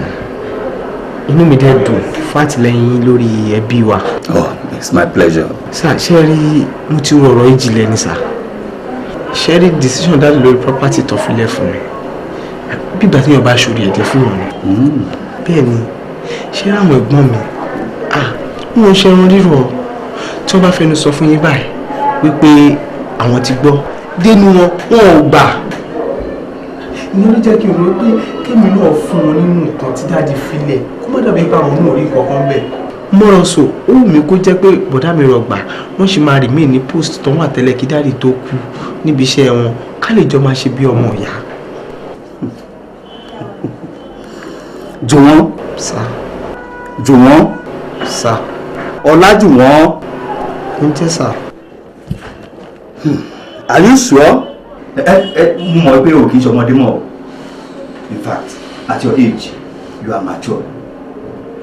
inú mi dẹ́ dùn fún àtìlẹ́yìn lórí ẹbí wa. oh it's my pleasure. sà ṣe rí mo ti rọ̀rọ̀ ìjìnlẹ̀ ni sà ṣe rí decision dáàdì lórí property tó fi lẹ̀ fún mi bí ìgbà tí yóò bá ṣòrí ẹ̀jẹ̀ fún mi. Hmm. bẹ́ẹ̀ ni ṣé àwọn ẹ̀gbọ́n mi wọn ṣe irun rírọ̀ tí wọ́n bá fẹnu sọ fún yín báyìí wípé àwọn ti gbọ́ dénú wọn wọn ò gbà ìyẹn ló jẹ́ kí n rò pé kémi náà fún wọn nínú nǹkan tí dáàdi filẹ̀ kó má dàbí pa òun òrí kankan bẹ̀. mọ́rọ̀sọ ó wù mí kó jẹ́ pé bọ̀dá mi rọgbà wọ́n ṣì máa rì mí ní post tó wà tẹ́lẹ̀ kí dáàdi tó kú níbi iṣẹ́ wọn ká lè jọ máa ṣe bí ọmọ ìyá. jùwọ́n. sá. jùwọ́n. sá. ọ̀làjùwọ́n. ń tẹ́ sá. Hmm. are you sure? ẹ eh, ẹ eh, mo mọ̀ pé o kì í ṣe ọmọdé mọ́ o in fact at your age you are mature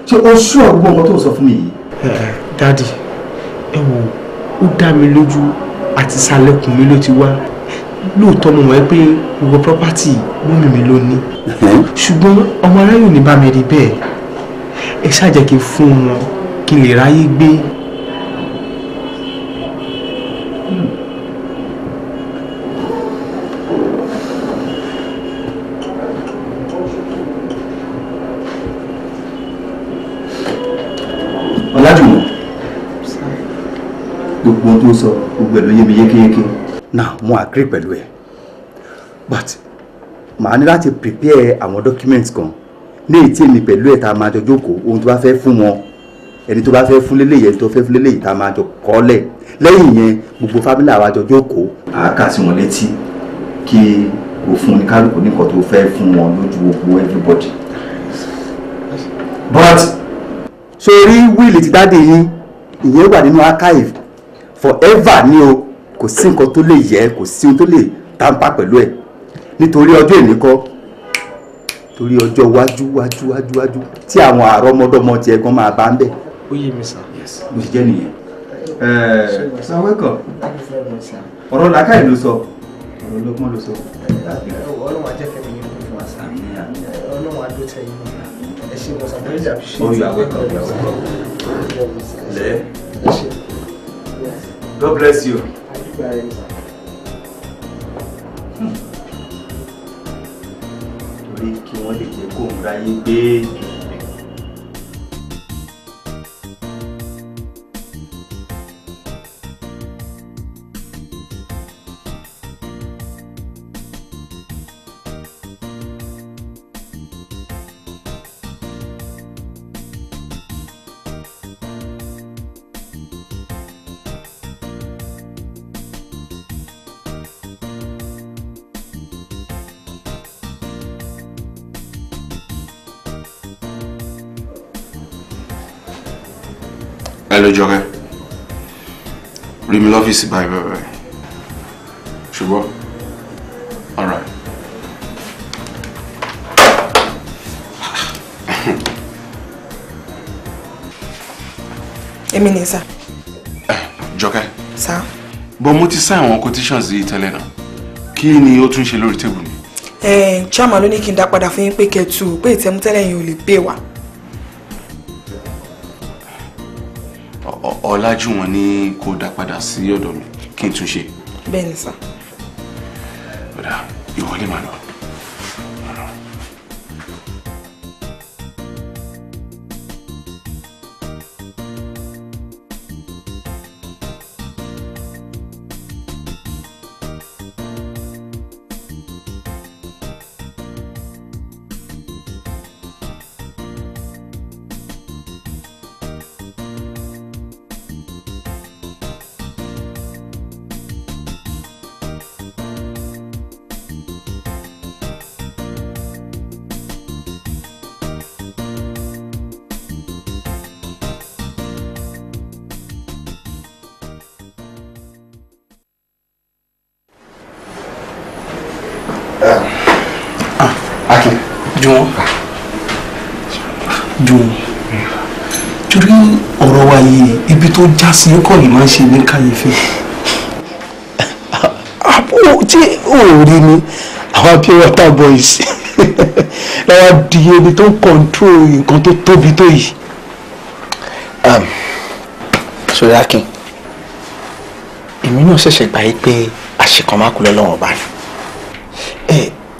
ṣé o ṣú ọ gbogbo nǹkan tó sọ fún mi yìí. Eh, dadi ẹ wo ó dá mi lójú àti sálẹ̀kùn mi ló ti wá lóòótọ́ mo mọ̀ pé gbogbo property lómi mi ló ní ṣùgbọ́n ọmọ aráyò ní bá mi rí bẹ́ẹ̀ ẹ ṣáà jẹ́ kí n fún wọn kí n lè ráyè gbé yékéyéké now mo agree pẹ̀lú ẹ but màá ní láti prepare àwọn documents kan ní èyí tí èmi pẹ̀lú ẹ̀ tá a máa jọ jókòó ohun tó bá fẹ́ fún wọn ẹni tó bá fẹ́ fún lélẹ́yìí ẹni tó fẹ́ fún lélẹ́yìí tá a máa jọ kọ́lẹ̀ lẹ́yìn yẹn gbogbo fámílì àwa jọ a àáká sí wọn létí kí o fún ní kálukú nìkan tó fẹ́ fún wọn lójú gbogbo everybody. but sórí wíìlì ti dáàdi yín ìyẹn wà nínú archive forever ni o kò sí nǹkan tó lè yẹ kò sí ohun tó lè tàǹpà pẹ̀lú ẹ̀ nítorí ọjọ́ èmi kọ́ torí ọjọ́ wájú wájú wájú wájú tí àwọn àrọ́mọdọ́mọ tiẹ̀ gan máa bá ń bẹ̀. ó yé mi sàn. bó ṣe jẹ́ nìyẹn. sir welcome. ọ̀rọ̀ làákàyè ló sọ ọ̀rọ̀ lọ́gbọ́n ló sọ. ọlọ́run ajẹ́ kẹ́mi ní ìlú fún wa sá ọlọ́run adó tẹ ẹ ṣe mọ̀ sàmúlẹ̀ jàbí ṣe. ó yà wẹ́kọ̀ yà wẹ́kọ̀ lẹ́ẹ̀. God bless you very much. Hmm. torí kí wọ́n lè jẹ́ kóun ráyé Jọkẹ́ rí mi lọ́fíìsì báyìí bẹ́ẹ̀ ṣùgbọ́n all right. èmi ni sá. Eh, Jọkẹ́. sá. bọ́ mo ti sign àwọn quotations yìí tẹ́lẹ̀ náà kí ni ó tún ṣe lórí tèbù mi. Eh, chairman ló ní kí n dá padà fún yín pé kẹ́tù pé ìtẹ́mútẹ́lẹ̀ yìí ò lè pè wá. Ọlájúwọ̀n ní kó dá padà sí ọ̀dọ̀ mi kí n tún ṣe. bẹ́ẹ̀ ni ìwọlé màá lọ. Ah, Akin. Jùwọ́n. Jùwọ́n. Torí ọ̀rọ̀ wa yìí ibi tó já sí kọ́ yìí máa ń ṣe ní kàyéfì. Àbúrò tí ò rí ni àwọn pure water boys lọ́wọ́ di ẹni tó ń kọ́ńtró nǹkan tó tóbi tó yìí. Um, Sori Akin, èmi náà ṣẹ̀ṣẹ̀ gbà yí pé àṣekàn máa kú lọ́wọ́ ọba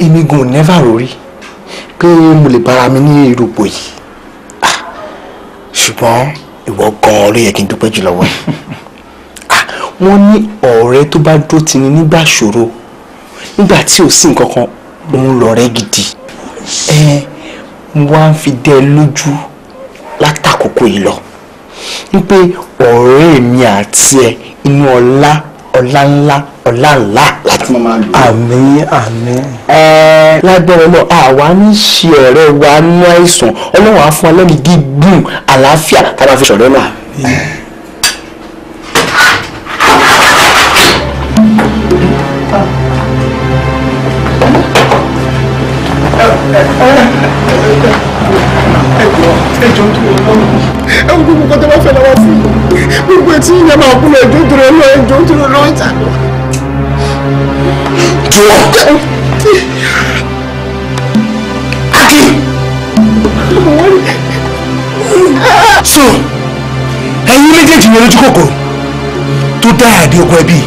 èmi gan ò nẹ́fà rórí pé mo lè bára mi ní irúgbó yìí ah, ṣùgbọ́n ìwọ gan-an ló yẹ kí n dúpẹ́ jù lọ́wọ́ ah, wọ́n ní ọ̀rẹ́ tó bá dúró tini nígbà ṣòro nígbà tí ò sí nǹkan kan òun lọ̀rẹ́ gidi ẹ mo wá ń fi dẹ́ ẹ lójú látàkókò yìí lọ wípé ọ̀rẹ́ mi àti ẹ inú ọlá ọlá ńlá ọlá ńlá láti máa lò. àmín àmín. ẹẹ lágbára náà àwa ní ṣe ọ̀rẹ́ wa ní àìsàn ọlọ́run á fún alẹ́ mi gígùn àlàáfíà tábà fi ṣọ̀rẹ́ náà. ẹ jọ ẹ jọ tó o lọ ẹ wo gbogbo kọ́tẹ́ tí ìyẹn máa kú lọ ìjọ dúró lọ ìjọ dúró lọ ìjà lọ. aki so ẹ̀yin méjèèjì yẹn lójú kòkòrò tó dá àdé ọkọ ẹbí.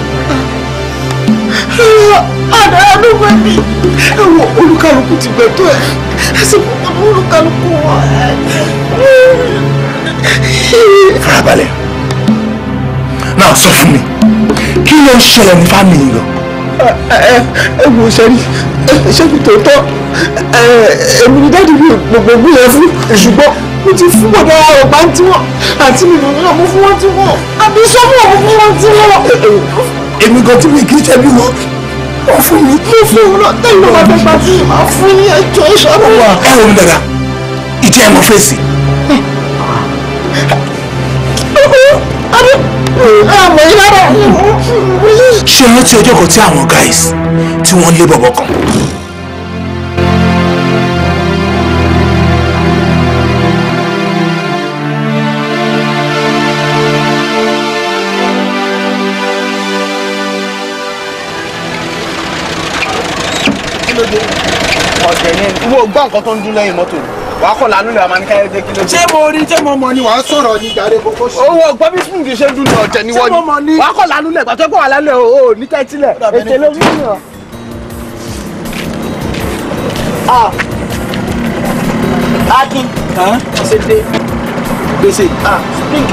àdá àdúgbò ẹbí ẹ̀wọ̀n olúkálùkù ti gbẹ̀tọ̀ ẹ̀ ẹ̀sìn olúkálùkù wọ̀ ẹ̀. farabalẹ̀ náà sọ fún mi kí ló ń ṣẹlẹ̀ ní fámìlì lọ. ẹ ẹ wo sẹ́ni ṣẹ́ni tó tọ́ ẹ èmi ni dáàdi mi gbogbo mi yẹn fún ṣùgbọ́n mo ti fún bọ̀dá ọ̀gbá tí wọ́n àti mi lòun náà mo fún wọn tí wọ́n àbí sọ́mọ́ mo fún wọn tí wọ́n. èmi gan tí mi kì í ṣẹ́bi wọn wọ́n fún mi. mo fún un náà tẹ́lẹ̀ ló máa fẹ́ pa sí màá fún ní ẹjọ́ ìṣọ́nà. ẹ wo mi dada ìjẹ́ ẹ fèsì ṣé ẹ rántí ọjọ́ kan tí àwọn guys tí wọ́n lé bọ̀bọ̀ kan. ọ̀sẹ̀ yẹn wo gbọ́ nǹkan tó ń dún lẹ́yìn mọ́tò mi wàá kọ̀ lánú ni àmàlíkà yẹn dé kílódé. ṣé mo rí ṣé mo mọ ni wàá sọ̀rọ̀ ní ìdàrẹ́ gbogbo ṣe. owó ọgbọ́n bí smith ṣe dùn ní ọ̀jẹ̀ ni wọ́n ni wàá kọ̀ lánú lẹ̀ gbàtọ́ pé wà lálẹ́ o ò ní tẹ́tílẹ̀ ètè ló mú yàn. Akin ṣe dé gbèsè spring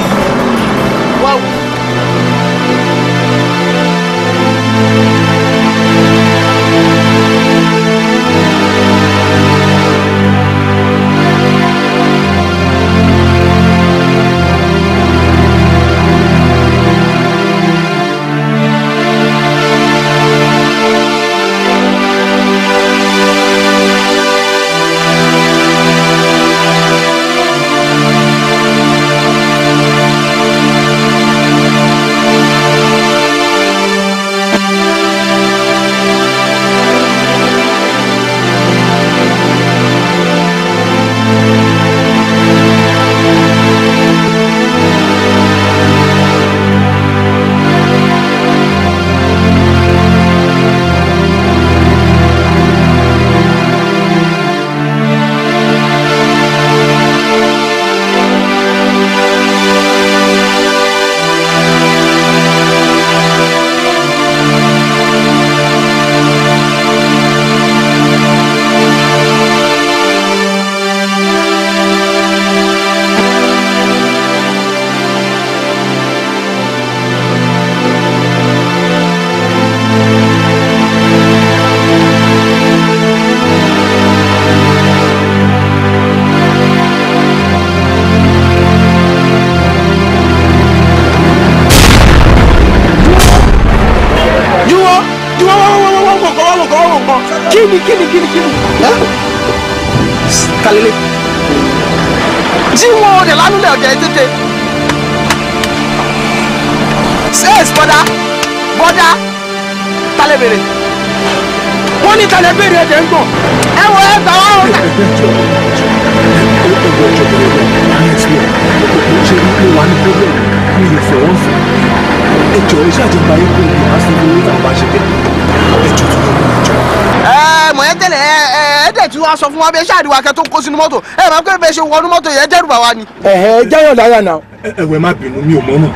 wa kẹ́ tó kó sínú mọ́tò ẹ máa ń pẹ́ bẹ́ẹ̀ ṣe wọnú mọ́tò yẹn dẹ́rù bà wá ni. ẹ̀hẹ́ jáyọ̀ láyà náà. ẹ̀wẹ̀ má bínú mi ò mọ́nà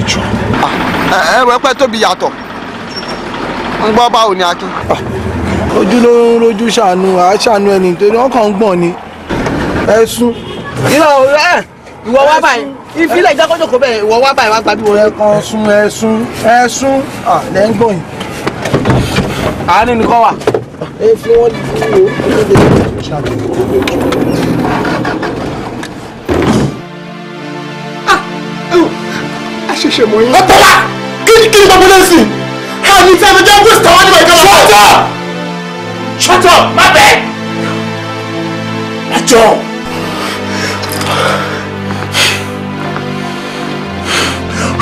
ìjọ. Ah, ẹ̀wẹ̀ pẹ́ tóbi yàtọ̀ ń gbọ́ báwo ni akin. Ah, ojú ló ń rojú ṣàánú àṣàánú ẹni nítorí wọn kàn ń gbọ̀n ni ẹ̀sùn. ìlà ọ̀rẹ́ ẹ̀ ìwọ wá báyìí ìfilẹ̀ ìjákọ́jọ́ kò bẹ́ẹ̀ ìwọ wá báyìí wá gbàgbé wọn. sun ẹ̀sùn ẹ̀sùn ah, lẹ́ ń gbọ̀n yìí. àánú nìkan wà. ẹ fún wọn ní ìlú Ah, ní kókó jù. a ṣẹ̀ṣẹ̀ mọ̀ yín. ọ̀tọ̀ wa kí ni kí ni gbogbo lẹ́sìn àmì tí a fi jẹ́ gbèsè tàwọn nígbà ìjọba. shut up shut up má bẹ́ẹ̀ ẹjọ́.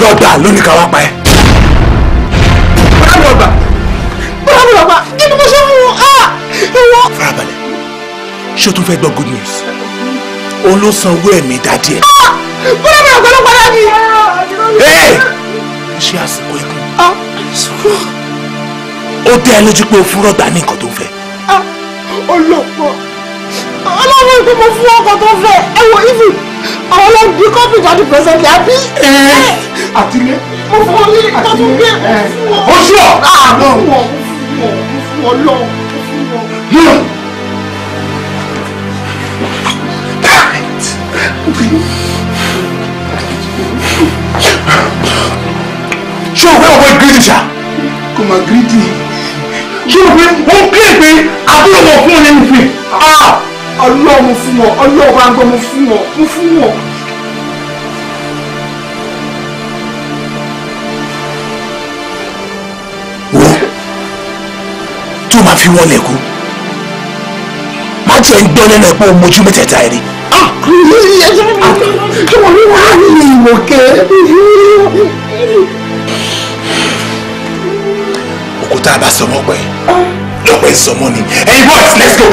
lọ́gbà lónìí ká wá pa ẹ́. ṣé o tún fẹ́ gbọ́ good news òun ló san owó ẹ̀mí dádì ẹ̀. Ah! bọ́lá mi ọ̀pọ̀lọpọ̀ náà ni. ee ṣé àsìkò ikú. Ah! ó dẹ́ ẹ lójú pé o fún rọ̀gbà ní nǹkan tó fẹ́. Ah! ọlọ́pọ̀ ọlọ́run ìpè mo fún ọkọ̀ tó fẹ́ ẹ wo ibi àwọn ọlọ́run bí kọ́pì jáde pẹ̀sẹ̀ntì àbí. Eh! àtìlẹ́. mo fún eh! ọ ní ìtọ́jú pé mo fún ọ. oṣù ọ̀. mo fún ọ mo fún ọ mo fún ọ lọ mo fún ọ. ṣé o pé ọmọ gírídì ṣá. kò má gírídì. ṣé o pé ó ń pè pé àbúrò wọn fún un nínú fún un. Ah! Ah! ọlọ́run mo fún wọn ọlọ́run bá ń gbọ́ mo fún wọn mo fún wọn. tó máa fi wọlé kú má tiẹ̀ ń gbọ́ lẹ́nu ẹ̀ mojú mẹ́tẹ̀ẹ̀ta ẹ̀ ṣé wọ́n ní wọ́n ní ìwòkẹ́. òkúta bá sọmọ pẹ lọpẹ sọmọ ni ẹyin boys let's go.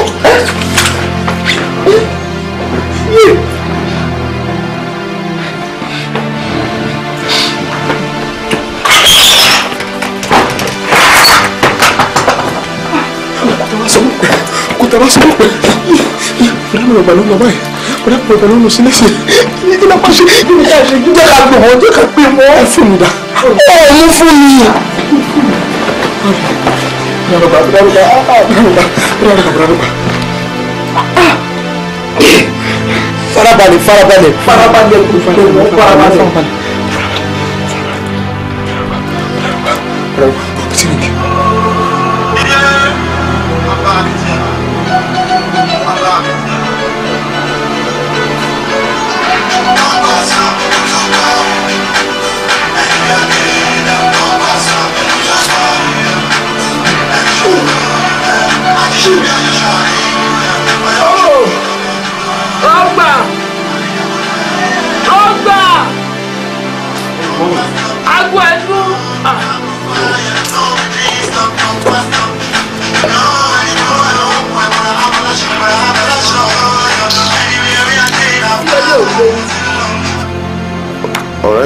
Yeah. taba sọ pé fúlàní ọba ló ń lọ báyìí ọ̀rẹ́ pọ̀ pẹ̀lú mi sílẹ̀ sí i kí ló máa ṣe kí ni káà ṣe kí jẹ́ ká gbọ̀ngàn jẹ́ ká pé mọ́. ẹ fún mi dá. ẹ mú fún mi. Dárúbà dárúbà dárúbà dárúbà dárúbà.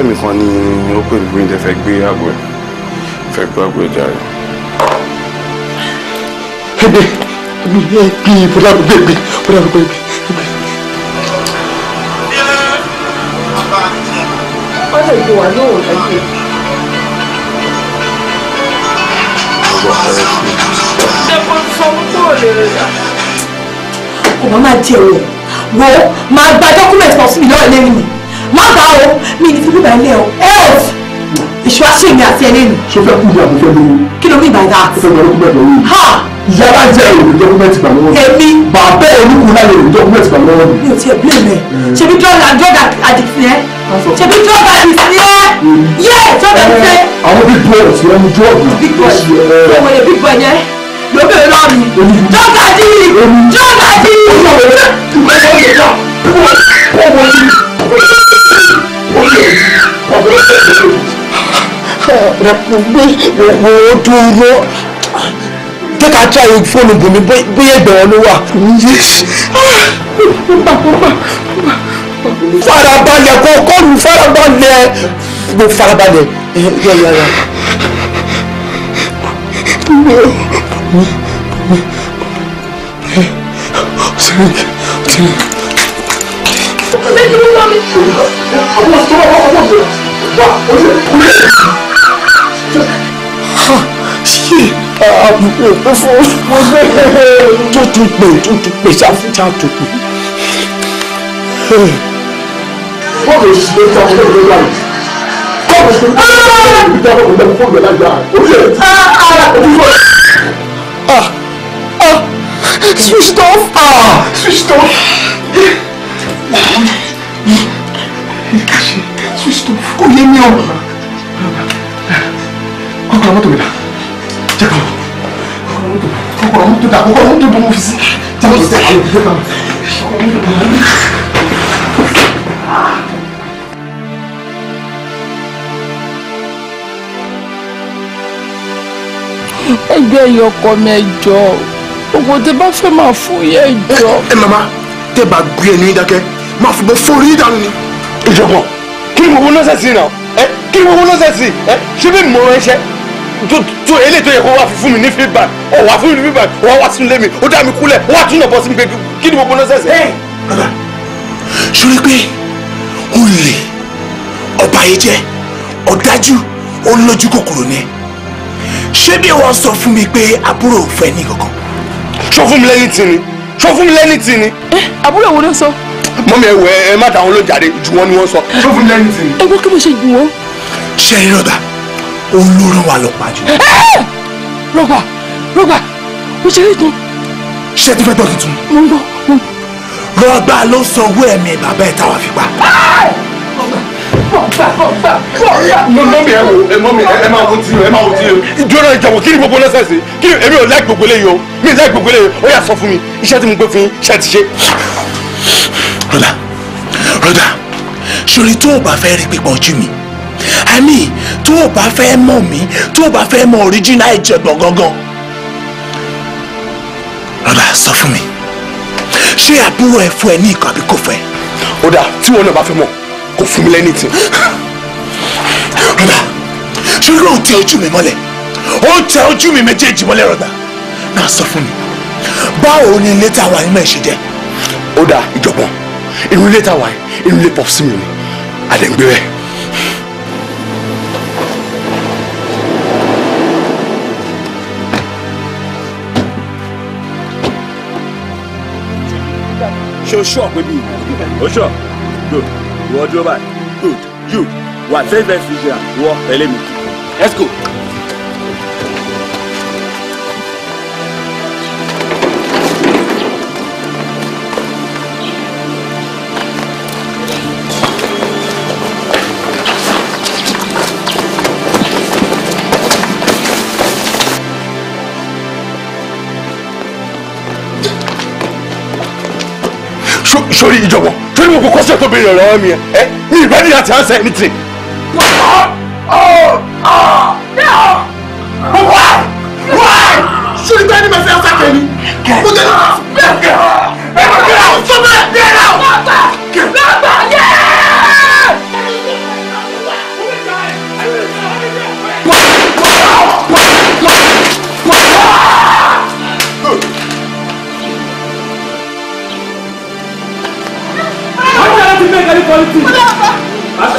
ọ̀rẹ́ mi kan ní ó pè mí gbóyè fẹ́ gbé àgbo ẹ̀ fẹ́ gbé àgbo ẹ̀ jáde. ẹgbẹ́ ẹgbẹ́ ẹgbẹ́ bọ́dà gbogbo ẹgbẹ́ bọ́dà gbogbo ẹgbẹ́. ó lè gbé wa lóhùn ẹgbẹ́. ṣẹ́kọ̀ọ́ sọ fún tó lè rẹ̀ yá. ọmọ máa jẹ́ ọ̀rọ̀ wo máa gba dọ́kúmẹ̀tì kan fún mi lọ́wọ́ lẹ́yìn mi má gbà o mi ní fífi bàálẹ̀ o health èso aṣọ èmi àti ẹni nù. ṣé o fẹ́ kú ní àbúfẹ́ lóyún. kí ló ní ìgbà ìdá. o fẹ́ gbọ́dọ̀ kú bẹ́ẹ̀ lóyún. ha yàrá jẹ́ èrò dọ́kúmẹ́ntì gbà lọ́wọ́. èmi. bàbá ẹni kù láyé èrò dọ́kúmẹ́ntì gbà lọ́wọ́. mi ò tiẹ̀ blé mẹ́. Mm. ṣebí drug and drug addiction ẹ́. ṣebí drug addiction ẹ́. Mm. yé drug addiction. Eh, àwọn big boys yẹn ni drug náà. big boys yóò wọlé big boy yẹn lókè lọ́ọ̀ mi. drug addiction drug addiction mo dúró take a try fóònù bùnmi bóyá ìgbẹ̀wọ̀n ló wà. farabalẹ̀ kó kọ́ọ̀lù farabalẹ̀ mo farabalẹ̀ yọ̀yọ̀yọ̀. Sẹ́yìn, sẹ́yìn. Make me off! Ah! Switched off! káṣí switch off kò yé mi ọ̀rọ̀ ọkọ̀ àwọn tó mi dà jẹ́ ká lọ ọkọ̀ àwọn tó dà ọkọ̀ àwọn tó dà mo fi sí jẹ́ ká lọ sí ọkọ̀ àwọn tó dà. ẹgbẹ́ ẹ̀yìn ọkọ mi ẹjọ́ ògùn tẹ bá fẹ́ máa fún yẹn ẹjọ́. ẹ ẹ mama tẹ bá gbé ẹni dákẹ́ máa fìbọn forí ìdánù ni. ìjọ̀gbọ̀n kí ni gbogbo nọ́sẹ̀sì náà ẹ kí ni gbogbo nọ́sẹ̀sì ẹ ṣé bí mo ránṣẹ́ tó èlé tó yẹ kó wá fún mi ní feedback ó wá fún mi ní feedback ó wá wá sínú lé mi ó dá mi kúlẹ̀ ó wá tún nà bọ́ sí mi pé kí ni gbogbo nọ́sẹ̀sì. ẹ bàbá sori pé olè ọba yìí jẹ ọ̀dájú olójú kòkòrò ni ṣé bí wọn sọ fún mi pé àbúrò ò ní kankan. sọ fún mi lẹ́yìn tì ni sọ fún mi lẹ́yìn tì ni. ẹ eh, àbúrò wo ló sọ mọ́mí ẹ̀wọ̀ ẹ má dà wọn ló jáde ju wọn ni wọ́n sọ. tó fún lẹ́yìn tì. ẹ wọ́n kí mo ṣe jù wọ́n. ṣe é rọgbà olóró wa lọ pa jù. rọgbà rọgbà mo ṣe é tán. ṣé ẹ ti fẹ́ gbọ́ tuntun. mo ń gbọ́ mo ń gbọ́ rọgbà ló sọ owó ẹ̀mí bàbá ẹ̀ táwa fi pa. mọ́mí ẹ wo mọ́mí ẹ máa wo tí o ẹ máa wo tí o. ìjọba ìjàmbá kí ni gbogbo lọ́sẹ̀ sí kí ni èmi ò láì gbogbo eléyìí o mi ò láì gbogbo eléyìí o yà sọ fún mi iṣẹ́ tí mo gbé fún yín ṣe ti ṣe broda broda sori tó o bá fẹ́ rí pípọ̀ ojú mi i mean tó o bá fẹ́ mọ̀ mí tó o bá fẹ́ mọ original ìjọ̀gbọ̀n gangan broda sọ fún mi ṣé àbúrò ẹ fún ẹ ní nǹkan àbí kò fẹ́. ó dà tí wọn náà bá fẹ́ mọ̀ kò fún mi lẹ́ni tí. broda sori náà tẹ ojú mi mọ́lẹ̀ ó tẹ ojú mi méjèèjì mọ́lẹ̀ broda náà sọ fún mi báwo ni ilé tí àwọn àyìnbá ẹ ṣe jẹ. ó dà inú ilé tàwa inú ilé pọ̀ sí mi ni àdẹ̀ǹgbé rẹ̀. ṣe o ṣọ pé mi o ṣọ good ìwọ dúró báyìí good you wà very very free here ìwọ let's go. sori ìjọ̀wọ́ sori mo kò kọ́sẹ̀ tó béèrè ọ̀rọ̀ mi ẹ ní ìrẹ́dí láti answer anything. why why sori bẹ́ẹ̀ ni mo fẹ́ answer kẹ́ni mo tẹ́lẹ̀ bẹ́ẹ̀.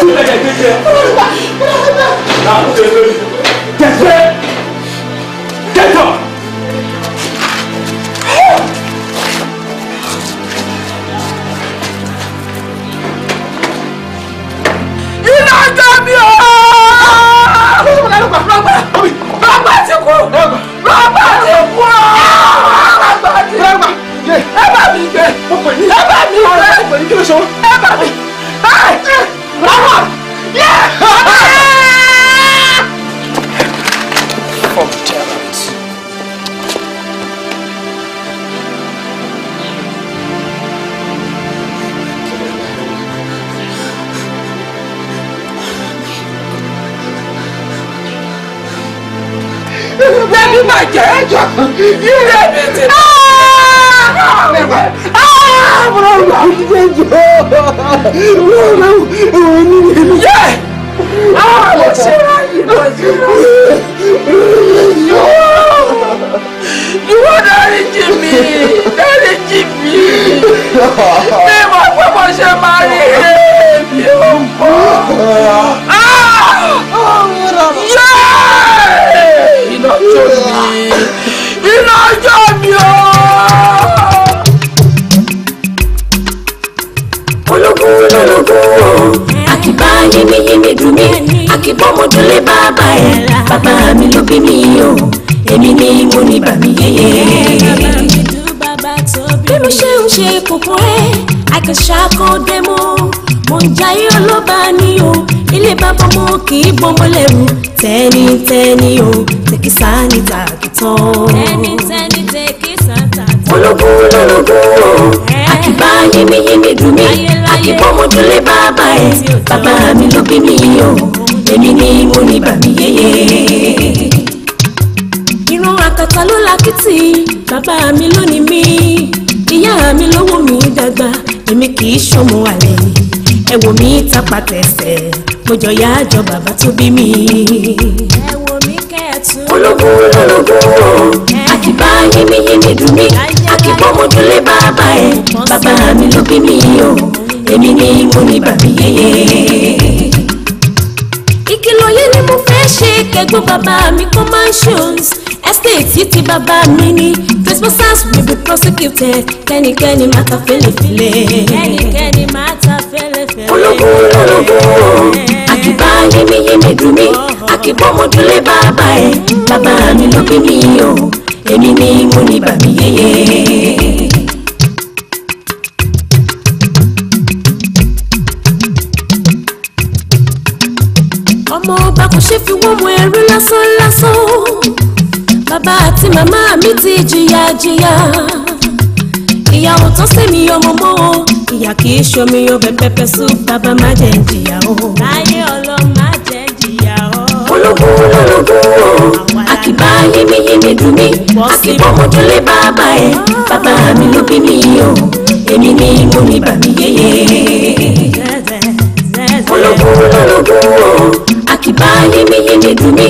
Ẹ bá mi gbẹ! Ẹ bá mi gbẹ! Ẹ bá mi! Mama! Yeah! Fuck talent. my God! You my me! Ah! Bro, I'm not way I can shackle them all. Mo ń jayé ọlọ́ba ni o, ilé bàbá mo kì í gbọ́mọ lẹ́rù. Tẹ́nitẹ́ni o, tẹ̀kísà ni tàkìtàn. Tẹ́nitẹ́ni tẹ̀kísà tàkìtàn. Ológun lológun o, àkìbá yínníyínní dùn mí. Àkìbọ́ mo dúlé bàbá ẹ̀, bàbá mi ló bí mi o. Èmi ni mo ní bàmí yéyé ìran àkàtà ló lakìtì bàbá mi lónìí mi bàbá mi ló wù mí dàgbà èmi kì í ṣọmọ àlè ẹ wò mí tapá tẹsẹ̀ mo jọ yá àjọ bàbá tó bí mi. ẹ wò mí kẹ́ẹ̀tún. ológun ológun o àkìbá yínníyínní dùn mí àkìbọ́ mojúlé bàbá ẹ̀ bàbá mi ló bí mi o èmi ni mo ní bàbí yéyé. ìkìlọ̀ yẹn ni mo fẹ́ ṣe kẹ́gbọ́n bàbá mi kọ́ mansions estate ti bàbá mi ni responses will be prosecuted kẹ́nikẹ́ni má ta fẹ́lẹ́fẹ́lẹ́. kẹ́nikẹ́ni má ta fẹ́lẹ́fẹ́lẹ́. ológun ológun àkìbá yémiyémi dùn mí àkìbọ́ mọ́dúnlé bàbá ẹ̀ bàbá mi ló bí mi o èmi ni mo ní bàbí yéyé. ọmọ ọba kò ṣe fi wọ́n mọ ẹrú lásán lásán bàbá àti màmá mi ti jìyà jìyà ìyàwó tán sẹ́mi ọmọ mọ́ o ìyà kì í ṣomi ọbẹ̀ pẹpẹ sùn bàbá má jẹ́ ń jìyà o. láyé ọlọ́run má jẹ́ ń jìyà o. ológun ológun o àkìbá yémiyémi dùn mí àkìbá ọmọdúnlé bàbá ẹ bàbá mi ló bí mi o èmi ni mo ní bàmí yéyé ológun ológun o àkìbá yémiyémi dùn mí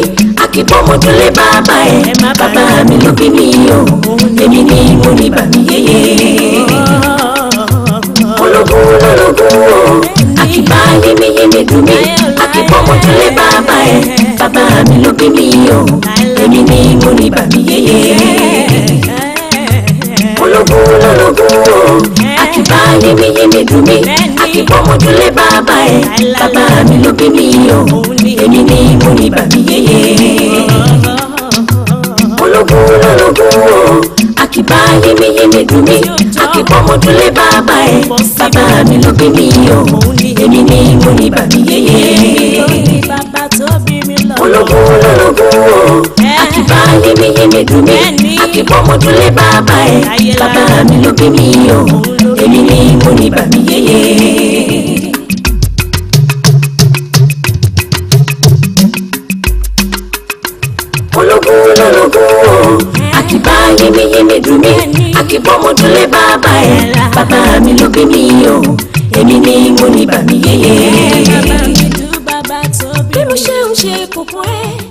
kí pọ́mọdúnlé bàbá ẹ̀ e, bàbá mi ló bí mi o èmi ni mo ní bàmí yéyé. ológun ológun o àkìbá yémiyémi dùn mí àkìpọ́mọdúnlé bàbá ẹ̀ bàbá mi ló bí e, mi o èmi ni mo ní bàmí yéyé. ológun ológun o níbi yíbi dùn mí akíkọ́ mojúlé bàbá ẹ̀ bàbá mi ló bí mi o èmi ni mo ní bàbí yéyé. ológun lọ́lọ́gun o akíbá yíbi yíbi dùn mí akíkọ́ mojúlé bàbá ẹ̀ bàbá mi ló bí mi o èmi ni mo ní bàbí yéyé. ológun lọ́lọ́gun o akíbá yíbi yíbi dùn mí akíkọ́ mojúlé bàbá ẹ̀ bàbá mi ló bí mi o èmi ni mo ní bàmí yéyé. ológun lológun o àkìbá yémiyémi dùn mí àkìbọ́mọdúnlé bàbá ẹ̀ bàbá mi ló bí mi o èmi ni mo ní bàmí yéyé. bí mo ṣe ń ṣe kókó ẹ̀.